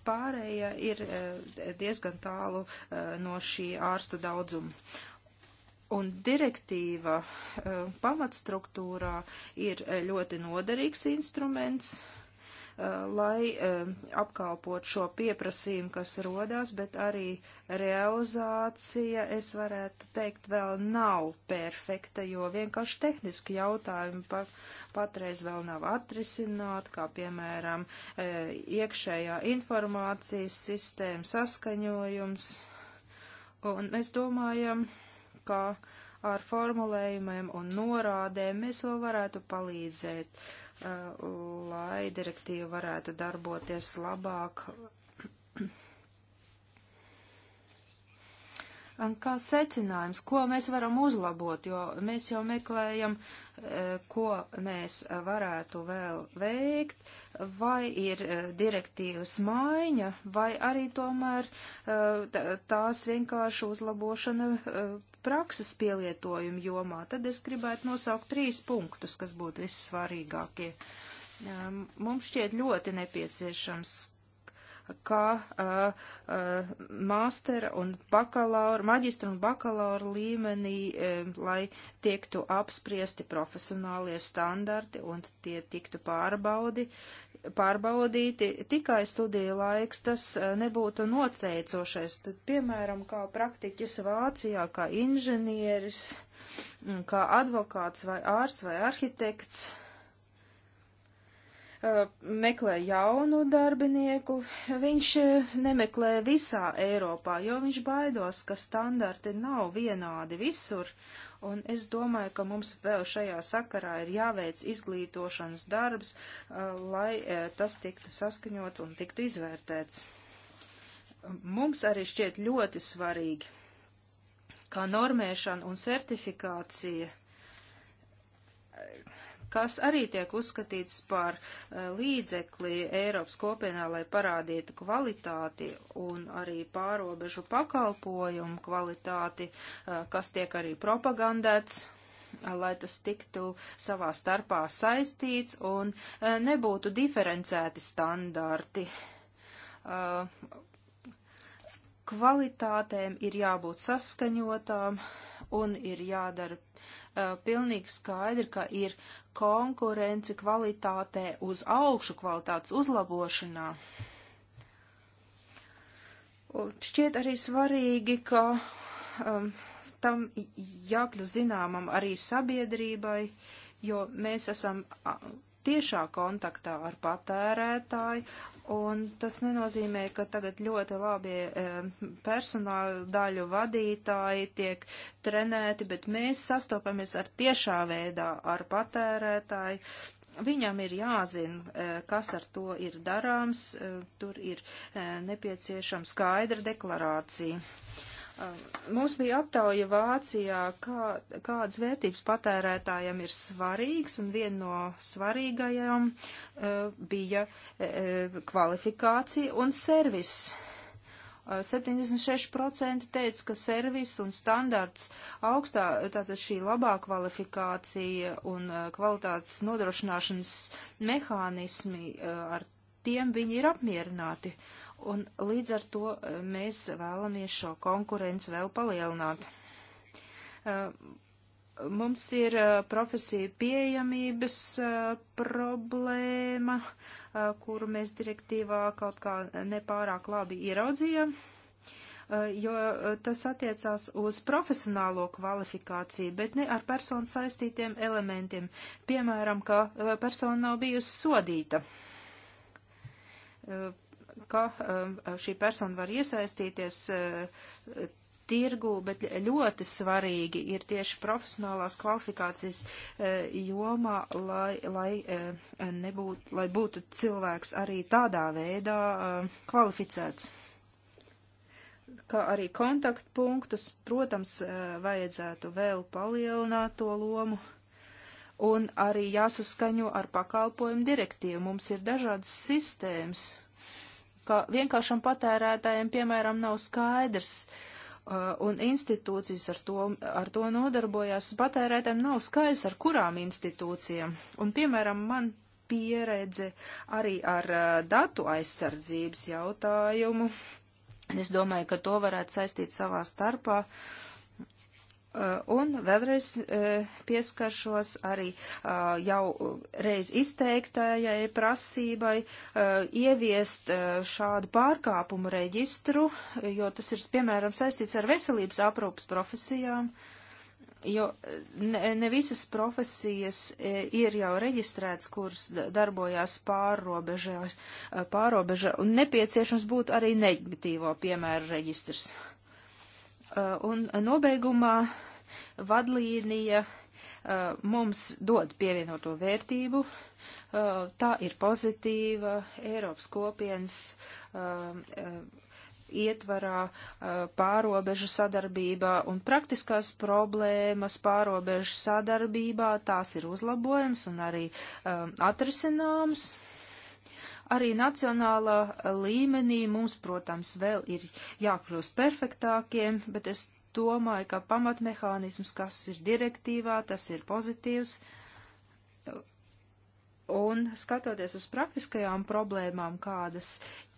Speaker 2: Pārējie ir diezgan tālu no šī ārsta daudzuma. Un direktīva pamatstruktūrā ir ļoti noderīgs instruments, lai apkalpot šo pieprasījumu, kas rodās, bet arī realizācija, es varētu teikt, vēl nav perfekta, jo vienkārši tehniski jautājumi patreiz vēl nav atrisināti, kā piemēram e, iekšējā informācijas sistēma saskaņojums. Un mēs domājam, ka ar formulējumiem un norādēm mēs vēl varētu palīdzēt, eh, lai direktīva varētu darboties labāk Kā secinājums, ko mēs varam uzlabot, jo mēs jau meklējam, e, ko mēs varētu vēl veikt, vai ir e, direktīvas maiņa, vai arī tomēr e, tās vienkārši uzlabošana prakses pielietojuma jomā. Tad es gribētu nosaukt trīs punktus, kas būtu vissvarīgākie. Mums šķiet ļoti nepieciešams kā uh, uh, māstera un bakalaura, maģistra un bakalaura līmenī, um, lai tiektu apspriesti profesionālie standarti un tie tiktu pārbaudi, pārbaudīti. Tikai studiju laiks tas nebūtu noteicošais. Tad, piemēram, kā praktiķis Vācijā, kā inženieris, kā advokāts vai ārsts vai arhitekts meklē jaunu darbinieku, viņš e, nemeklē visā Eiropā, jo viņš baidos, ka standarti nav vienādi visur, un es domāju, ka mums vēl šajā sakarā ir jāveic izglītošanas darbs, e, lai e, tas tiktu saskaņots un tiktu izvērtēts. Mums arī šķiet ļoti svarīgi, kā normēšana un sertifikācija kas arī tiek uzskatīts par eh, līdzekli Eiropas kopienā, lai parādītu kvalitāti un arī pārobežu pakalpojumu kvalitāti, eh, kas tiek arī propagandēts eh, lai tas tiktu savā starpā saistīts un nebūtu diferencēti standarti. Kvalitātēm ir jābūt saskaņotām un ir jādara E, pilnīgi skaidri, ka ir konkurence kvalitātē uz augšu kvalitātes uzlabošanā. Un šķiet arī svarīgi, ka um, tam jākļu zināmam arī sabiedrībai, jo mēs esam tiešā kontaktā ar patērētāju, un tas nenozīmē, ka tagad ļoti labi e, personāla daļu vadītāji tiek trenēti, bet mēs sastopamies ar tiešā veidā ar patērētāju. Viņam ir jāzina, e, kas ar to ir darāms, e, tur ir nepieciešama skaidra deklarācija. Mums bija aptauja Vācijā, kā, kādas vērtības patērētājiem ir svarīgs, un viena no svarīgajām eh, bija eh, eh, kvalifikācija un servis. 76% teica, ka servis un standarts augstā, tātad šī labā kvalifikācija un kvalitātes nodrošināšanas mehānismi, ar tiem viņi ir apmierināti. Uh, Un līdz ar to eh, mēs vēlamies šo konkurenci vēl palielināt. Eh, mums ir eh, profesija pieejamības problēma, kuru mēs direktīvā kaut kā nepārāk labi ieraudzījām, jo tas attiecās uz profesionālo kvalifikāciju, bet ne ar personu saistītiem elementiem, piemēram, ka persona nav bijusi sodīta ka um, šī persona var iesaistīties uh, tirgu, bet ļoti svarīgi ir tieši profesionālās kvalifikācijas uh, jomā, lai, lai, uh, nebūt, lai būtu cilvēks arī tādā veidā kvalificēts. Kā arī kontaktpunktus, protams, vajadzētu vēl palielināt to lomu un arī jāsaskaņo ar pakalpojumu direktīvu. Mums ir dažādas sistēmas ka vienkāršam patērētājiem, piemēram, nav skaidrs, uh, un institūcijas ar to, ar to nodarbojās, patērētājiem nav skaidrs, ar kurām institūcijām. Un, piemēram, man pieredze arī ar uh, datu aizsardzības jautājumu. Es domāju, ka to varētu saistīt savā starpā. Uh, Eh, un vēlreiz eh, pieskaršos arī eh, jau reiz izteiktājai prasībai ieviest šādu pārkāpumu reģistru, jo tas ir, piemēram, saistīts ar veselības aprūpas profesijām, jo ne, ne visas profesijas ir jau reģistrētas, kuras darbojās pārrobežās, pārrobežā, un nepieciešams būtu arī negatīvo piemēru reģistrs. Un nobeigumā vadlīnija uh, mums dod pievienoto vērtību. Uh, tā ir pozitīva Eiropas kopienas um, uh, ietvarā pārobežu sadarbībā un praktiskās problēmas pārobežu sadarbībā. Tās ir uzlabojums un arī um, atrisināms. Arī nacionālā līmenī mums, protams, vēl ir jākļūst perfektākiem, bet es domāju, ka pamatmehānisms, kas ir direktīvā, tas ir pozitīvs. Un skatoties uz praktiskajām problēmām, kādas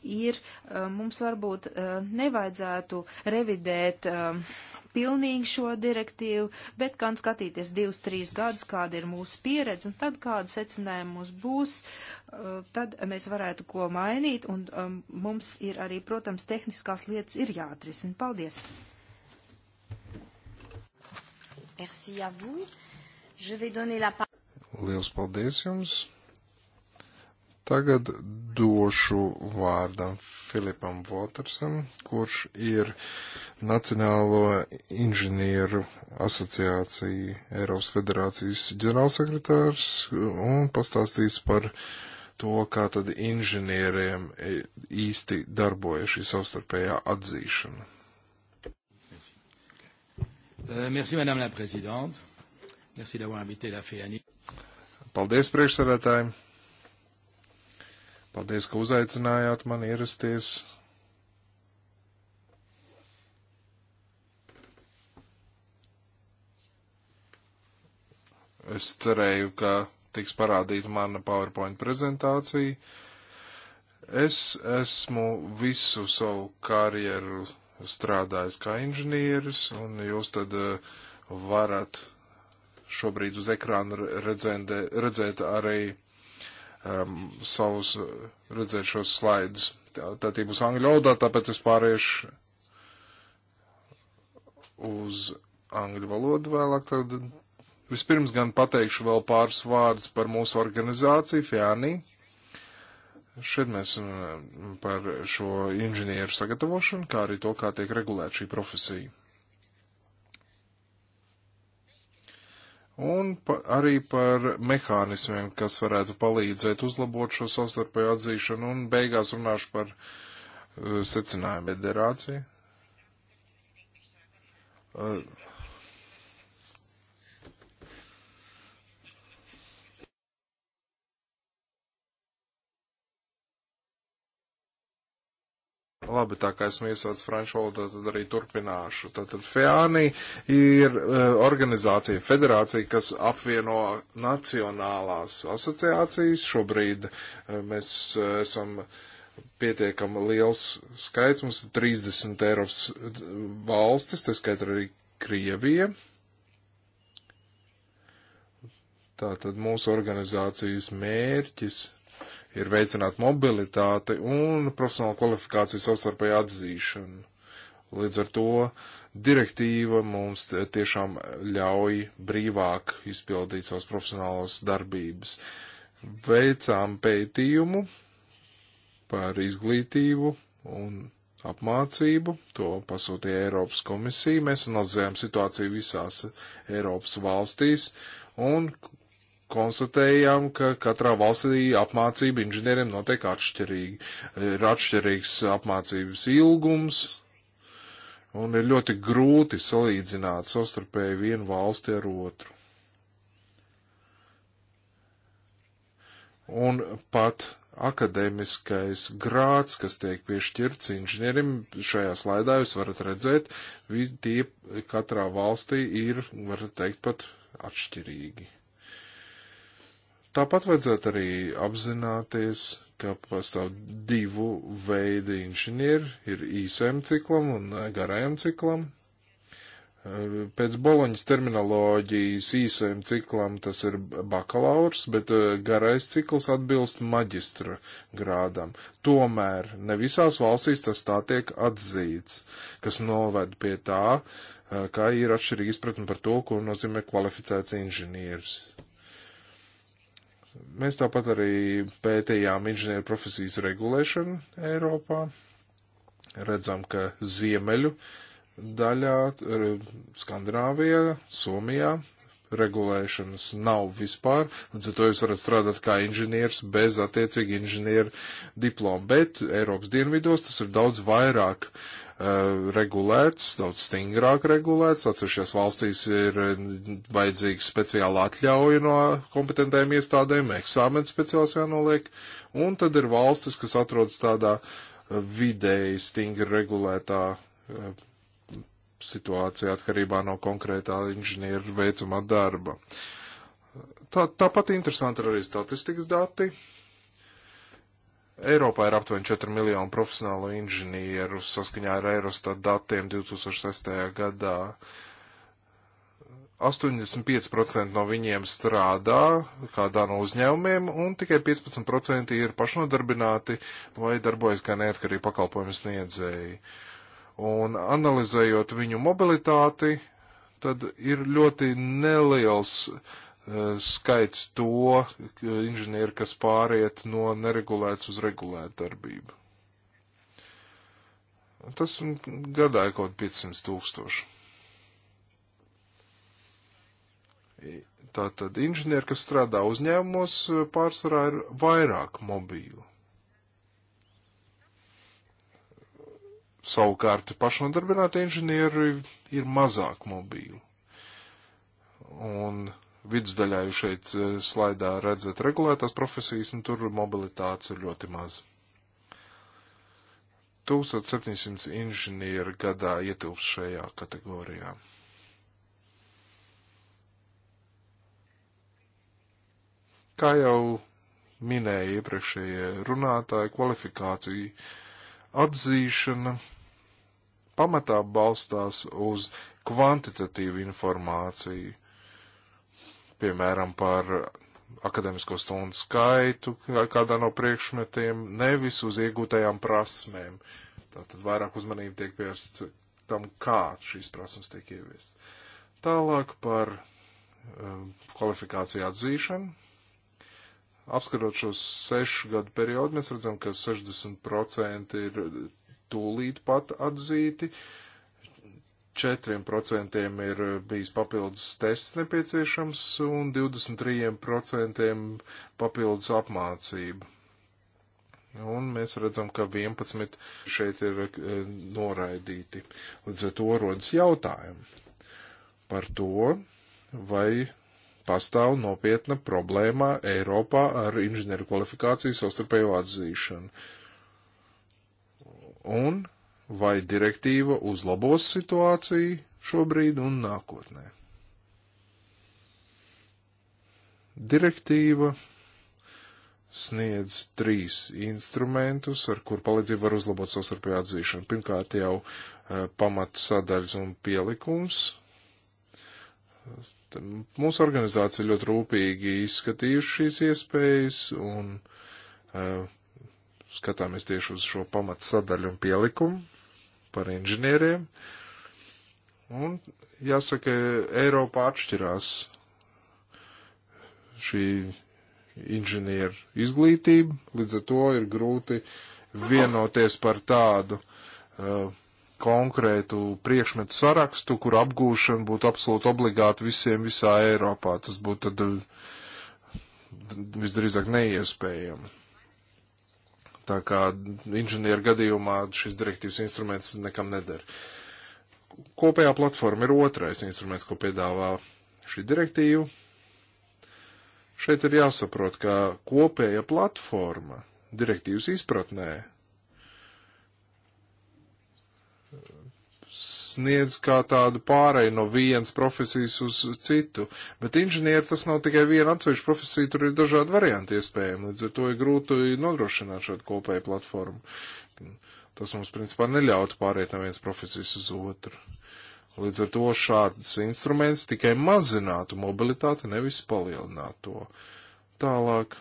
Speaker 2: ir, eh, mums varbūt eh, nevajadzētu revidēt eh, pilnīgi šo direktīvu, bet gan skatīties divus, trīs gadus, kāda ir mūsu pieredze, un tad kāda secinājuma mums būs, tad mēs varētu ko mainīt, un mums ir arī, protams, tehniskās lietas ir jāatrisina. Paldies! Merci à vous. Je vais
Speaker 4: donner la parole.
Speaker 1: Lielas paldies jums! Tagad došu vārdam Filipam Votersam, kurš ir Nacionālo inženieru asociāciju Eiropas federācijas ģenerālsekretārs un pastāstīs par to, kā tad inženieriem īsti darbojas šī savstarpējā atzīšana.
Speaker 2: Euh, merci, Madame la Présidente. Merci d'avoir invité la FEANI.
Speaker 1: Paldies, priekšsarētāji. Paldies, ka uzaicinājāt mani ierasties. Es cerēju, ka tiks parādīta mana PowerPoint prezentācija. Es esmu visu savu karjeru strādājis kā inženieris, un jūs tad eh, varat šobrīd uz ekrāna redzende, redzēt arī um, savus uh, redzēšos slaidus. Tad tie būs angļu valodā, tāpēc es pāriešu uz angļu valodu vēlāk. Tad vispirms gan pateikšu vēl pāris vārdus par mūsu organizāciju Fjānī. Šeit mēs par šo inženieru sagatavošanu, kā arī to, kā tiek regulēta šī profesija. un pa, arī par mehānismiem, kas varētu palīdzēt uzlabot šo savstarpēju atzīšanu, un beigās runāšu par uh, eh, secinājumu federāciju. Uh, eh, Labi, tā kā esmu iesācis franču valodā, tad arī turpināšu. Tātad FEANI ir e, organizācija, federācija, kas apvieno nacionālās asociācijas. Šobrīd e, mēs e, esam pietiekami liels skaits, mums ir 30 Eiropas valstis, tas skaitā arī Krievija. Tātad mūsu organizācijas mērķis ir veicināt mobilitāti un profesionālu kvalifikāciju savstarpēju atzīšanu. Līdz ar to direktīva mums tiešām ļauj brīvāk izpildīt savas profesionālas darbības. Veicām pētījumu par izglītību un apmācību, to pasūtīja Eiropas komisija. Mēs analizējām situāciju visās Eiropas valstīs un konstatējām, ka katrā valstī apmācība inženieriem notiek atšķirīgi. Ir atšķirīgs apmācības ilgums, un ir ļoti grūti salīdzināt savstarpēji vienu valsti ar otru. Un pat akadēmiskais grāds, kas tiek piešķirts inženierim, šajā slaidā jūs varat redzēt, tie katrā valstī ir, varat teikt, pat atšķirīgi. Tāpat vajadzētu arī apzināties, ka pastāv divu veidu inženieri ir īsajam ciklam un garajam ciklam. Pēc Boloņas terminoloģijas īsajam ciklam tas ir bakalaurs, bet eh, garais cikls atbilst maģistra grādam. Tomēr ne visās valstīs tas tā tiek atzīts, kas noved pie tā, eh, kā ir atšķirīga izpratne par to, ko nozīmē kvalificēts inženieris. Mēs tāpat arī pētījām inženieru profesijas regulēšanu Eiropā. Redzam, ka ziemeļu daļā, Skandināvijā, Somijā regulēšanas nav vispār, līdz ar to jūs varat strādāt kā inženieris bez attiecīgi inženieru diplomu, bet Eiropas dienvidos tas ir daudz vairāk uh, Eh, regulēts, daudz stingrāk regulēts. Atsevišķās valstīs ir eh, vajadzīga speciāla atļauja no kompetentēm iestādēm, eksāmenes speciāls jānoliek, un tad ir valstis, kas atrodas tādā eh, vidēji stingri regulētā situācija atkarībā no konkrētā inženieru veicamā darba. Tā, tāpat interesanti ir arī statistikas dati. Eiropā ir aptuveni 4 miljoni profesionālu inženieru saskaņā ar Eirostat datiem 2006. gadā. 85% no viņiem strādā kādā no uzņēmumiem, un tikai 15% ir pašnodarbināti vai darbojas kā neatkarīgi pakalpojumu sniedzēji. Un analizējot viņu mobilitāti, tad ir ļoti neliels uh, Eh, skaits to eh, inženieru, kas pāriet no neregulētas uz regulētu darbību. Tas gadā ir kaut 500 tūkstoši. Tātad inženieri, kas strādā uzņēmumos, eh, pārsvarā ir vairāk mobīlu. Savukārt pašnodarbināti inženieri ir mazāk mobīlu. Un vidusdaļā jūs šeit e, slaidā redzat regulētās profesijas, un tur mobilitāte ir ļoti maz. 1700 inženieru gadā ietilps šajā kategorijā. Kā jau minēja iepriekšējie runātāji, kvalifikācija atzīšana pamatā balstās uz kvantitatīvu informāciju piemēram, par akadēmisko stundu skaitu kādā no priekšmetiem, nevis uz iegūtajām prasmēm. Tātad vairāk uzmanība tiek pievērst tam, kā šīs prasmes tiek ieviest. Tālāk par um, kvalifikāciju atzīšanu. Apskatot šo sešu gadu periodu, mēs redzam, ka 60% ir tūlīt pat atzīti. Uh, 4% ir bijis papildus tests nepieciešams un 23% papildus apmācība. Un mēs redzam, ka 11 šeit ir eh, noraidīti. Līdz ar to rodas jautājumi par to, vai pastāv nopietna problēma Eiropā ar inženieru kvalifikāciju savstarpējo atzīšanu. Un vai direktīva uzlabos situāciju šobrīd un nākotnē. Direktīva sniedz trīs instrumentus, ar kur palīdzību var uzlabot savstarpēju atzīšanu. Pirmkārt jau eh, pamat sadaļas un pielikums. Mūsu organizācija ļoti rūpīgi izskatījuši šīs iespējas un e, skatāmies tieši uz šo pamat sadaļu un pielikumu par inženieriem. Un jāsaka, Eiropā atšķirās šī inženieru izglītība, līdz ar to ir grūti vienoties par tādu uh, konkrētu priekšmetu sarakstu, kur apgūšana būtu absolūti obligāta visiem visā Eiropā. Tas būtu tad visdrīzāk neiespējami. Tā kā inženieru gadījumā šis direktīvas instruments nekam neder. Kopējā platforma ir otrais instruments, ko piedāvā šī direktīva. Šeit ir jāsaprot, ka kopēja platforma direktīvas izpratnē sniedz kā tādu pārēju no vienas profesijas uz citu. Bet inženieri tas nav tikai viena atsevišķa profesija, tur ir dažādi varianti iespējami, līdz ar to ir grūti nodrošināt šādu kopēju platformu. Tas mums principā neļautu pārēt no vienas profesijas uz otru. Līdz ar to šāds instruments tikai mazinātu mobilitāti, nevis palielinātu to. Tālāk,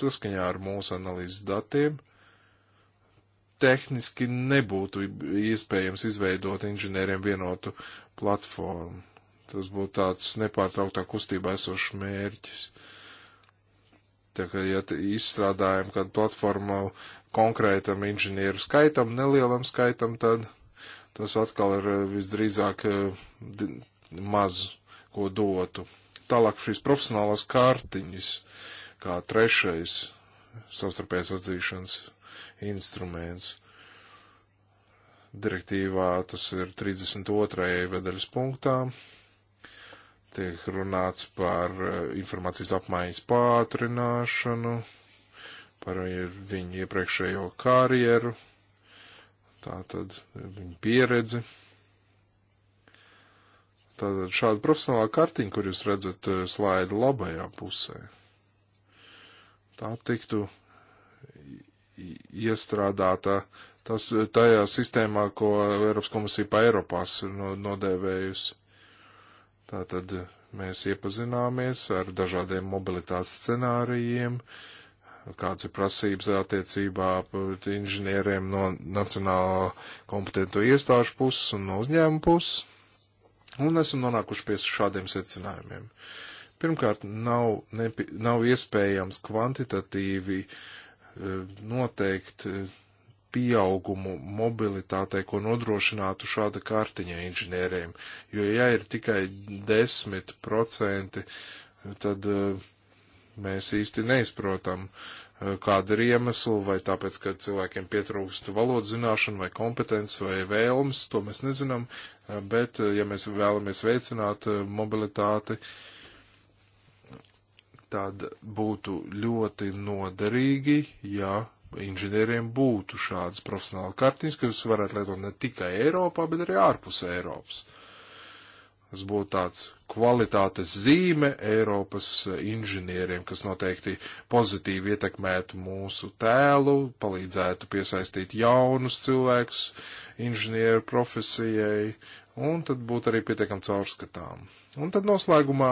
Speaker 1: saskaņā ar mūsu analīzes datiem, tehniski nebūtu iespējams izveidot inženieriem vienotu platformu. Tas būtu tāds nepārtrauktā kustībā esošs mērķis. Tā kā, ja izstrādājam kādu platformu konkrētam inženieru skaitam, nelielam skaitam, tad tas atkal ir eh, visdrīzāk eh, maz ko dotu. Tālāk šīs profesionālās kārtiņas, kā trešais savstarpējās atzīšanas instruments. Direktīvā tas ir 32. vedaļas punktā. Tiek runāts par eh, informācijas apmaiņas pātrināšanu, par viņu iepriekšējo karjeru, tātad viņa pieredzi. Tātad šāda profesionālā kartiņa, kur jūs redzat eh, slaidu labajā pusē, tā tiktu iestrādāta tas, tajā sistēmā, ko Eiropas komisija pa Eiropās ir no, nodēvējusi. Tātad mēs iepazināmies ar dažādiem mobilitātes scenārijiem, kāds ir prasības attiecībā pret inženieriem no nacionālā kompetento iestāžu puses un no uzņēmuma puses, un esam nonākuši pie šādiem secinājumiem. Pirmkārt, nav, nepi, nav iespējams kvantitatīvi uh, noteikt eh, pieaugumu mobilitātei, ko nodrošinātu šāda kartiņa inženieriem. Jo ja ir tikai procenti, tad eh, mēs īsti neizprotam, eh, kāda ir iemesla, vai tāpēc, ka cilvēkiem pietrūkst valodas zināšana, vai kompetence, vai vēlmes, to mēs nezinām, bet ja mēs vēlamies veicināt mobilitāti, tad būtu ļoti noderīgi, ja inženieriem būtu šādas profesionāla kartiņas, jūs varētu lietot ne tikai Eiropā, bet arī ārpus Eiropas. Tas būtu tāds kvalitātes zīme Eiropas inženieriem, kas noteikti pozitīvi ietekmētu mūsu tēlu, palīdzētu piesaistīt jaunus cilvēkus inženieru profesijai, un tad būtu arī pietiekami caurskatām. Un tad noslēgumā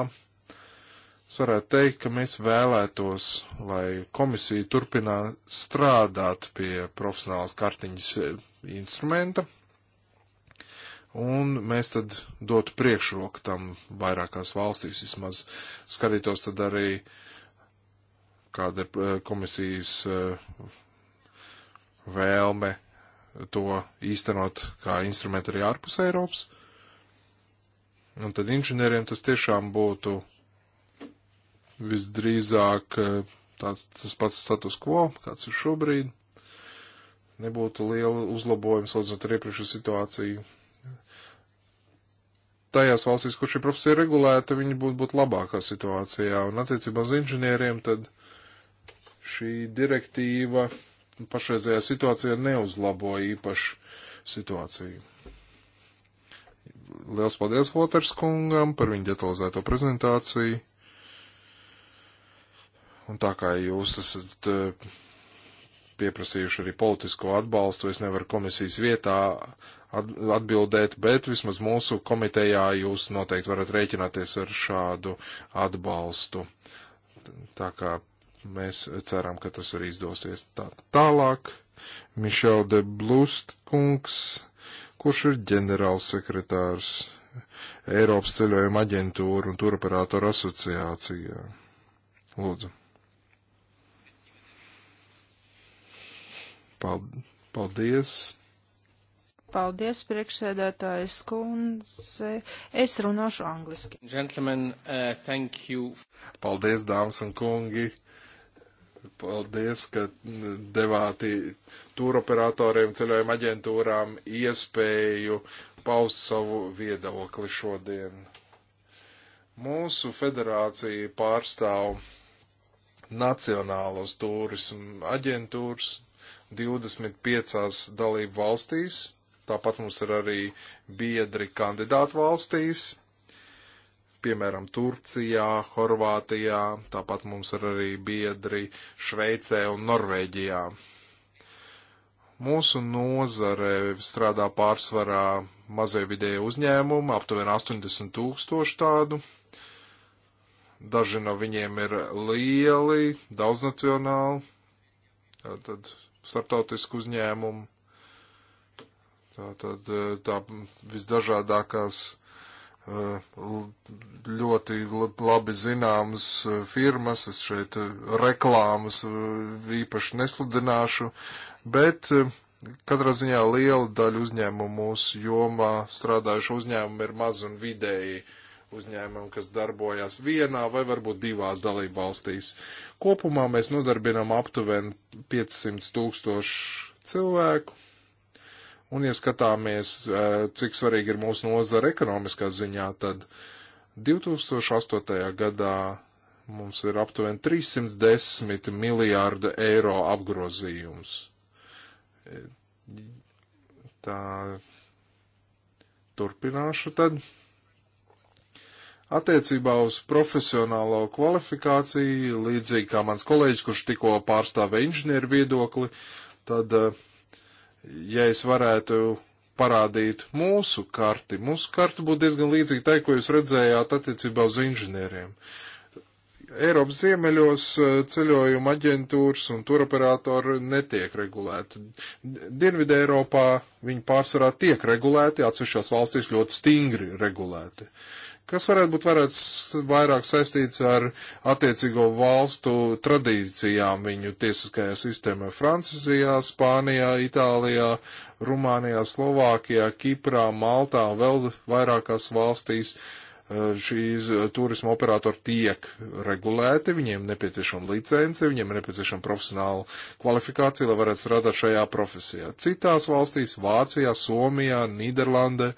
Speaker 1: Es varētu teikt, ka mēs vēlētos, lai komisija turpinā strādāt pie profesionālas kartiņas eh, instrumenta, un mēs tad dotu priekšroku tam vairākās valstīs, vismaz skatītos tad arī, kāda ir eh, komisijas eh, vēlme to īstenot kā instrumentu arī ārpus Eiropas. Un tad inženieriem tas tiešām būtu visdrīzāk eh, tāds, tas pats status quo, kāds ir šobrīd, nebūtu liela uzlabojuma, salīdzinot ar iepriekšēju situāciju. Tajās valstīs, kur šī profesija ir regulēta, viņi būtu būt labākā situācijā, un attiecībā uz inženieriem tad šī direktīva pašreizējā situācijā neuzlabo īpaši situāciju. Liels paldies Voters kungam par viņa detalizēto prezentāciju. Un tā kā jūs esat eh, pieprasījuši arī politisko atbalstu, es nevaru komisijas vietā atbildēt, bet vismaz mūsu komitejā jūs noteikti varat rēķināties ar šādu atbalstu. Tā kā mēs ceram, ka tas arī izdosies tā tālāk. Mišel de Blust kungs, kurš ir ģenerālsekretārs Eiropas ceļojuma aģentūra un turoperātoru asociācijā. Lūdzu. Paldies!
Speaker 2: Paldies, priekšsēdētājs kundze. Es runāšu angliski.
Speaker 1: Gentlemen, uh, thank you. Paldies, dāmas un kungi. Paldies, ka devāti tūroperatoriem, ceļojuma aģentūrām iespēju paust savu viedokli šodien. Mūsu federācija pārstāv nacionālos turismu aģentūras, 25 dalību valstīs, tāpat mums ir arī biedri kandidātu valstīs, piemēram, Turcijā, Horvātijā, tāpat mums ir arī biedri Šveicē un Norvēģijā. Mūsu nozare strādā pārsvarā mazie vidēji uzņēmumi, aptuveni 80 tūkstoši tādu. Daži no viņiem ir lieli, daudznacionāli, tad startautisku uzņēmumu. Tā tad tā visdažādākās e, ļoti labi zināmas e, firmas, es šeit e, reklāmas īpaši nesludināšu, bet katrā ziņā liela daļa uzņēmumu mūsu jomā strādājuši uzņēmumi ir maz un vidēji. Uh, uzņēmumam, kas darbojas vienā vai varbūt divās dalību valstīs. Kopumā mēs nodarbinām aptuveni 500 tūkstošu cilvēku. Un, ja skatāmies, eh, cik svarīgi ir mūsu nozara ekonomiskā ziņā, tad 2008. gadā mums ir aptuveni 310 miljārdu eiro apgrozījums. Eh, tā turpināšu tad. Attiecībā uz profesionālo kvalifikāciju, līdzīgi kā mans kolēģis, kurš tikko pārstāvē inženieru viedokli, tad, eh, ja es varētu parādīt mūsu karti, mūsu karti būtu diezgan līdzīgi tai, ko jūs redzējāt attiecībā uz inženieriem. Eiropas ziemeļos eh, ceļojuma aģentūras un turoperatori netiek regulēti. Dienvidē Eiropā viņi pārsvarā tiek regulēti, atsevišķās valstīs ļoti stingri regulēti. Uh, kas varētu būt varētu vairāk saistīts ar attiecīgo valstu tradīcijām viņu tiesiskajā sistēmā Francijā, Spānijā, Itālijā, Rumānijā, Slovākijā, Kiprā, Maltā, vēl vairākās valstīs eh, šīs eh, turisma operatori tiek regulēti, viņiem nepieciešama licence, viņiem nepieciešama profesionāla kvalifikācija, lai varētu strādāt šajā profesijā. Citās valstīs Vācijā, Somijā, Nīderlandē,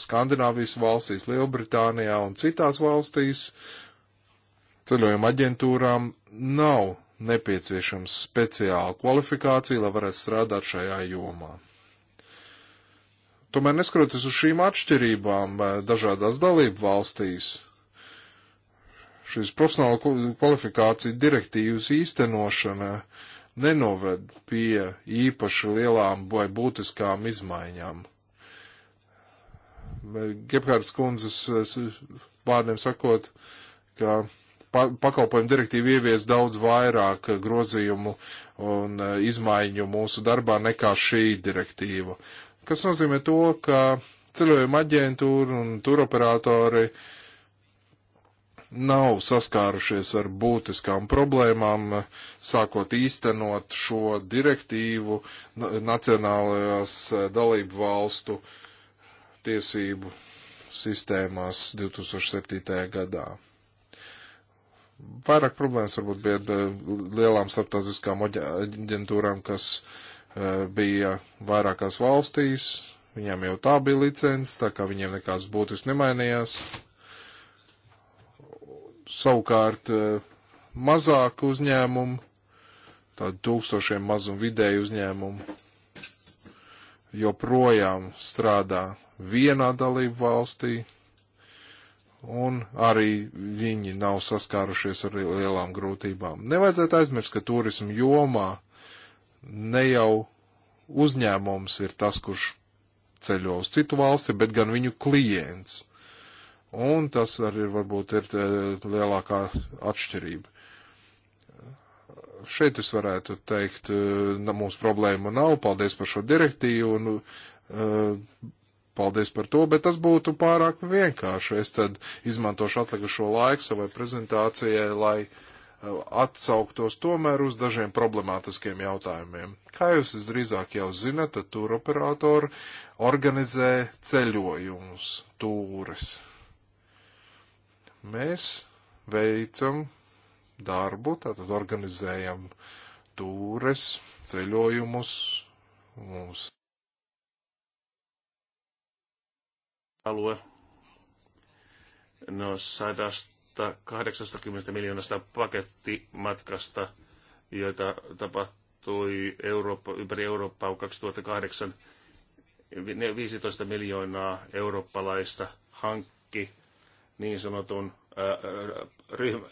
Speaker 1: Skandināvijas valstīs, Lielbritānijā un citās valstīs ceļojuma aģentūrām nav nepieciešams speciāla kvalifikācija, lai varētu strādāt šajā jomā. Tomēr neskatoties uz šīm atšķirībām eh, dažādās dalību valstīs, šīs profesionāla kvalifikācija direktīvas īstenošana nenoved pie īpaši lielām vai būtiskām izmaiņām. Gebhards kundzes vārdiem sakot, ka pakalpojumu direktīva ievies daudz vairāk grozījumu un e, izmaiņu mūsu darbā nekā šī direktīva. Kas nozīmē to, ka ceļojuma aģentūra un turoperatori nav saskārušies ar būtiskām problēmām, sākot īstenot šo direktīvu nacionālajās e, dalību valstu uh, tiesību sistēmās 2007. gadā. Vairāk problēmas varbūt bija eh, lielām starptautiskām aģentūrām, kas eh, bija vairākās valstīs. Viņām jau tā bija licence, tā kā viņiem nekāds būtis nemainījās. Savukārt eh, mazāk uzņēmumu, tādu tūkstošiem mazumu vidēju uzņēmumu, joprojām strādā vienā dalību valstī, un arī viņi nav saskārušies ar lielām grūtībām. Nevajadzētu aizmirst, ka turismu jomā ne jau uzņēmums ir tas, kurš ceļo uz citu valsti, bet gan viņu klients. Un tas arī varbūt ir e, lielākā atšķirība. Šeit es varētu teikt, e, na, mums problēma nav, paldies par šo direktīvu, un uh, Paldies par to, bet tas būtu pārāk vienkārši. Es tad izmantošu atlikušo laiku savai prezentācijai, lai uh, atsauktos tomēr uz dažiem problemātiskiem jautājumiem. Kā jūs visdrīzāk jau zinat, tad tur operatori organizē ceļojumus, tūres. Mēs veicam darbu, tātad organizējam tūres, ceļojumus, mums
Speaker 5: alue. No 180 miljoonasta pakettimatkasta, joita tapahtui Eurooppa, ympäri Eurooppaa 2008. 15 miljoonaa eurooppalaista hankki niin sanotun ryhmä,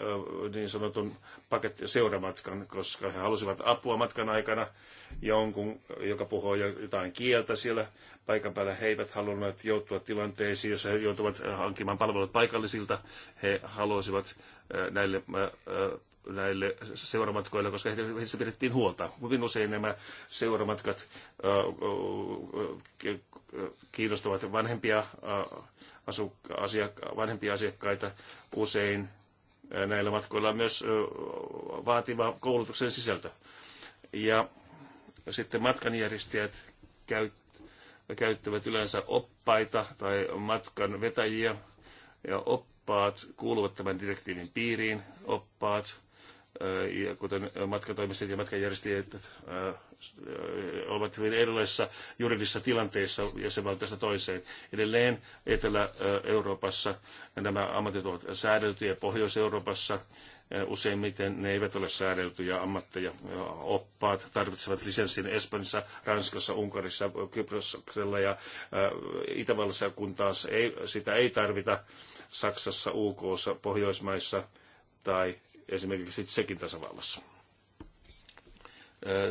Speaker 5: niin sanotun paketti seuramatkan, koska he halusivat apua matkan aikana jonkun, joka puhuu jotain kieltä siellä paikan päällä. He eivät halunneet joutua tilanteisiin, jossa he joutuvat hankkimaan palvelut paikallisilta. He halusivat näille näille seuramatkoille, koska heistä pidettiin huolta. Hyvin usein nämä seuramatkat kiinnostavat vanhempia, asukka- vanhempia asiakkaita. Usein näillä matkoilla myös vaativa koulutuksen sisältö. Ja sitten matkanjärjestäjät käyt, käyttävät yleensä oppaita tai matkan vetäjiä, ja oppaat kuuluvat tämän direktiivin piiriin, oppaat ja kuten matkatoimistajat ja matkanjärjestäjät ovat hyvin erilaisissa juridisissa tilanteissa jäsenvaltiosta toiseen. Edelleen Etelä-Euroopassa nämä ammatit ovat säädeltyjä, Pohjois-Euroopassa useimmiten ne eivät ole säädeltyjä ammatteja. Oppaat tarvitsevat lisenssin Espanjassa, Ranskassa, Unkarissa, Kyproksella ja Itävallassa, kun taas ei, sitä ei tarvita Saksassa, UKssa, Pohjoismaissa tai esimerkiksi Tsekin tasavallassa.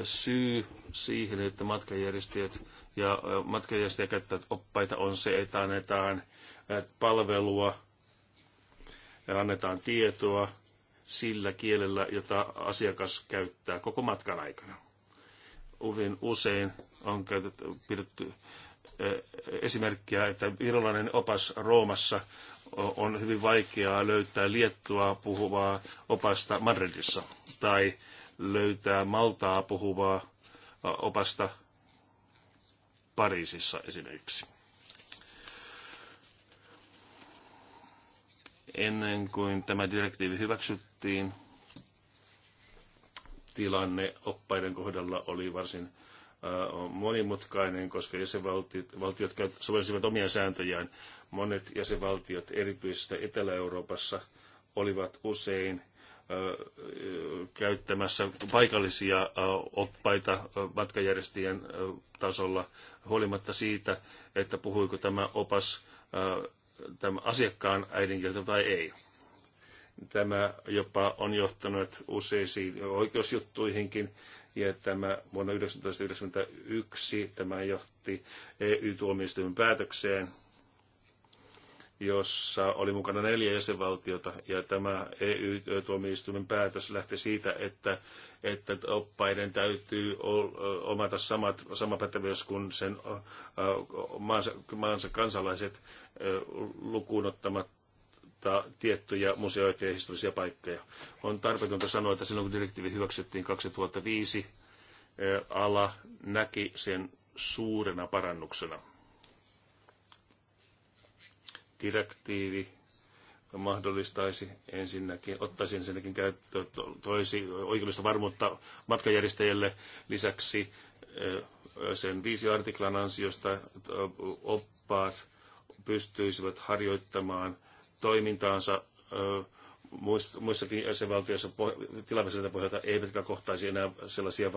Speaker 5: Syy siihen, että matkajärjestäjät ja matkajärjestäjät käyttävät oppaita on se, että annetaan palvelua ja annetaan tietoa sillä kielellä, jota asiakas käyttää koko matkan aikana. Uvin usein on käytetty, pidetty esimerkkiä, että virolainen opas Roomassa on hyvin vaikeaa löytää liettua puhuvaa opasta Madridissa tai löytää maltaa puhuvaa opasta Pariisissa esimerkiksi. Ennen kuin tämä direktiivi hyväksyttiin, tilanne oppaiden kohdalla oli varsin monimutkainen, koska jäsenvaltiot sovelsivat omia sääntöjään Monet jäsenvaltiot, erityisesti Etelä-Euroopassa, olivat usein käyttämässä paikallisia oppaita matkajärjestäjien tasolla, huolimatta siitä, että puhuiko tämä opas tämä asiakkaan äidinkieltä vai ei. Tämä jopa on johtanut useisiin oikeusjuttuihinkin, ja tämä vuonna 1991 tämä johti EU-tuomioistuimen päätökseen, jossa oli mukana neljä jäsenvaltiota, ja tämä EU-tuomioistuimen päätös lähti siitä, että, että oppaiden täytyy omata samat, sama pätevyys kuin sen maansa, maansa kansalaiset lukuun ottamatta tiettyjä museoita ja historiallisia paikkoja. On tarpeetonta sanoa, että silloin kun direktiivi hyväksyttiin 2005, ala näki sen suurena parannuksena direktiivi mahdollistaisi ensinnäkin, ottaisi ensinnäkin käyttöön, toisi oikeudellista varmuutta matkajärjestäjälle lisäksi sen viisi artiklan ansiosta oppaat pystyisivät harjoittamaan toimintaansa muissakin jäsenvaltioissa tilapäiseltä pohjalta eivätkä kohtaisi enää sellaisia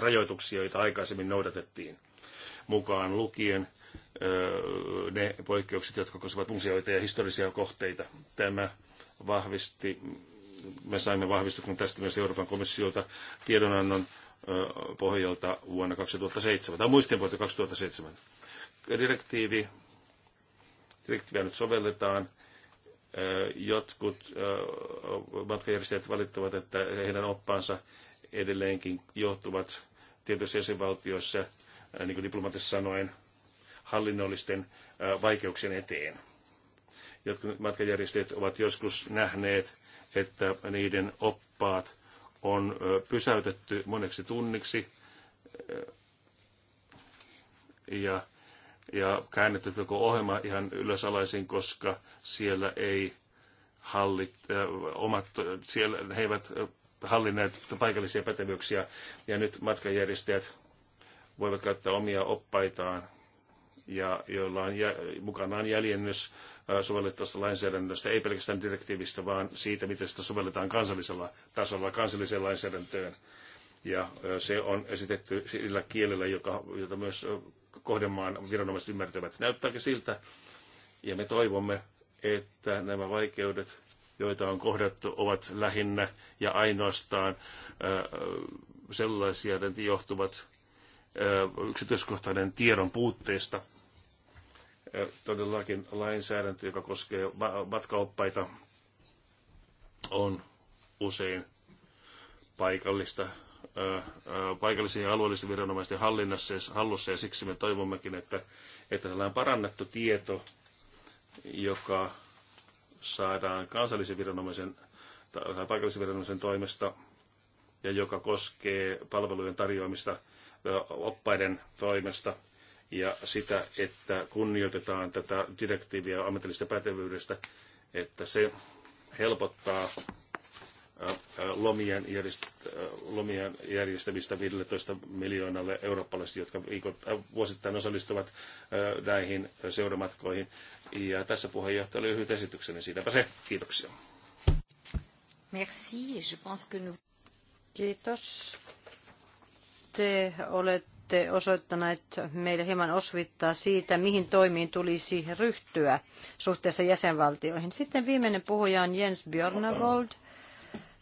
Speaker 5: rajoituksia, joita aikaisemmin noudatettiin mukaan lukien ne poikkeukset, jotka koskevat museoita ja historiallisia kohteita. Tämä vahvisti, me saimme vahvistuksen tästä myös Euroopan komissiolta tiedonannon pohjalta vuonna 2007, tai muistinpuolta 2007. Direktiivi, direktiiviä nyt sovelletaan. Jotkut matkajärjestäjät valittavat, että heidän oppaansa edelleenkin johtuvat tietyissä jäsenvaltioissa, niin kuin diplomatissa sanoen, hallinnollisten vaikeuksien eteen. Jotkut matkajärjestäjät ovat joskus nähneet, että niiden oppaat on pysäytetty moneksi tunniksi ja, ja käännetty koko ohjelma ihan ylösalaisin, koska siellä ei hallit, äh, omat, siellä he eivät hallinneet paikallisia pätevyyksiä ja nyt matkajärjestäjät voivat käyttää omia oppaitaan ja joilla on jä, mukanaan jäljennös äh, sovellettavasta lainsäädännöstä, ei pelkästään direktiivistä, vaan siitä, miten sitä sovelletaan kansallisella tasolla kansalliseen lainsäädäntöön. Ja äh, se on esitetty sillä kielellä, joka, jota myös äh, kohdemaan viranomaiset ymmärtävät. Näyttääkö siltä? Ja me toivomme, että nämä vaikeudet, joita on kohdattu, ovat lähinnä ja ainoastaan sellaisia, että johtuvat yksityiskohtainen tiedon puutteesta – todellakin lainsäädäntö, joka koskee matkaoppaita, on usein paikallista, paikallisia ja alueellisten viranomaisten hallinnassa ja hallussa, ja siksi me toivommekin, että, että tällainen parannettu tieto, joka saadaan kansallisen viranomaisen tai paikallisen viranomaisen toimesta ja joka koskee palvelujen tarjoamista oppaiden toimesta, ja sitä, että kunnioitetaan tätä direktiiviä ammatillisesta pätevyydestä, että se helpottaa lomien, lomien järjestämistä 15 miljoonalle eurooppalaisille, jotka vuosittain osallistuvat näihin seuramatkoihin. Ja tässä puheenjohtaja oli lyhyt esitykseni. Siitäpä se. Kiitoksia.
Speaker 3: Merci. Je pense que nous...
Speaker 6: Kiitos. Te olette olette osoittaneet meille hieman osvittaa siitä, mihin toimiin tulisi ryhtyä suhteessa jäsenvaltioihin. Sitten viimeinen puhuja on Jens Björnavold.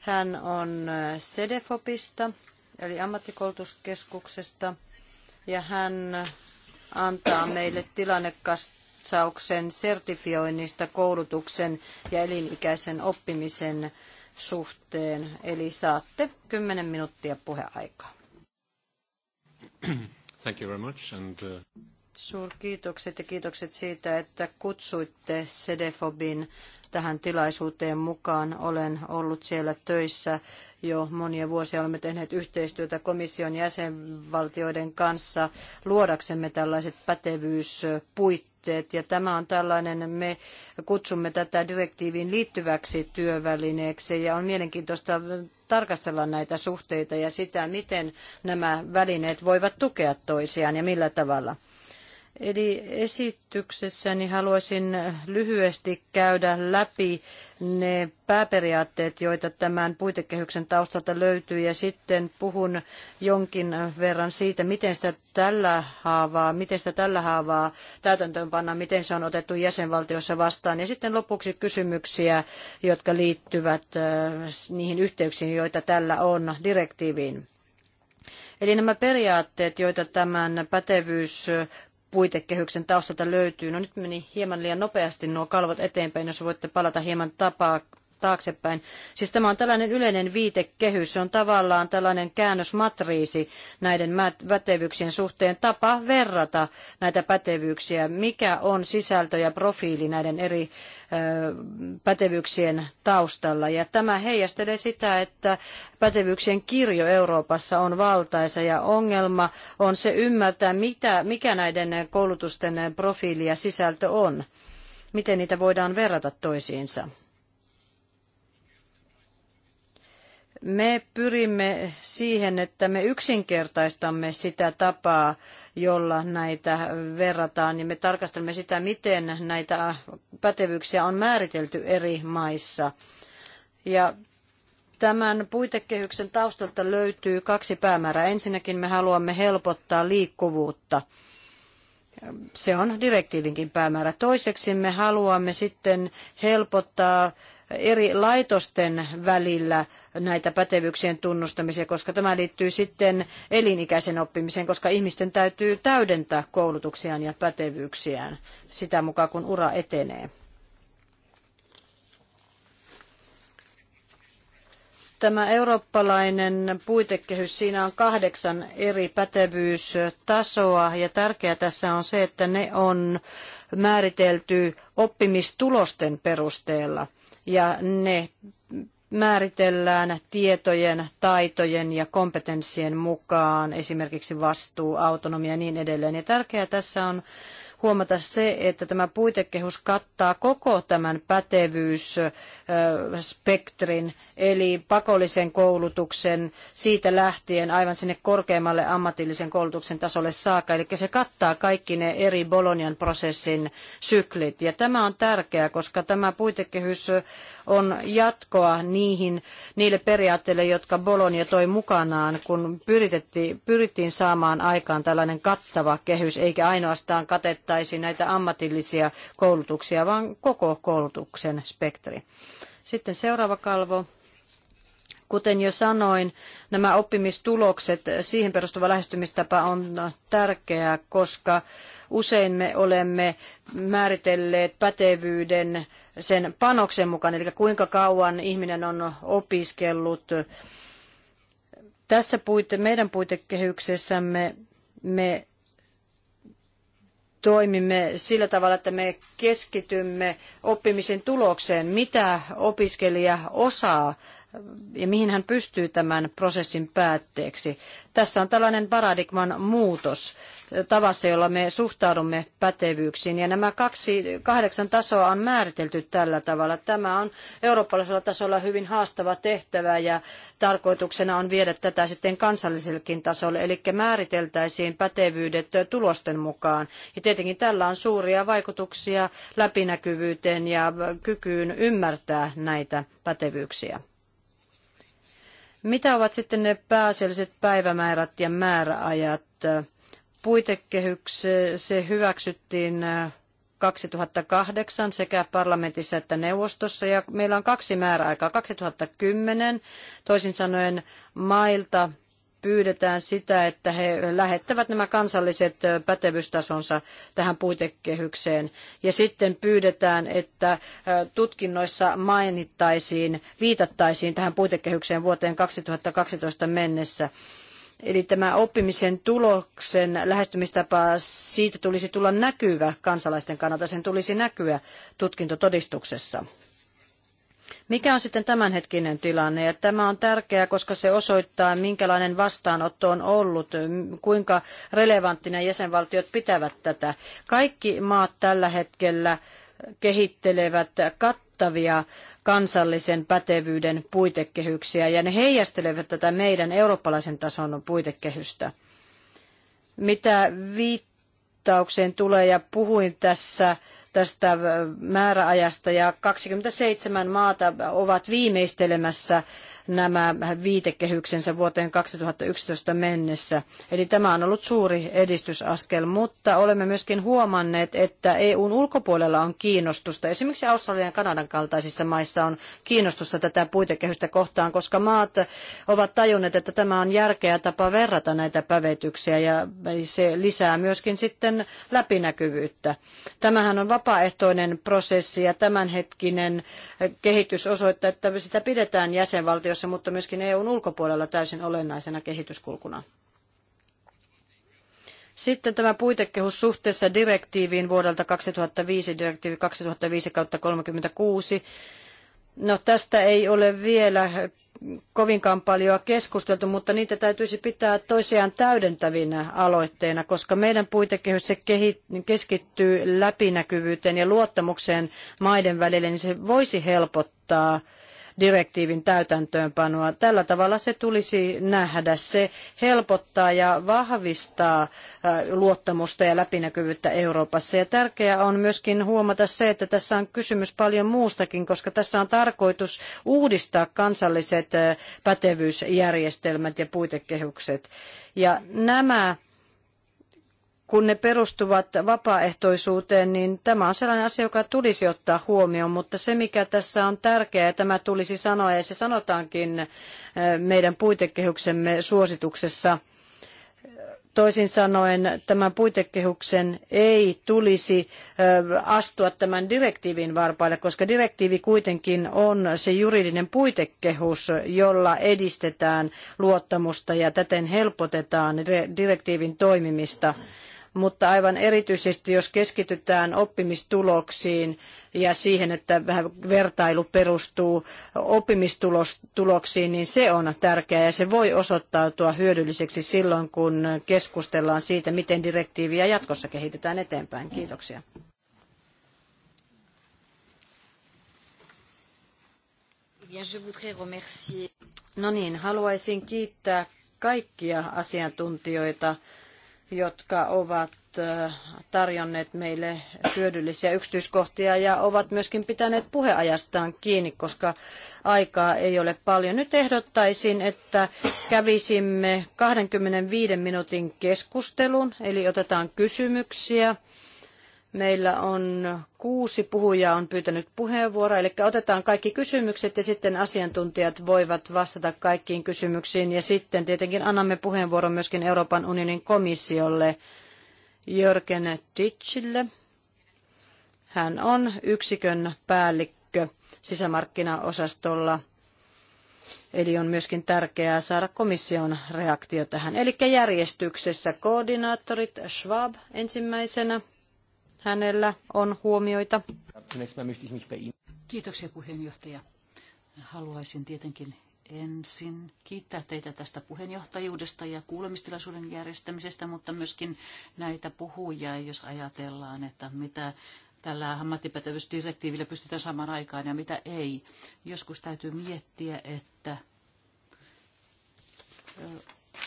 Speaker 6: Hän on Sedefopista, eli ammattikoulutuskeskuksesta, ja hän antaa meille tilannekatsauksen sertifioinnista koulutuksen ja elinikäisen oppimisen suhteen. Eli saatte 10 minuuttia puheaikaa.
Speaker 5: Thank you very much and, uh...
Speaker 6: Suurkiitokset ja kiitokset siitä, että kutsuitte Sedefobin tähän tilaisuuteen mukaan. Olen ollut siellä töissä jo monia vuosia. Olemme tehneet yhteistyötä komission jäsenvaltioiden kanssa luodaksemme tällaiset pätevyyspuitteet. Ja tämä on tällainen, me kutsumme tätä direktiiviin liittyväksi työvälineeksi ja on mielenkiintoista tarkastella näitä suhteita ja sitä, miten nämä välineet voivat tukea toisiaan ja millä tavalla. Eli esityksessäni haluaisin lyhyesti käydä läpi ne pääperiaatteet, joita tämän puitekehyksen taustalta löytyy, ja sitten puhun jonkin verran siitä, miten sitä tällä haavaa, miten sitä tällä haavaa täytäntöönpannaan, miten se on otettu jäsenvaltiossa vastaan, ja sitten lopuksi kysymyksiä, jotka liittyvät äh, niihin yhteyksiin, joita tällä on direktiiviin. Eli nämä periaatteet, joita tämän pätevyys puitekehyksen taustalta löytyy. No nyt meni hieman liian nopeasti nuo kalvot eteenpäin, jos voitte palata hieman tapaa, taaksepäin. Siis tämä on tällainen yleinen viitekehys, se on tavallaan tällainen käännösmatriisi näiden pätevyyksien suhteen, tapa verrata näitä pätevyyksiä, mikä on sisältö ja profiili näiden eri pätevyyksien taustalla. Ja tämä heijastelee sitä, että pätevyyksien kirjo Euroopassa on valtaisa ja ongelma on se ymmärtää, mitä, mikä näiden koulutusten profiili ja sisältö on, miten niitä voidaan verrata toisiinsa. Me pyrimme siihen, että me yksinkertaistamme sitä tapaa, jolla näitä verrataan, ja me tarkastelemme sitä, miten näitä pätevyyksiä on määritelty eri maissa. Ja Tämän puitekehyksen taustalta löytyy kaksi päämäärää. Ensinnäkin me haluamme helpottaa liikkuvuutta. Se on direktiivinkin päämäärä. Toiseksi me haluamme sitten helpottaa eri laitosten välillä näitä pätevyyksien tunnustamisia, koska tämä liittyy sitten elinikäisen oppimiseen, koska ihmisten täytyy täydentää koulutuksiaan ja pätevyyksiään sitä mukaan, kun ura etenee. tämä eurooppalainen puitekehys, siinä on kahdeksan eri pätevyystasoa ja tärkeää tässä on se, että ne on määritelty oppimistulosten perusteella ja ne määritellään tietojen, taitojen ja kompetenssien mukaan, esimerkiksi vastuu, autonomia ja niin edelleen. Ja tärkeää tässä on huomata se, että tämä puitekehus kattaa koko tämän pätevyysspektrin eli pakollisen koulutuksen siitä lähtien aivan sinne korkeammalle ammatillisen koulutuksen tasolle saakka. Eli se kattaa kaikki ne eri Bolonian prosessin syklit. Ja tämä on tärkeää, koska tämä puitekehys on jatkoa niihin, niille periaatteille, jotka Bolonia toi mukanaan, kun pyrittiin saamaan aikaan tällainen kattava kehys, eikä ainoastaan katettaisi näitä ammatillisia koulutuksia, vaan koko koulutuksen spektri. Sitten seuraava kalvo. Kuten jo sanoin, nämä oppimistulokset, siihen perustuva lähestymistapa on tärkeää, koska usein me olemme määritelleet pätevyyden sen panoksen mukaan, eli kuinka kauan ihminen on opiskellut. Tässä puite, meidän puitekehyksessämme me toimimme sillä tavalla, että me keskitymme oppimisen tulokseen, mitä opiskelija osaa ja mihin hän pystyy tämän prosessin päätteeksi. Tässä on tällainen paradigman muutos tavassa, jolla me suhtaudumme pätevyyksiin. Ja nämä kaksi, kahdeksan tasoa on määritelty tällä tavalla. Tämä on eurooppalaisella tasolla hyvin haastava tehtävä ja tarkoituksena on viedä tätä sitten kansallisellekin tasolle. Eli määriteltäisiin pätevyydet tulosten mukaan. Ja tietenkin tällä on suuria vaikutuksia läpinäkyvyyteen ja kykyyn ymmärtää näitä pätevyyksiä. Mitä ovat sitten ne pääasialliset päivämäärät ja määräajat? Puitekehyks se hyväksyttiin 2008 äh, sekä parlamentissa että neuvostossa ja meillä on kaksi määräaikaa 2010, toisin sanoen mailta pyydetään sitä, että he lähettävät nämä kansalliset pätevyystasonsa tähän puitekehykseen. Ja sitten pyydetään, että tutkinnoissa mainittaisiin, viitattaisiin tähän puitekehykseen vuoteen 2012 mennessä. Eli tämä oppimisen tuloksen lähestymistapa, siitä tulisi tulla näkyvä kansalaisten kannalta, sen tulisi näkyä tutkintotodistuksessa. Mikä on sitten tämänhetkinen tilanne? Ja tämä on tärkeää, koska se osoittaa, minkälainen vastaanotto on ollut, kuinka relevanttina jäsenvaltiot pitävät tätä. Kaikki maat tällä hetkellä kehittelevät kattavia kansallisen pätevyyden puitekehyksiä ja ne heijastelevat tätä meidän eurooppalaisen tason puitekehystä. Mitä viittaukseen tulee ja puhuin tässä tästä äh, määräajasta ja 27 maata ovat viimeistelemässä nämä viitekehyksensä vuoteen 2011 mennessä. Eli tämä on ollut suuri edistysaskel, mutta olemme myöskin huomanneet, että EUn ulkopuolella on kiinnostusta. Esimerkiksi Australian ja Kanadan kaltaisissa maissa on kiinnostusta tätä puitekehystä kohtaan, koska maat ovat tajunneet, että tämä on järkeä tapa verrata näitä pävetyksiä ja se lisää myöskin sitten läpinäkyvyyttä. Tämähän on vapaaehtoinen prosessi ja tämänhetkinen kehitys osoittaa, että sitä pidetään jäsenvaltio jäsenvaltioissa, mutta myöskin EUn ulkopuolella täysin olennaisena kehityskulkuna. Sitten tämä puitekehus suhteessa direktiiviin vuodelta 2005, direktiivi 2005-36. No tästä ei ole vielä kovinkaan paljon keskusteltu, mutta niitä täytyisi pitää toisiaan täydentävinä aloitteina, koska meidän puitekehys se keskittyy läpinäkyvyyteen ja luottamukseen maiden välillä, niin se voisi helpottaa – direktiivin täytäntöönpanoa. Tällä tavalla se tulisi nähdä. Se helpottaa ja vahvistaa äh, luottamusta ja läpinäkyvyyttä Euroopassa. Ja tärkeää on myöskin huomata se, että tässä on kysymys paljon muustakin, koska tässä on tarkoitus uudistaa kansalliset äh, pätevyysjärjestelmät ja puitekehykset. Ja nämä kun ne perustuvat vapaaehtoisuuteen, niin tämä on sellainen asia, joka tulisi ottaa huomioon, mutta se mikä tässä on tärkeää, ja tämä tulisi sanoa, ja se sanotaankin eh, meidän puitekehyksemme suosituksessa, toisin sanoen tämän puitekehuksen ei tulisi eh, astua tämän direktiivin varpaille, koska direktiivi kuitenkin on se juridinen puitekehus, jolla edistetään luottamusta ja täten helpotetaan direktiivin toimimista. Mm mutta aivan erityisesti jos keskitytään oppimistuloksiin ja siihen, että vähän vertailu perustuu oppimistuloksiin, niin se on tärkeää ja se voi osoittautua hyödylliseksi silloin, kun keskustellaan siitä, miten direktiiviä jatkossa kehitetään eteenpäin. Kiitoksia. No niin, haluaisin kiittää kaikkia asiantuntijoita jotka ovat tarjonneet meille hyödyllisiä yksityiskohtia ja ovat myöskin pitäneet puheajastaan kiinni, koska aikaa ei ole paljon. Nyt ehdottaisin, että kävisimme 25 minuutin keskustelun, eli otetaan kysymyksiä Meillä on kuusi puhujaa on pyytänyt puheenvuoroa, eli otetaan kaikki kysymykset ja sitten asiantuntijat voivat vastata kaikkiin kysymyksiin. Ja sitten tietenkin annamme puheenvuoron myöskin Euroopan unionin komissiolle Jörgen Titschille. Hän on yksikön päällikkö sisämarkkinaosastolla, eli on myöskin tärkeää saada komission reaktio tähän. Eli järjestyksessä koordinaattorit Schwab ensimmäisenä
Speaker 3: hänellä on huomioita. Kiitoksia puheenjohtaja. Haluaisin tietenkin ensin kiittää teitä tästä puheenjohtajuudesta ja kuulemistilaisuuden järjestämisestä, mutta myöskin näitä puhujia, jos ajatellaan, että mitä tällä ammattipätevyysdirektiivillä pystytään samaan aikaan ja mitä ei. Joskus täytyy miettiä, että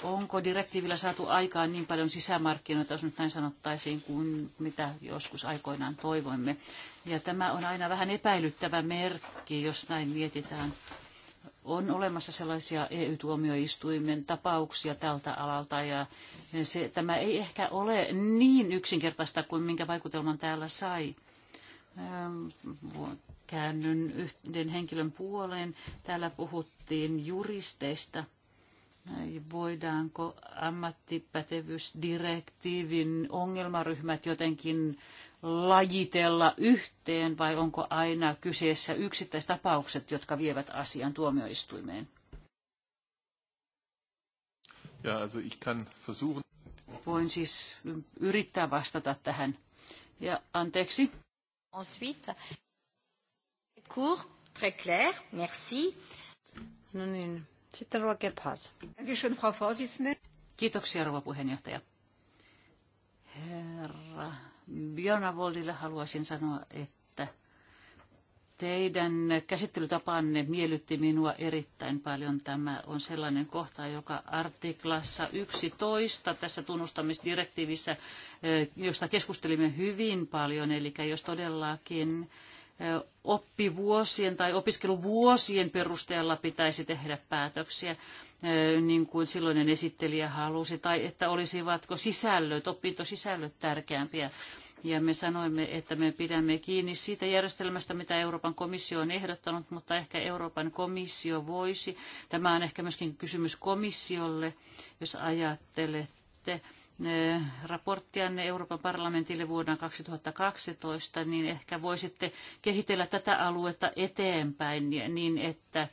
Speaker 3: onko direktiivillä saatu aikaan niin paljon sisämarkkinoita, jos nyt näin sanottaisiin, kuin mitä joskus aikoinaan toivoimme. Ja tämä on aina vähän epäilyttävä merkki, jos näin mietitään. On olemassa sellaisia EU-tuomioistuimen tapauksia tältä alalta ja se, tämä ei ehkä ole niin yksinkertaista kuin minkä vaikutelman täällä sai. Käännyn yhden henkilön puoleen. Täällä puhuttiin juristeista – voidaanko ammattipätevyysdirektiivin ongelmaryhmät jotenkin lajitella yhteen vai onko aina kyseessä yksittäistapaukset, jotka vievät asian tuomioistuimeen?
Speaker 1: Ja, also ich kann versuchen.
Speaker 3: Voin siis yrittää vastata tähän. Ja anteeksi. Ensuite, court, très clair, merci. No niin, sitten Roa Gebhard. Kiitoksia, rouva puheenjohtaja. Herra Björnavoldille haluaisin sanoa, että teidän käsittelytapanne miellytti minua erittäin paljon. Tämä on sellainen kohta, joka artiklassa 11 tässä tunnustamisdirektiivissä, eh, josta keskustelimme hyvin paljon, eli jos todellakin oppivuosien tai opiskeluvuosien perusteella pitäisi tehdä päätöksiä, niin kuin silloinen esittelijä halusi, tai että olisivatko sisällöt, opintosisällöt tärkeämpiä. Ja me sanoimme, että me pidämme kiinni siitä järjestelmästä, mitä Euroopan komissio on ehdottanut, mutta ehkä Euroopan komissio voisi. Tämä on ehkä myöskin kysymys komissiolle, jos ajattelette, raporttianne Euroopan parlamentille vuonna 2012, niin ehkä voisitte kehitellä tätä aluetta eteenpäin niin, että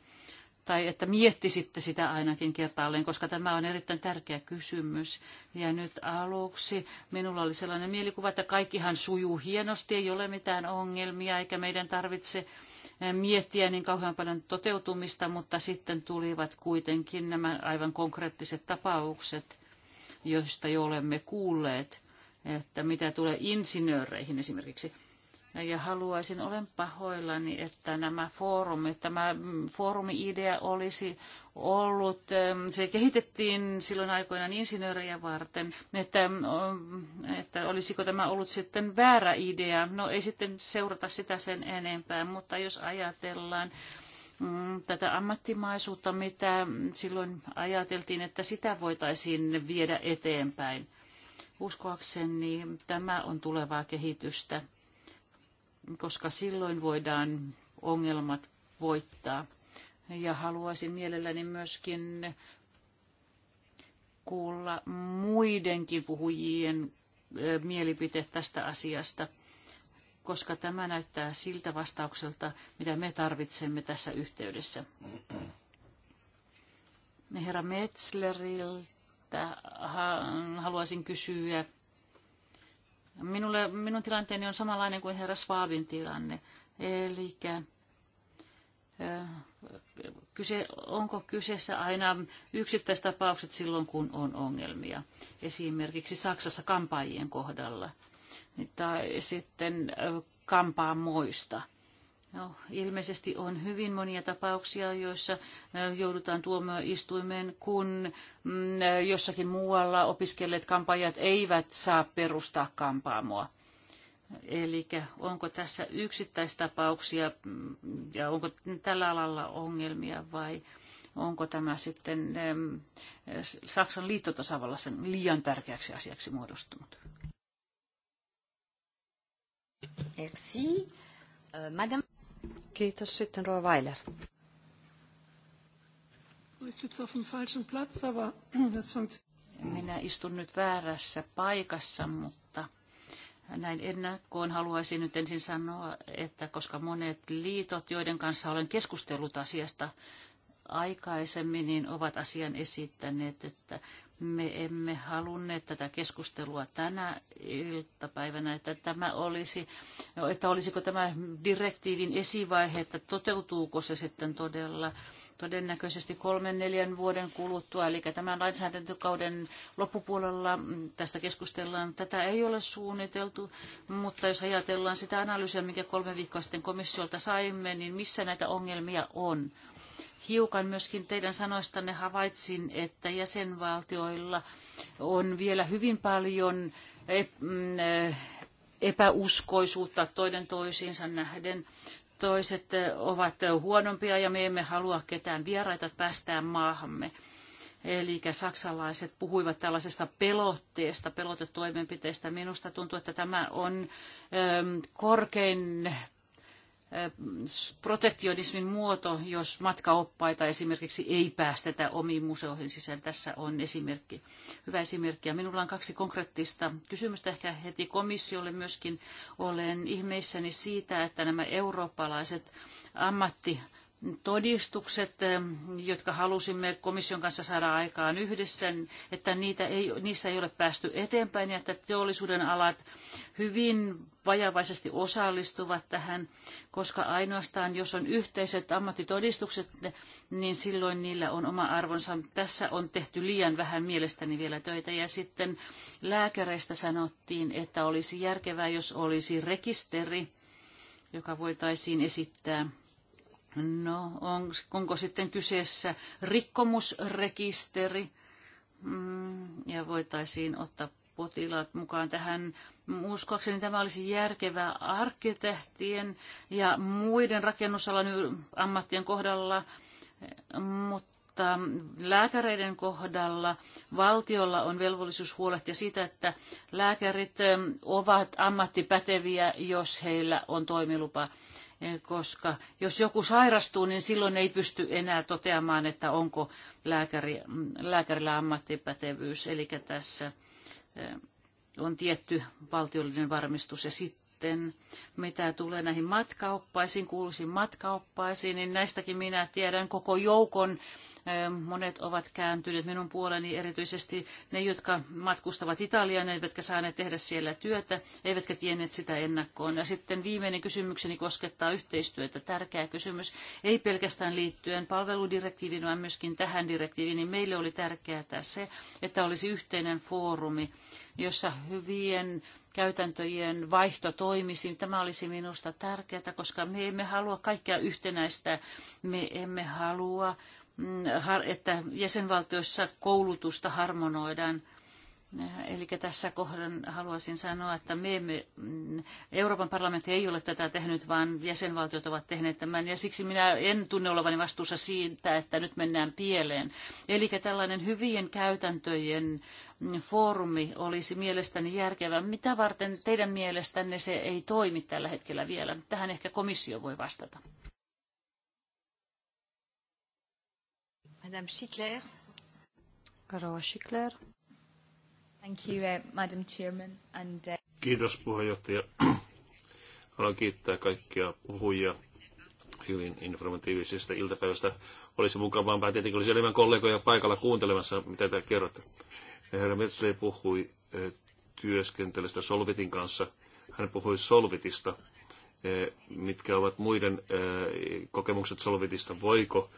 Speaker 3: tai että miettisitte sitä ainakin kertaalleen, koska tämä on erittäin tärkeä kysymys. Ja nyt aluksi minulla oli sellainen mielikuva, että kaikkihan sujuu hienosti, ei ole mitään ongelmia, eikä meidän tarvitse miettiä niin kauhean paljon toteutumista, mutta sitten tulivat kuitenkin nämä aivan konkreettiset tapaukset joista jo olemme kuulleet, että mitä tulee insinööreihin esimerkiksi. Ja haluaisin, olen pahoillani, että nämä foorumit, tämä mm, foorumi-idea olisi ollut, mm, se kehitettiin silloin aikoinaan insinöörejä varten, että, mm, että olisiko tämä ollut sitten väärä idea. No ei sitten seurata sitä sen enempää, mutta jos ajatellaan Mm, tätä ammattimaisuutta, mitä silloin ajateltiin, että sitä voitaisiin viedä eteenpäin. Uskoakseni tämä on tulevaa kehitystä, koska silloin voidaan ongelmat voittaa. Ja haluaisin mielelläni myöskin kuulla muidenkin puhujien mielipite tästä asiasta – koska tämä näyttää siltä vastaukselta, mitä me tarvitsemme tässä yhteydessä. Herra Metzleriltä haluaisin kysyä. Minulle, minun tilanteeni on samanlainen kuin herra Svaavin tilanne. Eli kyse, onko kyseessä aina yksittäistapaukset silloin, kun on ongelmia. Esimerkiksi Saksassa kampaajien kohdalla – tai sitten kampaan moista. No, ilmeisesti on hyvin monia tapauksia, joissa joudutaan tuomioistuimeen, kun mm, jossakin muualla opiskelleet kampaajat eivät saa perustaa kampaamoa. Eli onko tässä yksittäistapauksia mm, ja onko tällä alalla ongelmia vai onko tämä sitten Saksan liittotasavallassa liian tärkeäksi asiaksi muodostunut? Merci. Euh, madame... Kiitos. Sitten
Speaker 6: Weiler.
Speaker 4: No,
Speaker 3: *clears throat* Minä istun nyt väärässä paikassa, mutta näin ennakkoon haluaisin nyt ensin sanoa, että koska monet liitot, joiden kanssa olen keskustellut asiasta aikaisemmin, niin ovat asian esittäneet, että me emme halunneet tätä keskustelua tänä iltapäivänä, että tämä olisi, no, että olisiko tämä direktiivin esivaihe, että toteutuuko se sitten todella todennäköisesti kolmen neljän vuoden kuluttua, eli tämän lainsäädäntökauden loppupuolella mm, tästä keskustellaan. Tätä ei ole suunniteltu, mutta jos ajatellaan sitä analyysiä, mikä kolme viikkoa sitten komissiolta saimme, niin missä näitä ongelmia on? hiukan myöskin teidän sanoistanne havaitsin, että jäsenvaltioilla on vielä hyvin paljon mm, eh, epäuskoisuutta toinen toisiinsa nähden. Toiset eh, ovat huonompia ja me emme halua ketään vieraita päästään maahamme. Eli saksalaiset puhuivat tällaisesta pelotteesta, pelotetoimenpiteestä. Minusta tuntuu, että tämä on korkein protektionismin muoto, jos matkaoppaita esimerkiksi ei päästetä omiin museoihin sisään. Tässä on esimerkki, hyvä esimerkki. Ja minulla on kaksi konkreettista kysymystä ehkä heti komissiolle myöskin. Olen ihmeissäni siitä, että nämä eurooppalaiset ammatti todistukset, eh, jotka halusimme komission kanssa saada aikaan yhdessä, että niitä ei, niissä ei ole päästy eteenpäin ja että teollisuuden alat hyvin vajavaisesti osallistuvat tähän, koska ainoastaan jos on yhteiset ammattitodistukset, niin silloin niillä on oma arvonsa. Tässä on tehty liian vähän mielestäni vielä töitä. Ja sitten lääkäreistä sanottiin, että olisi järkevää, jos olisi rekisteri, joka voitaisiin esittää No, on, onko sitten kyseessä rikkomusrekisteri? Mm, ja voitaisiin ottaa potilaat mukaan tähän. Uskoakseni tämä olisi järkevää arkkitehtien ja muiden rakennusalan ammattien kohdalla, mutta lääkäreiden kohdalla valtiolla on velvollisuus huolehtia siitä, että lääkärit ovat ammattipäteviä, jos heillä on toimilupa. Eh, koska jos joku sairastuu, niin silloin ei pysty enää toteamaan, että onko lääkäri, mm, lääkärillä ammattipätevyys. Eli tässä eh, on tietty valtiollinen varmistus ja sitten mitä tulee näihin matkaoppaisiin, kuuluisiin matkaoppaisiin, niin näistäkin minä tiedän koko joukon Monet ovat kääntyneet minun puoleni, erityisesti ne, jotka matkustavat Italiaan, eivätkä saaneet tehdä siellä työtä, eivätkä tienneet sitä ennakkoon. Ja sitten viimeinen kysymykseni koskettaa yhteistyötä. Tärkeä kysymys, ei pelkästään liittyen palveludirektiiviin, vaan myöskin tähän direktiiviin. Niin meille oli tärkeää se, että olisi yhteinen foorumi, jossa hyvien käytäntöjen vaihto toimisi. Tämä olisi minusta tärkeää, koska me emme halua kaikkea yhtenäistä. Me emme halua Mm, että jäsenvaltioissa koulutusta harmonoidaan. Eli tässä kohdan haluaisin sanoa, että me emme, mm, Euroopan parlamentti ei ole tätä tehnyt, vaan jäsenvaltiot ovat tehneet tämän. Ja siksi minä en tunne olevani vastuussa siitä, että nyt mennään pieleen. Eli tällainen hyvien käytäntöjen mm, foorumi olisi mielestäni järkevä. Mitä varten teidän mielestänne se ei toimi tällä hetkellä vielä? Tähän ehkä komissio voi vastata.
Speaker 4: Madame Schickler.
Speaker 3: Rova
Speaker 6: Schickler. Thank you, uh, Madam Chairman. And, uh...
Speaker 5: Kiitos puheenjohtaja. Haluan kiittää kaikkia puhujia hyvin informatiivisesta iltapäivästä. Olisi mukavampaa tietenkin olisi enemmän kollegoja paikalla kuuntelemassa, mitä te kerrotte. Herra Metsley puhui eh, työskentelystä Solvitin kanssa. Hän puhui Solvitista. Eh, mitkä ovat muiden eh, kokemukset Solvitista? Voiko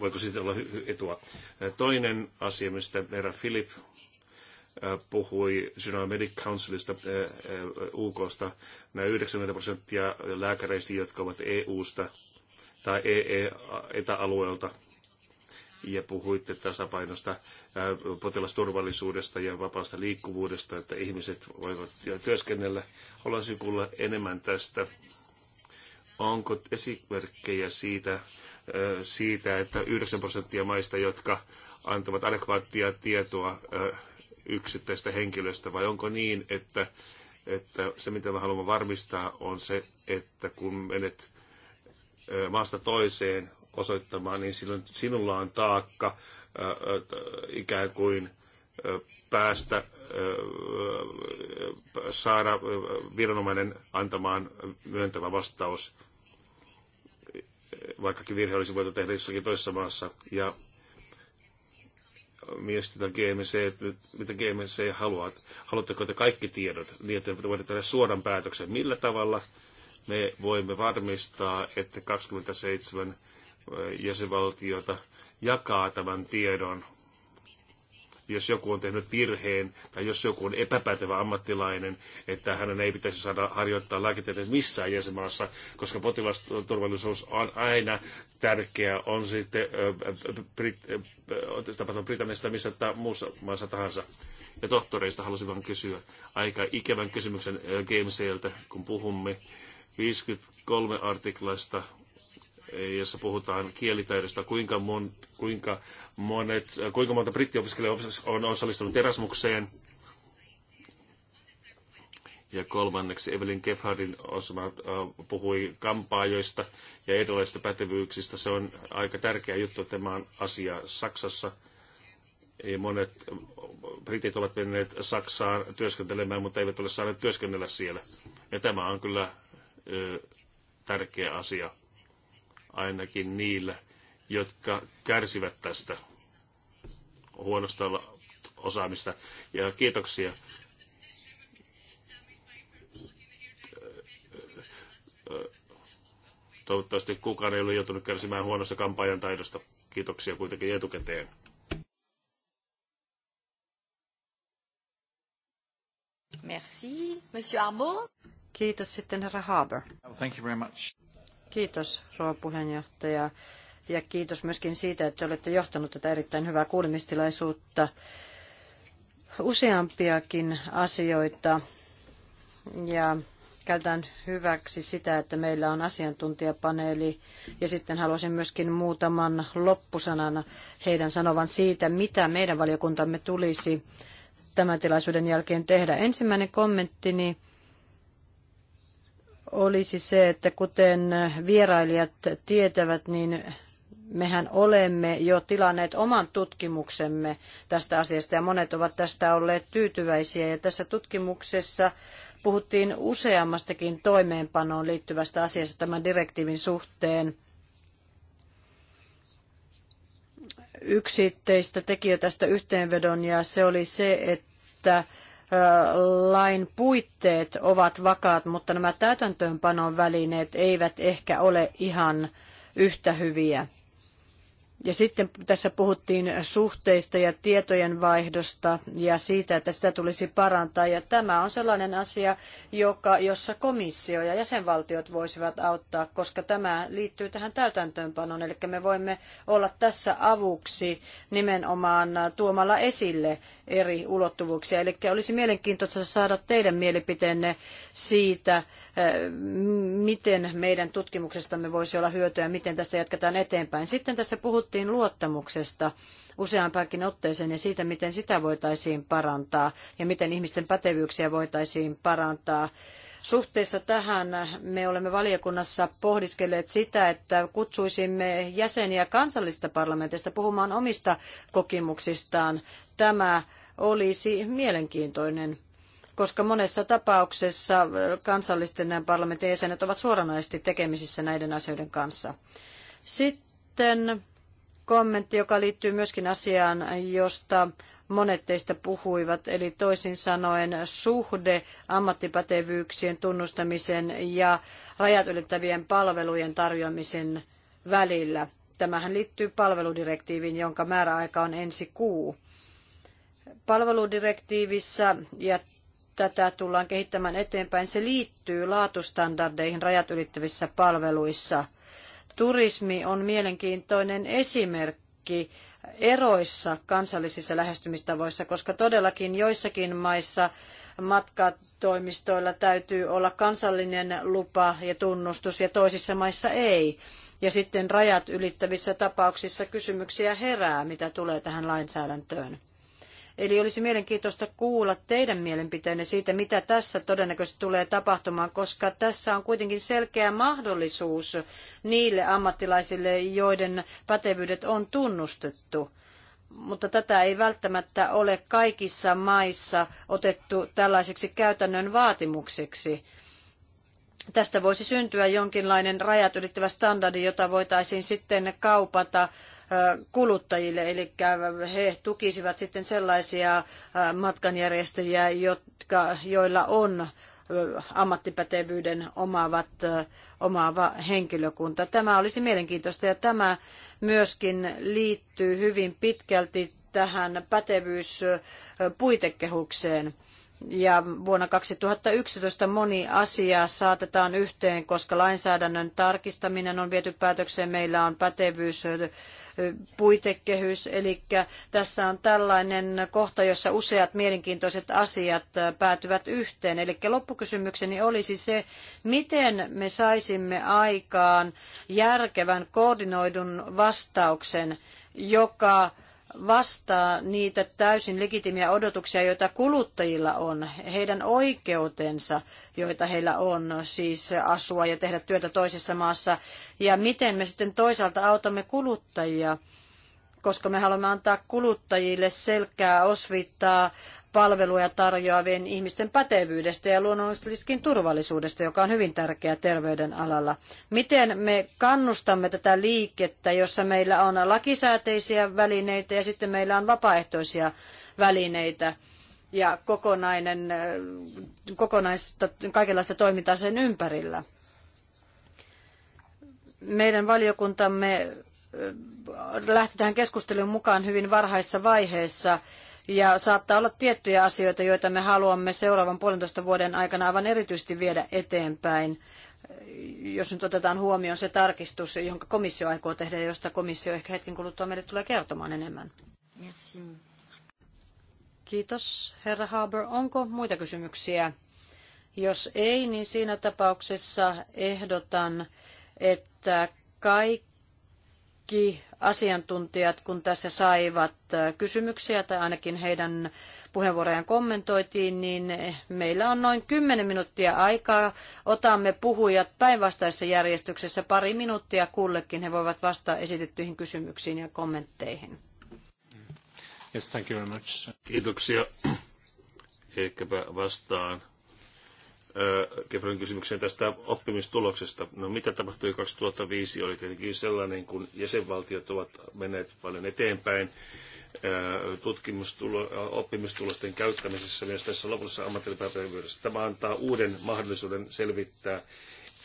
Speaker 5: voiko siitä olla etua. Toinen asia, mistä herra Philip puhui General Medic Councilista UKsta, nämä 90 prosenttia lääkäreistä, jotka ovat EUsta tai EE-etäalueelta, ja puhuitte tasapainosta potilasturvallisuudesta ja vapaasta liikkuvuudesta, että ihmiset voivat työskennellä. Haluaisin kuulla enemmän tästä. Onko esimerkkejä siitä, siitä, että 9 prosenttia maista, jotka antavat adekvaattia tietoa yksittäistä henkilöstä, vai onko niin, että, että se, mitä me haluamme varmistaa, on se, että kun menet maasta toiseen osoittamaan, niin silloin sinulla on taakka ikään kuin päästä saada viranomainen antamaan myöntävä vastaus vaikkakin virhe olisi voitu tehdä jossakin toisessa maassa. Ja miestitä GMC, mitä GMC haluaa. Haluatteko te kaikki tiedot niin, että voitte tehdä suoran päätöksen, millä tavalla me voimme varmistaa, että 27 jäsenvaltiota jakaa tämän tiedon jos joku on tehnyt virheen tai jos joku on epäpätevä ammattilainen, että hänen ei pitäisi saada harjoittaa lääketieteen missään jäsenmaassa, koska potilasturvallisuus on aina tärkeä, on sitten Brit- tapahtunut britannista missä tai muussa maassa tahansa. Ja tohtoreista halusin vain kysyä aika ikävän kysymyksen Gameseiltä, kun puhumme 53 artiklaista jossa puhutaan kielitaidosta, kuinka, mon, kuinka, monet, kuinka monta brittiopiskelijaa on osallistunut Erasmukseen. Ja kolmanneksi Evelyn Gebhardin osuma äh, puhui kampaajoista ja erilaisista pätevyyksistä. Se on aika tärkeä juttu, tämä on asia Saksassa. Ja monet britit ovat menneet Saksaan työskentelemään, mutta eivät ole saaneet työskennellä siellä. Ja tämä on kyllä ö, tärkeä asia ainakin niillä, jotka kärsivät tästä huonosta osaamista. Ja kiitoksia. Toivottavasti kukaan ei ole joutunut kärsimään huonosta kampanjan taidosta. Kiitoksia kuitenkin etukäteen.
Speaker 2: Merci.
Speaker 6: Monsieur Arbo. Kiitos sitten herra Haber. Thank you very much. Kiitos, rouva puheenjohtaja. Ja kiitos myöskin siitä, että olette johtanut tätä erittäin hyvää kuulemistilaisuutta. Useampiakin asioita ja käytän hyväksi sitä, että meillä on asiantuntijapaneeli ja sitten haluaisin myöskin muutaman loppusanan heidän sanovan siitä, mitä meidän valiokuntamme tulisi tämän tilaisuuden jälkeen tehdä. Ensimmäinen kommenttini olisi se, että kuten vierailijat tietävät, niin mehän olemme jo tilanneet oman tutkimuksemme tästä asiasta ja monet ovat tästä olleet tyytyväisiä. Ja tässä tutkimuksessa puhuttiin useammastakin toimeenpanoon liittyvästä asiasta tämän direktiivin suhteen. Yksi teistä tekijöistä tästä yhteenvedon ja se oli se, että lain puitteet ovat vakaat, mutta nämä täytäntöönpanon välineet eivät ehkä ole ihan yhtä hyviä. Ja sitten tässä puhuttiin suhteista ja tietojen vaihdosta ja siitä, että sitä tulisi parantaa. Ja tämä on sellainen asia, joka, jossa komissio ja jäsenvaltiot voisivat auttaa, koska tämä liittyy tähän täytäntöönpanoon. Eli me voimme olla tässä avuksi nimenomaan tuomalla esille eri ulottuvuuksia. Eli olisi mielenkiintoista saada teidän mielipiteenne siitä, miten meidän tutkimuksestamme voisi olla hyötyä, miten tässä jatketaan eteenpäin. Sitten tässä puhuttiin luottamuksesta useampaankin otteeseen ja siitä, miten sitä voitaisiin parantaa ja miten ihmisten pätevyyksiä voitaisiin parantaa. Suhteessa tähän me olemme valiokunnassa pohdiskelleet sitä, että kutsuisimme jäseniä kansallista parlamentista puhumaan omista kokemuksistaan. Tämä olisi mielenkiintoinen koska monessa tapauksessa kansallisten parlamentin jäsenet ovat suoranaisesti tekemisissä näiden asioiden kanssa. Sitten kommentti, joka liittyy myöskin asiaan, josta monet teistä puhuivat, eli toisin sanoen suhde ammattipätevyyksien tunnustamisen ja rajat ylittävien palvelujen tarjoamisen välillä. Tämähän liittyy palveludirektiiviin, jonka määräaika on ensi kuu. Palveludirektiivissä ja tätä tullaan kehittämään eteenpäin. Se liittyy laatustandardeihin rajat ylittävissä palveluissa. Turismi on mielenkiintoinen esimerkki eroissa kansallisissa lähestymistavoissa, koska todellakin joissakin maissa matkatoimistoilla täytyy olla kansallinen lupa ja tunnustus ja toisissa maissa ei. Ja sitten rajat ylittävissä tapauksissa kysymyksiä herää, mitä tulee tähän lainsäädäntöön. Eli olisi mielenkiintoista kuulla teidän mielipiteenne siitä, mitä tässä todennäköisesti tulee tapahtumaan, koska tässä on kuitenkin selkeä mahdollisuus niille ammattilaisille, joiden pätevyydet on tunnustettu mutta tätä ei välttämättä ole kaikissa maissa otettu tällaiseksi käytännön vaatimukseksi. Tästä voisi syntyä jonkinlainen rajat ylittävä standardi, jota voitaisiin sitten kaupata kuluttajille, eli he tukisivat sitten sellaisia matkanjärjestäjiä, jotka, joilla on ammattipätevyyden omaavat, omaava henkilökunta. Tämä olisi mielenkiintoista ja tämä myöskin liittyy hyvin pitkälti tähän pätevyyspuitekehukseen ja vuonna 2011 moni asia saatetaan yhteen, koska lainsäädännön tarkistaminen on viety päätökseen. Meillä on pätevyys, puitekehys, eli tässä on tällainen kohta, jossa useat mielenkiintoiset asiat päätyvät yhteen. Eli loppukysymykseni olisi se, miten me saisimme aikaan järkevän koordinoidun vastauksen, joka vastaa niitä täysin legitimiä odotuksia, joita kuluttajilla on, heidän oikeutensa, joita heillä on, siis asua ja tehdä työtä toisessa maassa, ja miten me sitten toisaalta autamme kuluttajia, koska me haluamme antaa kuluttajille selkää osvittaa palveluja tarjoavien ihmisten pätevyydestä ja luonnollisestikin turvallisuudesta, joka on hyvin tärkeää terveyden alalla. Miten me kannustamme tätä liikettä, jossa meillä on lakisääteisiä välineitä ja sitten meillä on vapaaehtoisia välineitä ja kokonainen, kokonaista, kaikenlaista toimintaa sen ympärillä. Meidän valiokuntamme lähti tähän keskusteluun mukaan hyvin varhaisessa vaiheessa ja saattaa olla tiettyjä asioita, joita me haluamme seuraavan puolentoista vuoden aikana aivan erityisesti viedä eteenpäin jos nyt otetaan huomioon se tarkistus, jonka komissio aikoo tehdä ja josta komissio ehkä hetken kuluttua meille tulee kertomaan enemmän. Merci. Kiitos, herra Haber. Onko muita kysymyksiä? Jos ei, niin siinä tapauksessa ehdotan, että kaikki kaikki asiantuntijat, kun tässä saivat kysymyksiä tai ainakin heidän puheenvuorojaan kommentoitiin, niin meillä on noin 10 minuuttia aikaa. Otamme puhujat päinvastaisessa järjestyksessä pari minuuttia kullekin. He voivat vastata esitettyihin kysymyksiin ja kommentteihin.
Speaker 5: Yes, thank you very much. Kiitoksia. Ehkäpä vastaan Kebronin kysymykseen tästä oppimistuloksesta. No mitä tapahtui 2005 oli tietenkin sellainen, kun jäsenvaltiot ovat menneet paljon eteenpäin tutkimustulo, oppimistulosten käyttämisessä myös tässä lopullisessa ammattipätevyydessä. Tämä antaa uuden mahdollisuuden selvittää,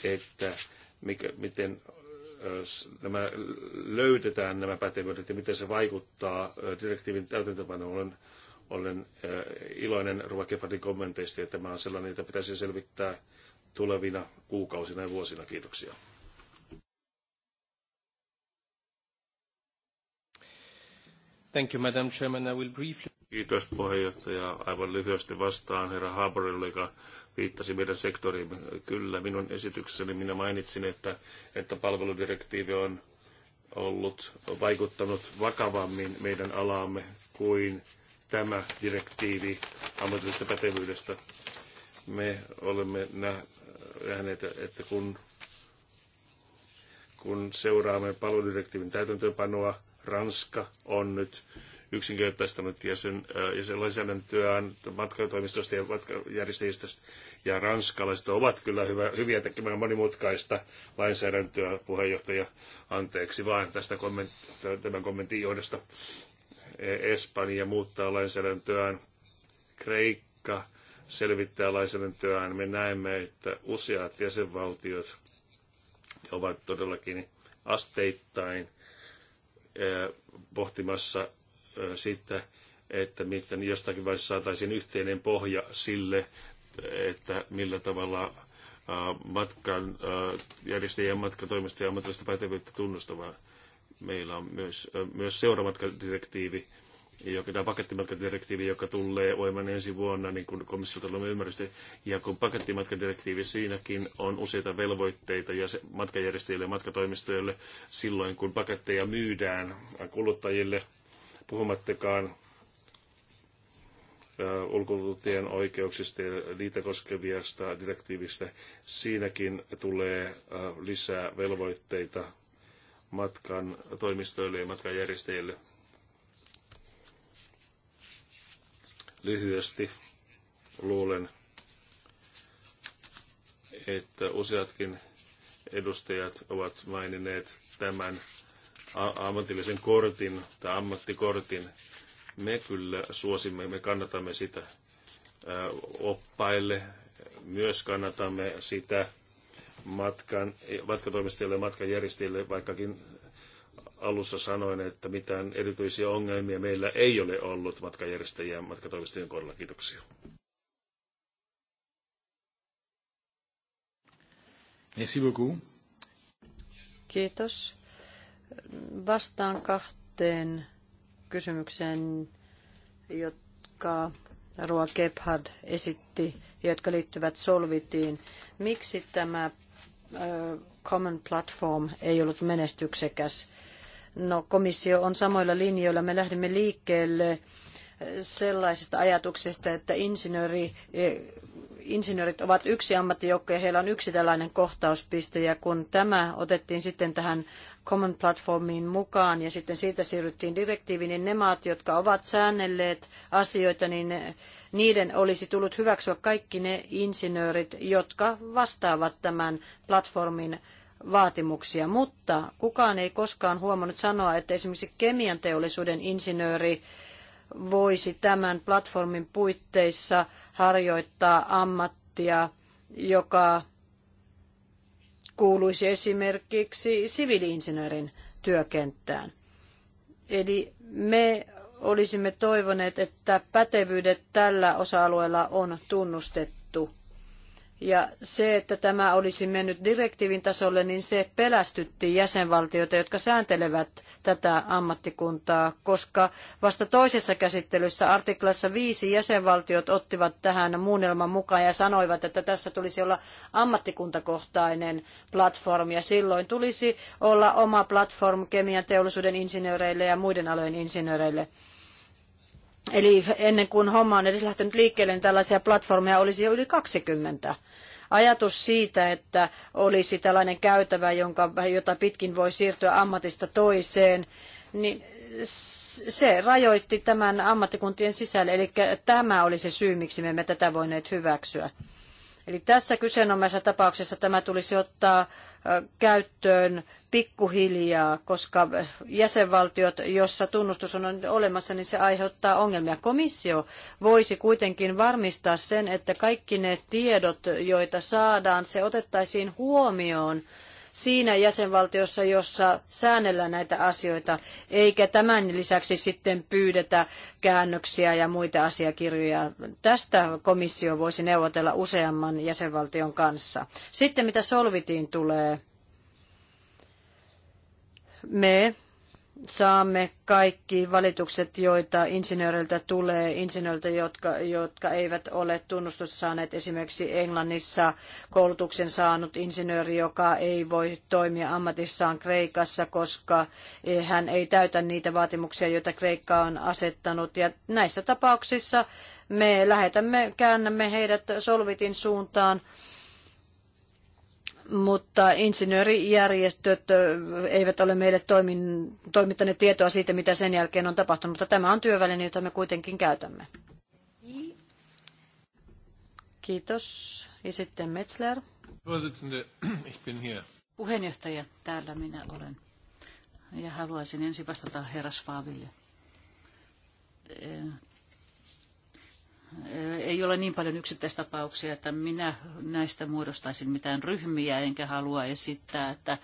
Speaker 5: että mikä, miten nämä löydetään nämä pätevyydet ja miten se vaikuttaa direktiivin täytäntöpanoon olen äh, iloinen Ruokefadin kommenteista ja tämä on sellainen, jota pitäisi selvittää tulevina kuukausina ja vuosina. Kiitoksia. Thank you, Madam Chairman. I will briefly... Kiitos puheenjohtaja. Aivan lyhyesti vastaan herra Haaborille, joka viittasi meidän sektoriin. Kyllä, minun esityksessäni minä mainitsin, että, että palveludirektiivi on ollut vaikuttanut vakavammin meidän alaamme kuin tämä direktiivi ammatillisesta pätevyydestä. Me olemme nähneet, että kun, kun seuraamme palveludirektiivin täytäntöönpanoa, Ranska on nyt yksinkertaistanut jäsen, äh, jäsen lainsäädäntöään matkatoimistosta ja matkajärjestäjistä. Ja ranskalaiset ovat kyllä hyvä, hyviä tekemään monimutkaista lainsäädäntöä, puheenjohtaja. Anteeksi vaan tästä kommentti, tämän kommentin johdosta. Espanja muuttaa lainsäädäntöään, Kreikka selvittää lainsäädäntöään. Me näemme, että useat jäsenvaltiot ovat todellakin asteittain eh, pohtimassa eh, sitä, että miten jostakin vaiheessa saataisiin yhteinen pohja sille, että millä tavalla eh, matkan, järjestäjien matkatoimista ja ammatillista pätevyyttä tunnustavaa Meillä on myös, myös seuramatkadirektiivi, joka, tämä pakettimatkadirektiivi, joka tulee voimaan ensi vuonna, niin kuin komissiolta olemme ymmärrystä. Ja kun pakettimatkadirektiivi siinäkin on useita velvoitteita ja se, matkajärjestäjille ja matkatoimistoille silloin, kun paketteja myydään kuluttajille, puhumattakaan ulkoilutien oikeuksista ja niitä koskevista direktiivistä. Siinäkin tulee lisää velvoitteita matkan toimistoille ja järjestäjille Lyhyesti luulen, että useatkin edustajat ovat maininneet tämän ammatillisen kortin tai ammattikortin. Me kyllä suosimme, me kannatamme sitä oppaille. Myös kannatamme sitä matkan, matkatoimistajille ja matkanjärjestäjille, vaikkakin alussa sanoin, että mitään erityisiä ongelmia meillä ei ole ollut matkajärjestäjien ja matkatoimistajien kohdalla. Kiitoksia.
Speaker 3: Merci beaucoup.
Speaker 6: Kiitos. Vastaan kahteen kysymykseen, jotka Roa Gebhard esitti, jotka liittyvät Solvitiin. Miksi tämä Common Platform ei ollut menestyksekäs. No, komissio on samoilla linjoilla. Me lähdemme liikkeelle sellaisesta ajatuksesta, että insinööri, insinöörit ovat yksi ammattijoukko ja heillä on yksi tällainen kohtauspiste. Ja kun tämä otettiin sitten tähän Common Platformiin mukaan ja sitten siitä siirryttiin direktiiviin, niin ne maat, jotka ovat säännelleet asioita, niin niiden olisi tullut hyväksyä kaikki ne insinöörit, jotka vastaavat tämän platformin vaatimuksia, mutta kukaan ei koskaan huomannut sanoa, että esimerkiksi kemian teollisuuden insinööri voisi tämän platformin puitteissa harjoittaa ammattia, joka kuuluisi esimerkiksi siviiliinsinöörin työkenttään. Eli me olisimme toivoneet, että pätevyydet tällä osa-alueella on tunnustettu ja se, että tämä olisi mennyt direktiivin tasolle, niin se pelästytti jäsenvaltioita, jotka sääntelevät tätä ammattikuntaa, koska vasta toisessa käsittelyssä artiklassa viisi jäsenvaltiot ottivat tähän muunnelman mukaan ja sanoivat, että tässä tulisi olla ammattikuntakohtainen platformi ja silloin tulisi olla oma platform kemian teollisuuden insinööreille ja muiden alojen insinööreille. Eli ennen kuin homma on edes lähtenyt liikkeelle, niin tällaisia platformeja olisi jo yli 20. Ajatus siitä, että olisi tällainen käytävä, jonka, jota pitkin voi siirtyä ammatista toiseen, niin se rajoitti tämän ammattikuntien sisällä. Eli tämä oli se syy, miksi me emme tätä voineet hyväksyä. Eli tässä kyseenomaisessa tapauksessa tämä tulisi ottaa käyttöön pikkuhiljaa, koska jäsenvaltiot, jossa tunnustus on olemassa, niin se aiheuttaa ongelmia. Komissio voisi kuitenkin varmistaa sen, että kaikki ne tiedot, joita saadaan, se otettaisiin huomioon siinä jäsenvaltiossa, jossa säännellään näitä asioita, eikä tämän lisäksi sitten pyydetä käännöksiä ja muita asiakirjoja. Tästä komissio voisi neuvotella useamman jäsenvaltion kanssa. Sitten mitä solvitiin tulee, me saamme kaikki valitukset, joita insinööreiltä tulee, insinööreiltä, jotka, jotka eivät ole tunnustusta saaneet. Esimerkiksi Englannissa koulutuksen saanut insinööri, joka ei voi toimia ammatissaan Kreikassa, koska hän ei täytä niitä vaatimuksia, joita Kreikka on asettanut. Ja näissä tapauksissa me lähetämme, käännämme heidät Solvitin suuntaan mutta insinöörijärjestöt eivät ole meille toimin, toimittaneet tietoa siitä, mitä sen jälkeen on tapahtunut, mutta tämä on työväline, jota me kuitenkin käytämme. Kiitos.
Speaker 3: Ja sitten Metzler. Puheenjohtaja, täällä minä olen. Ja haluaisin ensin vastata herra Schwabille ei ole niin paljon yksittäistapauksia, että minä näistä muodostaisin mitään ryhmiä, enkä halua esittää, että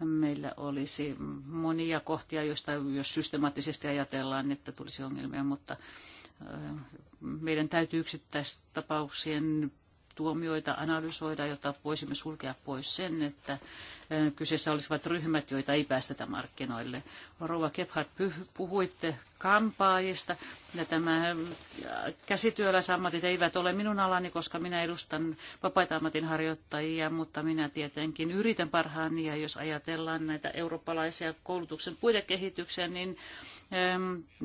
Speaker 3: meillä olisi monia kohtia, joista jos systemaattisesti ajatellaan, että tulisi ongelmia, mutta meidän täytyy yksittäistapauksien tuomioita analysoida, jotta voisimme sulkea pois sen, että kyseessä olisivat ryhmät, joita ei päästetä markkinoille. Rouva Gebhardt, puhuitte kampaajista, ja tämä käsityöläisammatit eivät ole minun alani, koska minä edustan vapaita ammatinharjoittajia, mutta minä tietenkin yritän parhaani, ja jos ajatellaan näitä eurooppalaisia koulutuksen puitekehityksiä, niin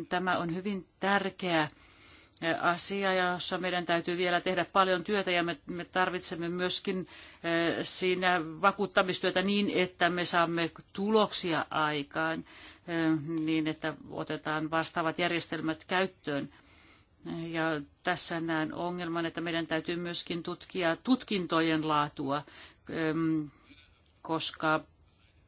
Speaker 3: tämä on hyvin tärkeä asia, jossa meidän täytyy vielä tehdä paljon työtä ja me, me tarvitsemme myöskin eh, siinä vakuuttamistyötä niin, että me saamme tuloksia aikaan eh, niin, että otetaan vastaavat järjestelmät käyttöön. Ja tässä näen ongelman, että meidän täytyy myöskin tutkia tutkintojen laatua, eh, koska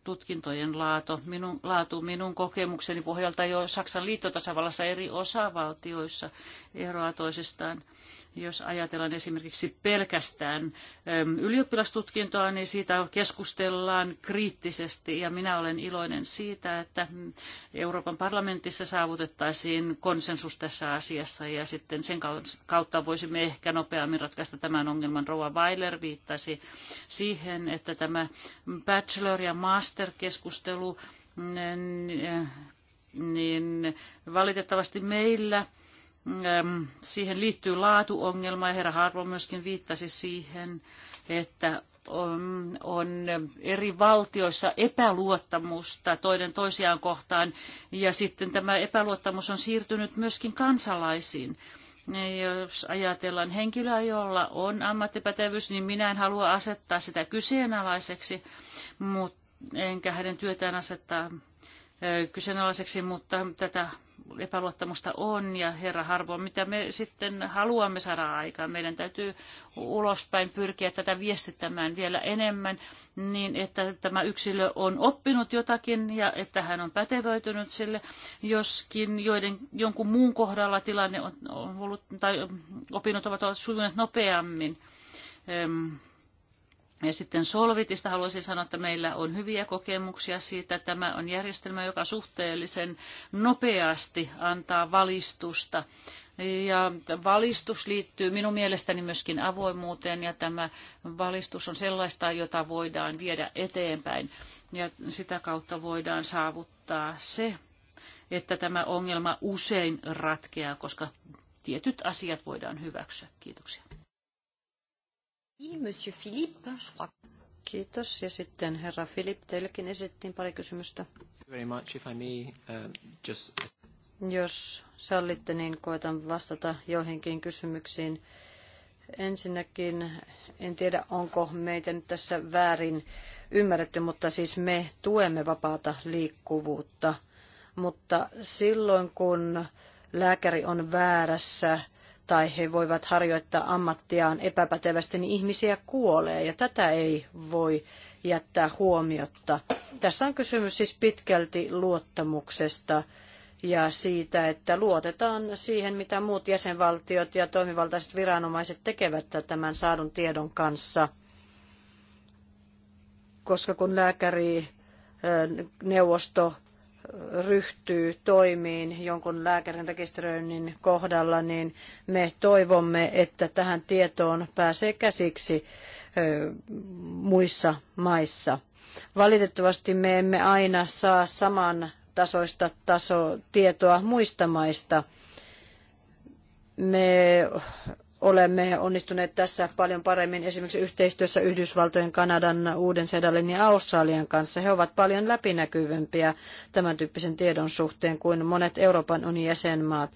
Speaker 3: tutkintojen laatu. Minun, laatu minun kokemukseni pohjalta jo Saksan liittotasavallassa eri osavaltioissa eroaa toisistaan. Jos ajatellaan esimerkiksi pelkästään ähm, ylioppilastutkintoa, niin siitä keskustellaan kriittisesti ja minä olen iloinen siitä, että mm, Euroopan parlamentissa saavutettaisiin konsensus tässä asiassa ja sitten sen kautta voisimme ehkä nopeammin ratkaista tämän ongelman. Rova Weiler viittasi siihen, että tämä bachelor- ja master-keskustelu mm, niin valitettavasti meillä siihen liittyy laatuongelma ja herra Harvo myöskin viittasi siihen, että on, on eri valtioissa epäluottamusta toinen toisiaan kohtaan ja sitten tämä epäluottamus on siirtynyt myöskin kansalaisiin. Jos ajatellaan henkilöä, jolla on ammattipätevyys, niin minä en halua asettaa sitä kyseenalaiseksi, mutta enkä hänen työtään asettaa kyseenalaiseksi, mutta tätä epäluottamusta on ja herra harvoin, mitä me sitten haluamme saada aikaan. Meidän täytyy ulospäin pyrkiä tätä viestittämään vielä enemmän niin, että tämä yksilö on oppinut jotakin ja että hän on pätevöitynyt sille, joskin joiden, jonkun muun kohdalla tilanne on, on ollut, tai opinnot ovat sujuneet nopeammin. Öm, ja sitten Solvitista haluaisin sanoa, että meillä on hyviä kokemuksia siitä. että Tämä on järjestelmä, joka suhteellisen nopeasti antaa valistusta. Ja valistus liittyy minun mielestäni myöskin avoimuuteen ja tämä valistus on sellaista, jota voidaan viedä eteenpäin. Ja sitä kautta voidaan saavuttaa se, että tämä ongelma usein ratkeaa, koska tietyt asiat voidaan hyväksyä. Kiitoksia.
Speaker 6: Monsieur Philippe, je crois. Kiitos. Ja sitten herra Philip, teillekin esittiin pari kysymystä.
Speaker 1: Very much, if I may, uh, just...
Speaker 6: Jos sallitte, niin koitan vastata joihinkin kysymyksiin. Ensinnäkin en tiedä, onko meitä nyt tässä väärin ymmärretty, mutta siis me tuemme vapaata liikkuvuutta. Mutta silloin, kun lääkäri on väärässä, tai he voivat harjoittaa ammattiaan epäpätevästi, niin ihmisiä kuolee ja tätä ei voi jättää huomiotta. Tässä on kysymys siis pitkälti luottamuksesta ja siitä, että luotetaan siihen, mitä muut jäsenvaltiot ja toimivaltaiset viranomaiset tekevät tämän saadun tiedon kanssa. Koska kun lääkäri neuvosto ryhtyy toimiin jonkun lääkärin rekisteröinnin kohdalla, niin me toivomme, että tähän tietoon pääsee käsiksi muissa maissa. Valitettavasti me emme aina saa saman tasoista taso tietoa muista maista. Me olemme onnistuneet tässä paljon paremmin esimerkiksi yhteistyössä Yhdysvaltojen, Kanadan, Uuden-Seedalin ja Australian kanssa. He ovat paljon läpinäkyvämpiä tämän tyyppisen tiedon suhteen kuin monet Euroopan unionin jäsenmaat.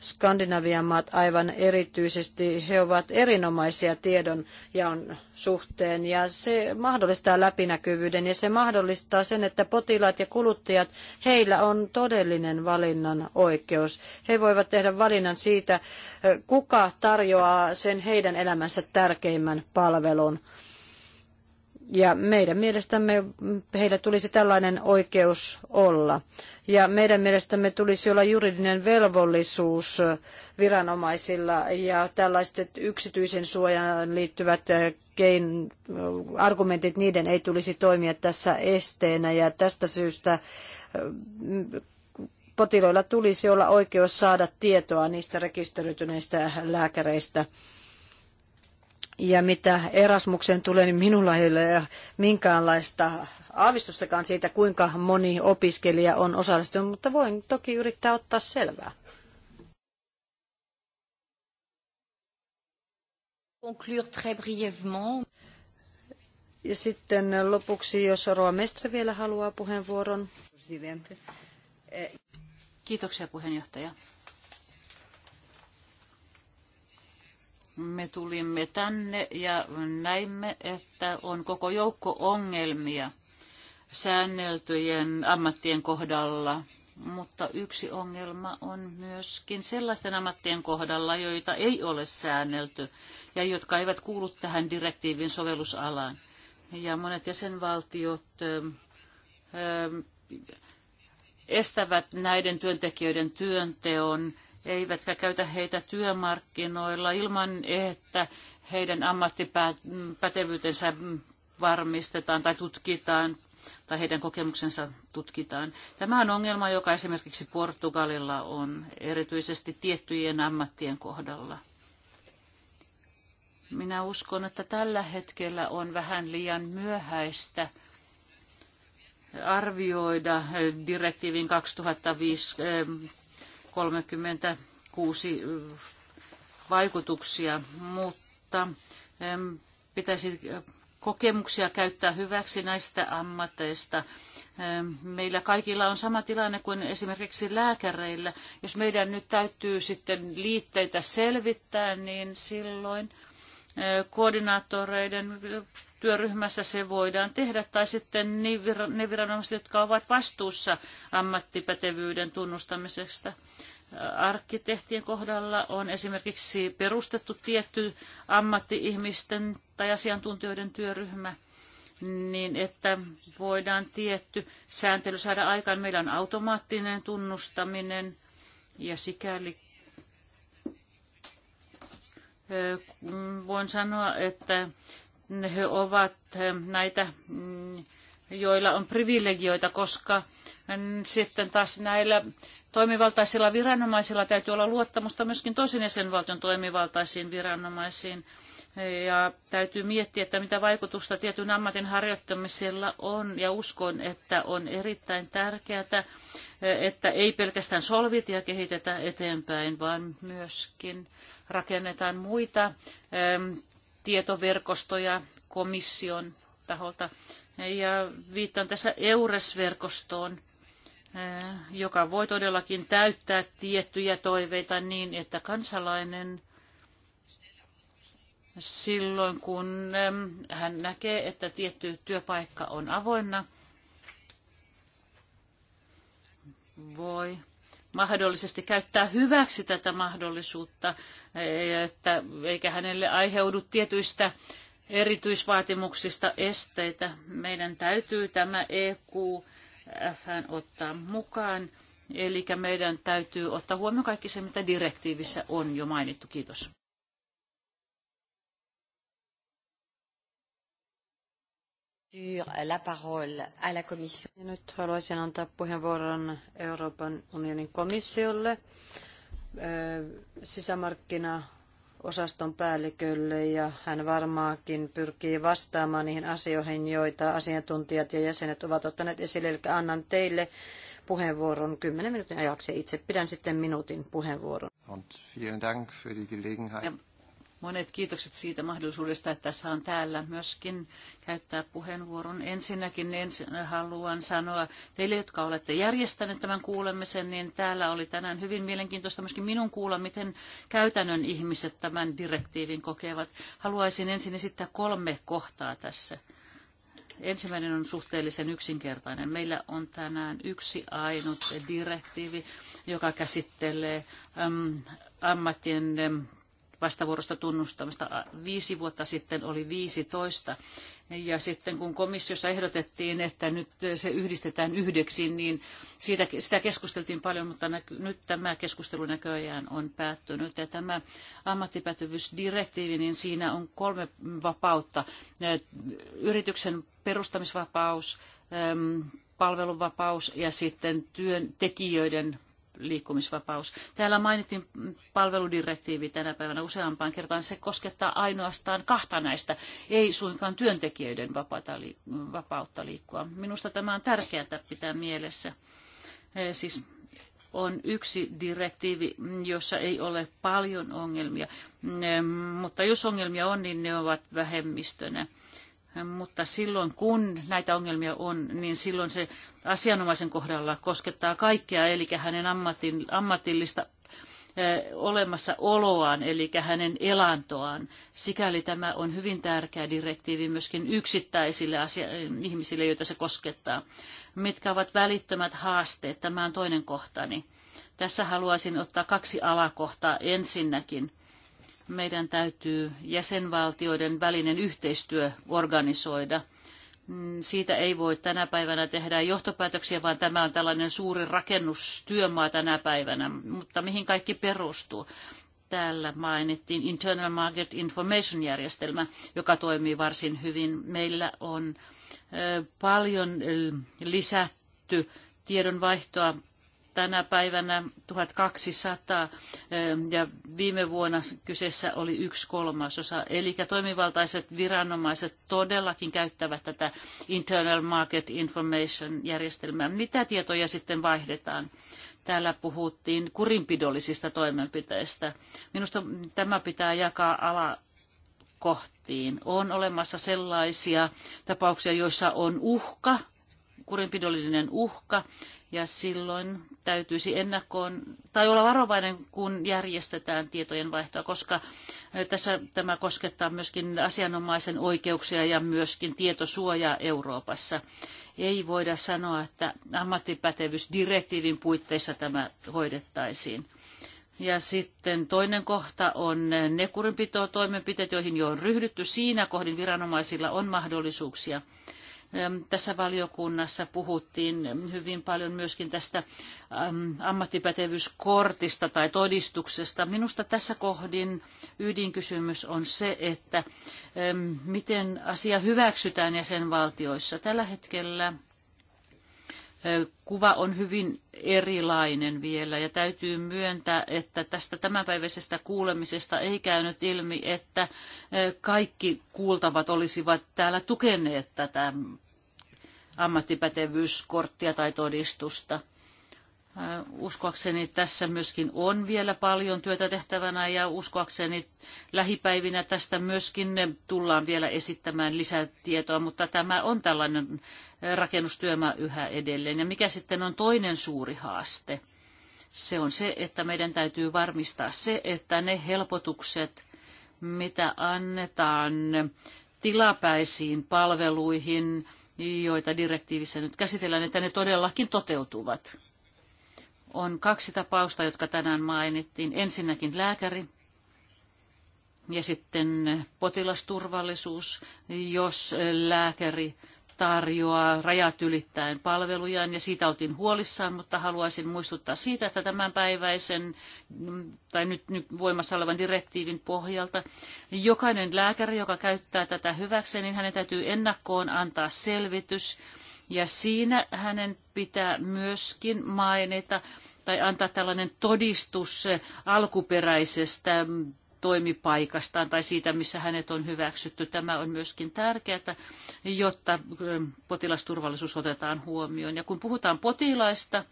Speaker 6: Skandinavian maat aivan erityisesti, he ovat erinomaisia tiedon ja on suhteen ja se mahdollistaa läpinäkyvyyden ja se mahdollistaa sen, että potilaat ja kuluttajat, heillä on todellinen valinnan oikeus. He voivat tehdä valinnan siitä, kuka tarjoaa sen heidän elämänsä tärkeimmän palvelun. Ja meidän mielestämme heillä tulisi tällainen oikeus olla. Ja meidän mielestämme tulisi olla juridinen velvollisuus viranomaisilla ja tällaiset yksityisen suojaan liittyvät eh, kein, argumentit, niiden ei tulisi toimia tässä esteenä. Ja tästä syystä eh, potilailla tulisi olla oikeus saada tietoa niistä rekisteröityneistä lääkäreistä ja mitä Erasmukseen tulee, niin minulla ei ole minkäänlaista aavistustakaan siitä, kuinka moni opiskelija on osallistunut, mutta voin toki yrittää ottaa selvää. Ja sitten lopuksi, jos Roa Mestre vielä haluaa puheenvuoron.
Speaker 3: Eh, Kiitoksia puheenjohtaja. Me tulimme tänne ja näimme, että on koko joukko ongelmia säänneltyjen ammattien kohdalla, mutta yksi ongelma on myöskin sellaisten ammattien kohdalla, joita ei ole säännelty ja jotka eivät kuulu tähän direktiivin sovellusalaan. Ja monet jäsenvaltiot estävät näiden työntekijöiden työnteon eivätkä käytä heitä työmarkkinoilla ilman, että heidän ammattipätevyytensä varmistetaan tai tutkitaan tai heidän kokemuksensa tutkitaan. Tämä on ongelma, joka esimerkiksi Portugalilla on, erityisesti tiettyjen ammattien kohdalla. Minä uskon, että tällä hetkellä on vähän liian myöhäistä arvioida direktiivin 2005 36 vaikutuksia, mutta pitäisi kokemuksia käyttää hyväksi näistä ammateista. Meillä kaikilla on sama tilanne kuin esimerkiksi lääkäreillä. Jos meidän nyt täytyy sitten liitteitä selvittää, niin silloin eh, koordinaattoreiden työryhmässä se voidaan tehdä, tai sitten ne viranomaiset, jotka ovat vastuussa ammattipätevyyden tunnustamisesta. Arkkitehtien kohdalla on esimerkiksi perustettu tietty ammattiihmisten tai asiantuntijoiden työryhmä, niin että voidaan tietty sääntely saada aikaan. Meillä on automaattinen tunnustaminen ja sikäli voin sanoa, että he ovat näitä, mm, joilla on privilegioita, koska mm, sitten taas näillä toimivaltaisilla viranomaisilla täytyy olla luottamusta myöskin toisen jäsenvaltion toimivaltaisiin viranomaisiin. Ja täytyy miettiä, että mitä vaikutusta tietyn ammatin harjoittamisella on. Ja uskon, että on erittäin tärkeää, että ei pelkästään solvitia kehitetä eteenpäin, vaan myöskin rakennetaan muita tietoverkostoja komission taholta. Ja viittaan tässä EURES-verkostoon, eh, joka voi todellakin täyttää tiettyjä toiveita niin, että kansalainen silloin, kun hän näkee, että tietty työpaikka on avoinna, voi mahdollisesti käyttää hyväksi tätä mahdollisuutta, että eikä hänelle aiheudu tietyistä erityisvaatimuksista esteitä. Meidän täytyy tämä EQF ottaa mukaan, eli meidän täytyy ottaa huomioon kaikki se, mitä direktiivissä on jo mainittu. Kiitos.
Speaker 6: Ja nyt haluaisin antaa puheenvuoron Euroopan unionin komissiolle, sisämarkkinaosaston päällikölle ja hän varmaankin pyrkii vastaamaan niihin asioihin, joita asiantuntijat ja jäsenet ovat ottaneet esille. Eli annan teille puheenvuoron kymmenen minuutin ajaksi. Itse pidän sitten minuutin puheenvuoron.
Speaker 1: Und vielen Dank für die Gelegenheit. Ja
Speaker 3: Monet kiitokset siitä mahdollisuudesta, että saan täällä myöskin käyttää puheenvuoron. Ensinnäkin ensin haluan sanoa teille, jotka olette järjestäneet tämän kuulemisen, niin täällä oli tänään hyvin mielenkiintoista myöskin minun kuulla, miten käytännön ihmiset tämän direktiivin kokevat. Haluaisin ensin esittää kolme kohtaa tässä. Ensimmäinen on suhteellisen yksinkertainen. Meillä on tänään yksi ainut direktiivi, joka käsittelee ammattien vastavuorosta tunnustamista. Viisi vuotta sitten oli 15. Ja sitten kun komissiossa ehdotettiin, että nyt se yhdistetään yhdeksi, niin siitä, sitä keskusteltiin paljon, mutta nyt tämä keskustelu näköjään on päättynyt. Ja tämä ammattipätevyysdirektiivi, niin siinä on kolme vapautta. Yrityksen perustamisvapaus, palveluvapaus ja sitten työntekijöiden liikkumisvapaus. Täällä mainittiin palveludirektiivi tänä päivänä useampaan kertaan. Se koskettaa ainoastaan kahta näistä, ei suinkaan työntekijöiden vapaata, vapautta liikkua. Minusta tämä on tärkeää pitää mielessä. Siis on yksi direktiivi, jossa ei ole paljon ongelmia, mutta jos ongelmia on, niin ne ovat vähemmistönä mutta silloin kun näitä ongelmia on, niin silloin se asianomaisen kohdalla koskettaa kaikkea, eli hänen ammatin, ammatillista olemassaoloaan, eli hänen elantoaan. Sikäli tämä on hyvin tärkeä direktiivi myöskin yksittäisille asia- ihmisille, joita se koskettaa. Mitkä ovat välittömät haasteet? Tämä on toinen kohtani. Tässä haluaisin ottaa kaksi alakohtaa ensinnäkin – meidän täytyy jäsenvaltioiden välinen yhteistyö organisoida. Mm, siitä ei voi tänä päivänä tehdä johtopäätöksiä, vaan tämä on tällainen suuri rakennustyömaa tänä päivänä. Mutta mihin kaikki perustuu? Täällä mainittiin Internal Market Information järjestelmä, joka toimii varsin hyvin. Meillä on paljon lisätty tiedonvaihtoa tänä päivänä 1200 ja viime vuonna kyseessä oli yksi kolmasosa. Eli toimivaltaiset viranomaiset todellakin käyttävät tätä Internal Market Information järjestelmää. Mitä tietoja sitten vaihdetaan? Täällä puhuttiin kurinpidollisista toimenpiteistä. Minusta tämä pitää jakaa ala, kohtiin. On olemassa sellaisia tapauksia, joissa on uhka, kurinpidollinen uhka, ja silloin täytyisi ennakkoon tai olla varovainen, kun järjestetään tietojen vaihtoa, koska tässä tämä koskettaa myöskin asianomaisen oikeuksia ja myöskin tietosuojaa Euroopassa. Ei voida sanoa, että ammattipätevyysdirektiivin puitteissa tämä hoidettaisiin. Ja sitten toinen kohta on ne kurinpitotoimenpiteet, joihin jo on ryhdytty. Siinä kohdin viranomaisilla on mahdollisuuksia tässä valiokunnassa puhuttiin hyvin paljon myöskin tästä ammattipätevyyskortista tai todistuksesta. Minusta tässä kohdin ydinkysymys on se, että miten asia hyväksytään jäsenvaltioissa. Tällä hetkellä kuva on hyvin erilainen vielä ja täytyy myöntää, että tästä tämänpäiväisestä kuulemisesta ei käynyt ilmi, että kaikki kuultavat olisivat täällä tukeneet tätä ammattipätevyyskorttia tai todistusta. Äh, uskoakseni tässä myöskin on vielä paljon työtä tehtävänä ja uskoakseni lähipäivinä tästä myöskin tullaan vielä esittämään lisätietoa, mutta tämä on tällainen rakennustyömaa yhä edelleen. Ja mikä sitten on toinen suuri haaste? Se on se, että meidän täytyy varmistaa se, että ne helpotukset, mitä annetaan tilapäisiin palveluihin, joita direktiivissä nyt käsitellään, että ne todellakin toteutuvat on kaksi tapausta, jotka tänään mainittiin. Ensinnäkin lääkäri ja sitten potilasturvallisuus, jos lääkäri tarjoaa rajat ylittäen palvelujaan ja siitä oltiin huolissaan, mutta haluaisin muistuttaa siitä, että tämänpäiväisen tai nyt, nyt voimassa olevan direktiivin pohjalta jokainen lääkäri, joka käyttää tätä hyväkseen, niin hänen täytyy ennakkoon antaa selvitys ja siinä hänen pitää myöskin mainita tai antaa tällainen todistus alkuperäisestä toimipaikastaan tai siitä, missä hänet on hyväksytty. Tämä on myöskin tärkeää, jotta potilasturvallisuus otetaan huomioon. Ja kun puhutaan potilaista,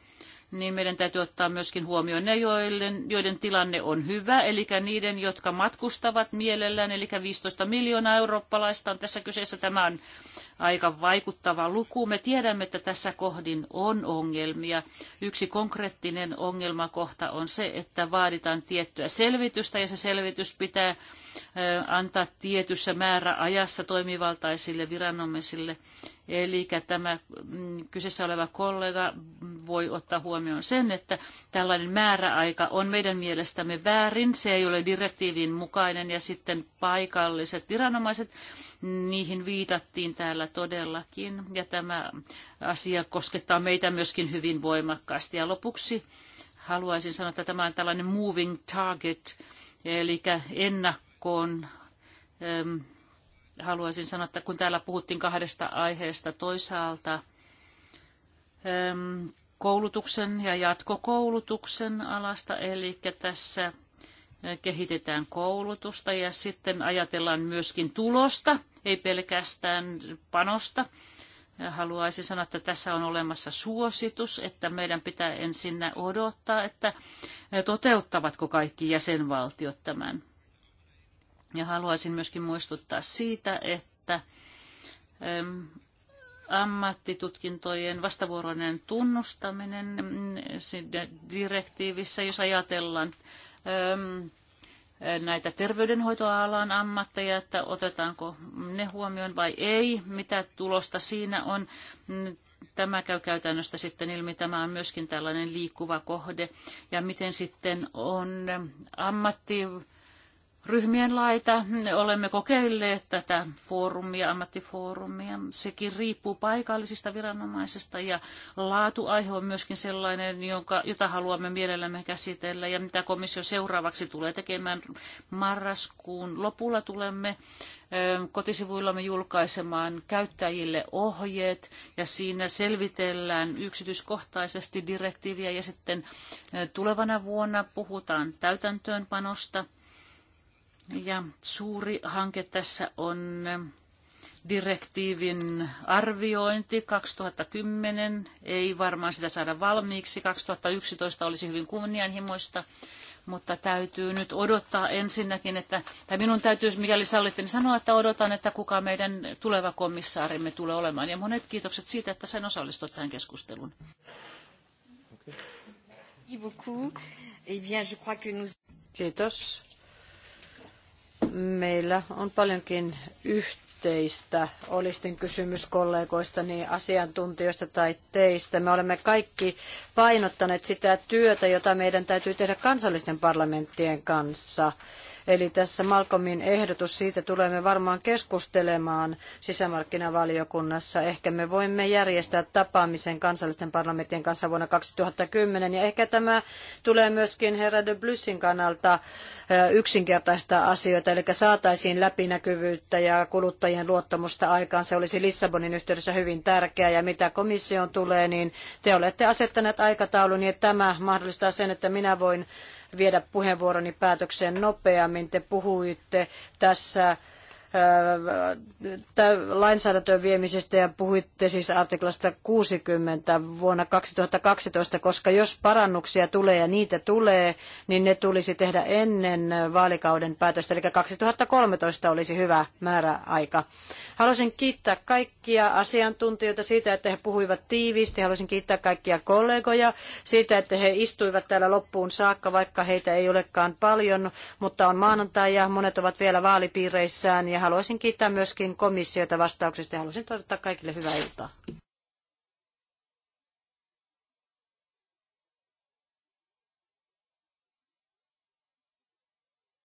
Speaker 3: niin meidän täytyy ottaa myöskin huomioon ne, joiden, joiden tilanne on hyvä, eli niiden, jotka matkustavat mielellään, eli 15 miljoonaa eurooppalaista on tässä kyseessä. Tämä on aika vaikuttava luku. Me tiedämme, että tässä kohdin on ongelmia. Yksi konkreettinen ongelmakohta on se, että vaaditaan tiettyä selvitystä, ja se selvitys pitää antaa tietyssä määräajassa toimivaltaisille viranomaisille – Eli tämä mm, kyseessä oleva kollega voi ottaa huomioon sen, että tällainen määräaika on meidän mielestämme väärin, se ei ole direktiivin mukainen ja sitten paikalliset viranomaiset, niihin viitattiin täällä todellakin ja tämä asia koskettaa meitä myöskin hyvin voimakkaasti. Ja lopuksi haluaisin sanoa, että tämä on tällainen moving target, eli ennakkoon haluaisin sanoa, että kun täällä puhuttiin kahdesta aiheesta toisaalta, ähm, koulutuksen ja jatkokoulutuksen alasta, eli tässä äh, kehitetään koulutusta ja sitten ajatellaan myöskin tulosta, ei pelkästään panosta. Äh, haluaisin sanoa, että tässä on olemassa suositus, että meidän pitää ensin odottaa, että äh, toteuttavatko kaikki jäsenvaltiot tämän ja haluaisin myöskin muistuttaa siitä, että ammattitutkintojen vastavuoroinen tunnustaminen mm, direktiivissä, jos ajatellaan näitä terveydenhoitoalan ammatteja, että otetaanko ne huomioon vai ei, mitä tulosta siinä on. Tämä käy käytännöstä sitten ilmi. Tämä on myöskin tällainen liikkuva kohde. Ja miten sitten on ammatti ryhmien laita. Olemme kokeilleet tätä foorumia, ammattifoorumia. Sekin riippuu paikallisista viranomaisista ja laatuaihe on myöskin sellainen, jonka, jota haluamme mielellämme käsitellä ja mitä komissio seuraavaksi tulee tekemään marraskuun lopulla tulemme kotisivuillamme julkaisemaan käyttäjille ohjeet ja siinä selvitellään yksityiskohtaisesti direktiiviä ja sitten tulevana vuonna puhutaan täytäntöönpanosta – ja suuri hanke tässä on direktiivin arviointi 2010. Ei varmaan sitä saada valmiiksi. 2011 olisi hyvin kunnianhimoista, mutta täytyy nyt odottaa ensinnäkin, että, tai minun täytyy, mikäli sallitte, niin sanoa, että odotan, että kuka meidän tuleva komissaarimme tulee olemaan. Ja monet kiitokset siitä, että sain osallistua tähän keskusteluun.
Speaker 6: Kiitos. Meillä on paljonkin yhteistä, oli sitten kysymys kollegoista, niin asiantuntijoista tai teistä. Me olemme kaikki painottaneet sitä työtä, jota meidän täytyy tehdä kansallisten parlamenttien kanssa Eli tässä Malcolmin ehdotus, siitä tulemme varmaan keskustelemaan sisämarkkinavaliokunnassa. Ehkä me voimme järjestää tapaamisen kansallisten parlamenttien kanssa vuonna 2010, ja ehkä tämä tulee myöskin herra de Blysin kannalta yksinkertaista asioita, eli saataisiin läpinäkyvyyttä ja kuluttajien luottamusta aikaan. Se olisi Lissabonin yhteydessä hyvin tärkeää, ja mitä komission tulee, niin te olette asettaneet aikataulun, niin tämä mahdollistaa sen, että minä voin viedä puheenvuoroni päätökseen nopeammin. Te puhuitte tässä lainsäädäntöön viemisestä ja puhuitte siis artiklasta 60 vuonna 2012, koska jos parannuksia tulee ja niitä tulee, niin ne tulisi tehdä ennen vaalikauden päätöstä, eli 2013 olisi hyvä määräaika. Haluaisin kiittää kaikkia asiantuntijoita siitä, että he puhuivat tiiviisti. Haluaisin kiittää kaikkia kollegoja siitä, että he istuivat täällä loppuun saakka, vaikka heitä ei olekaan paljon, mutta on maanantai ja monet ovat vielä vaalipiireissään ja haluaisin kiittää myöskin komissiota vastauksista ja haluaisin toivottaa kaikille hyvää iltaa.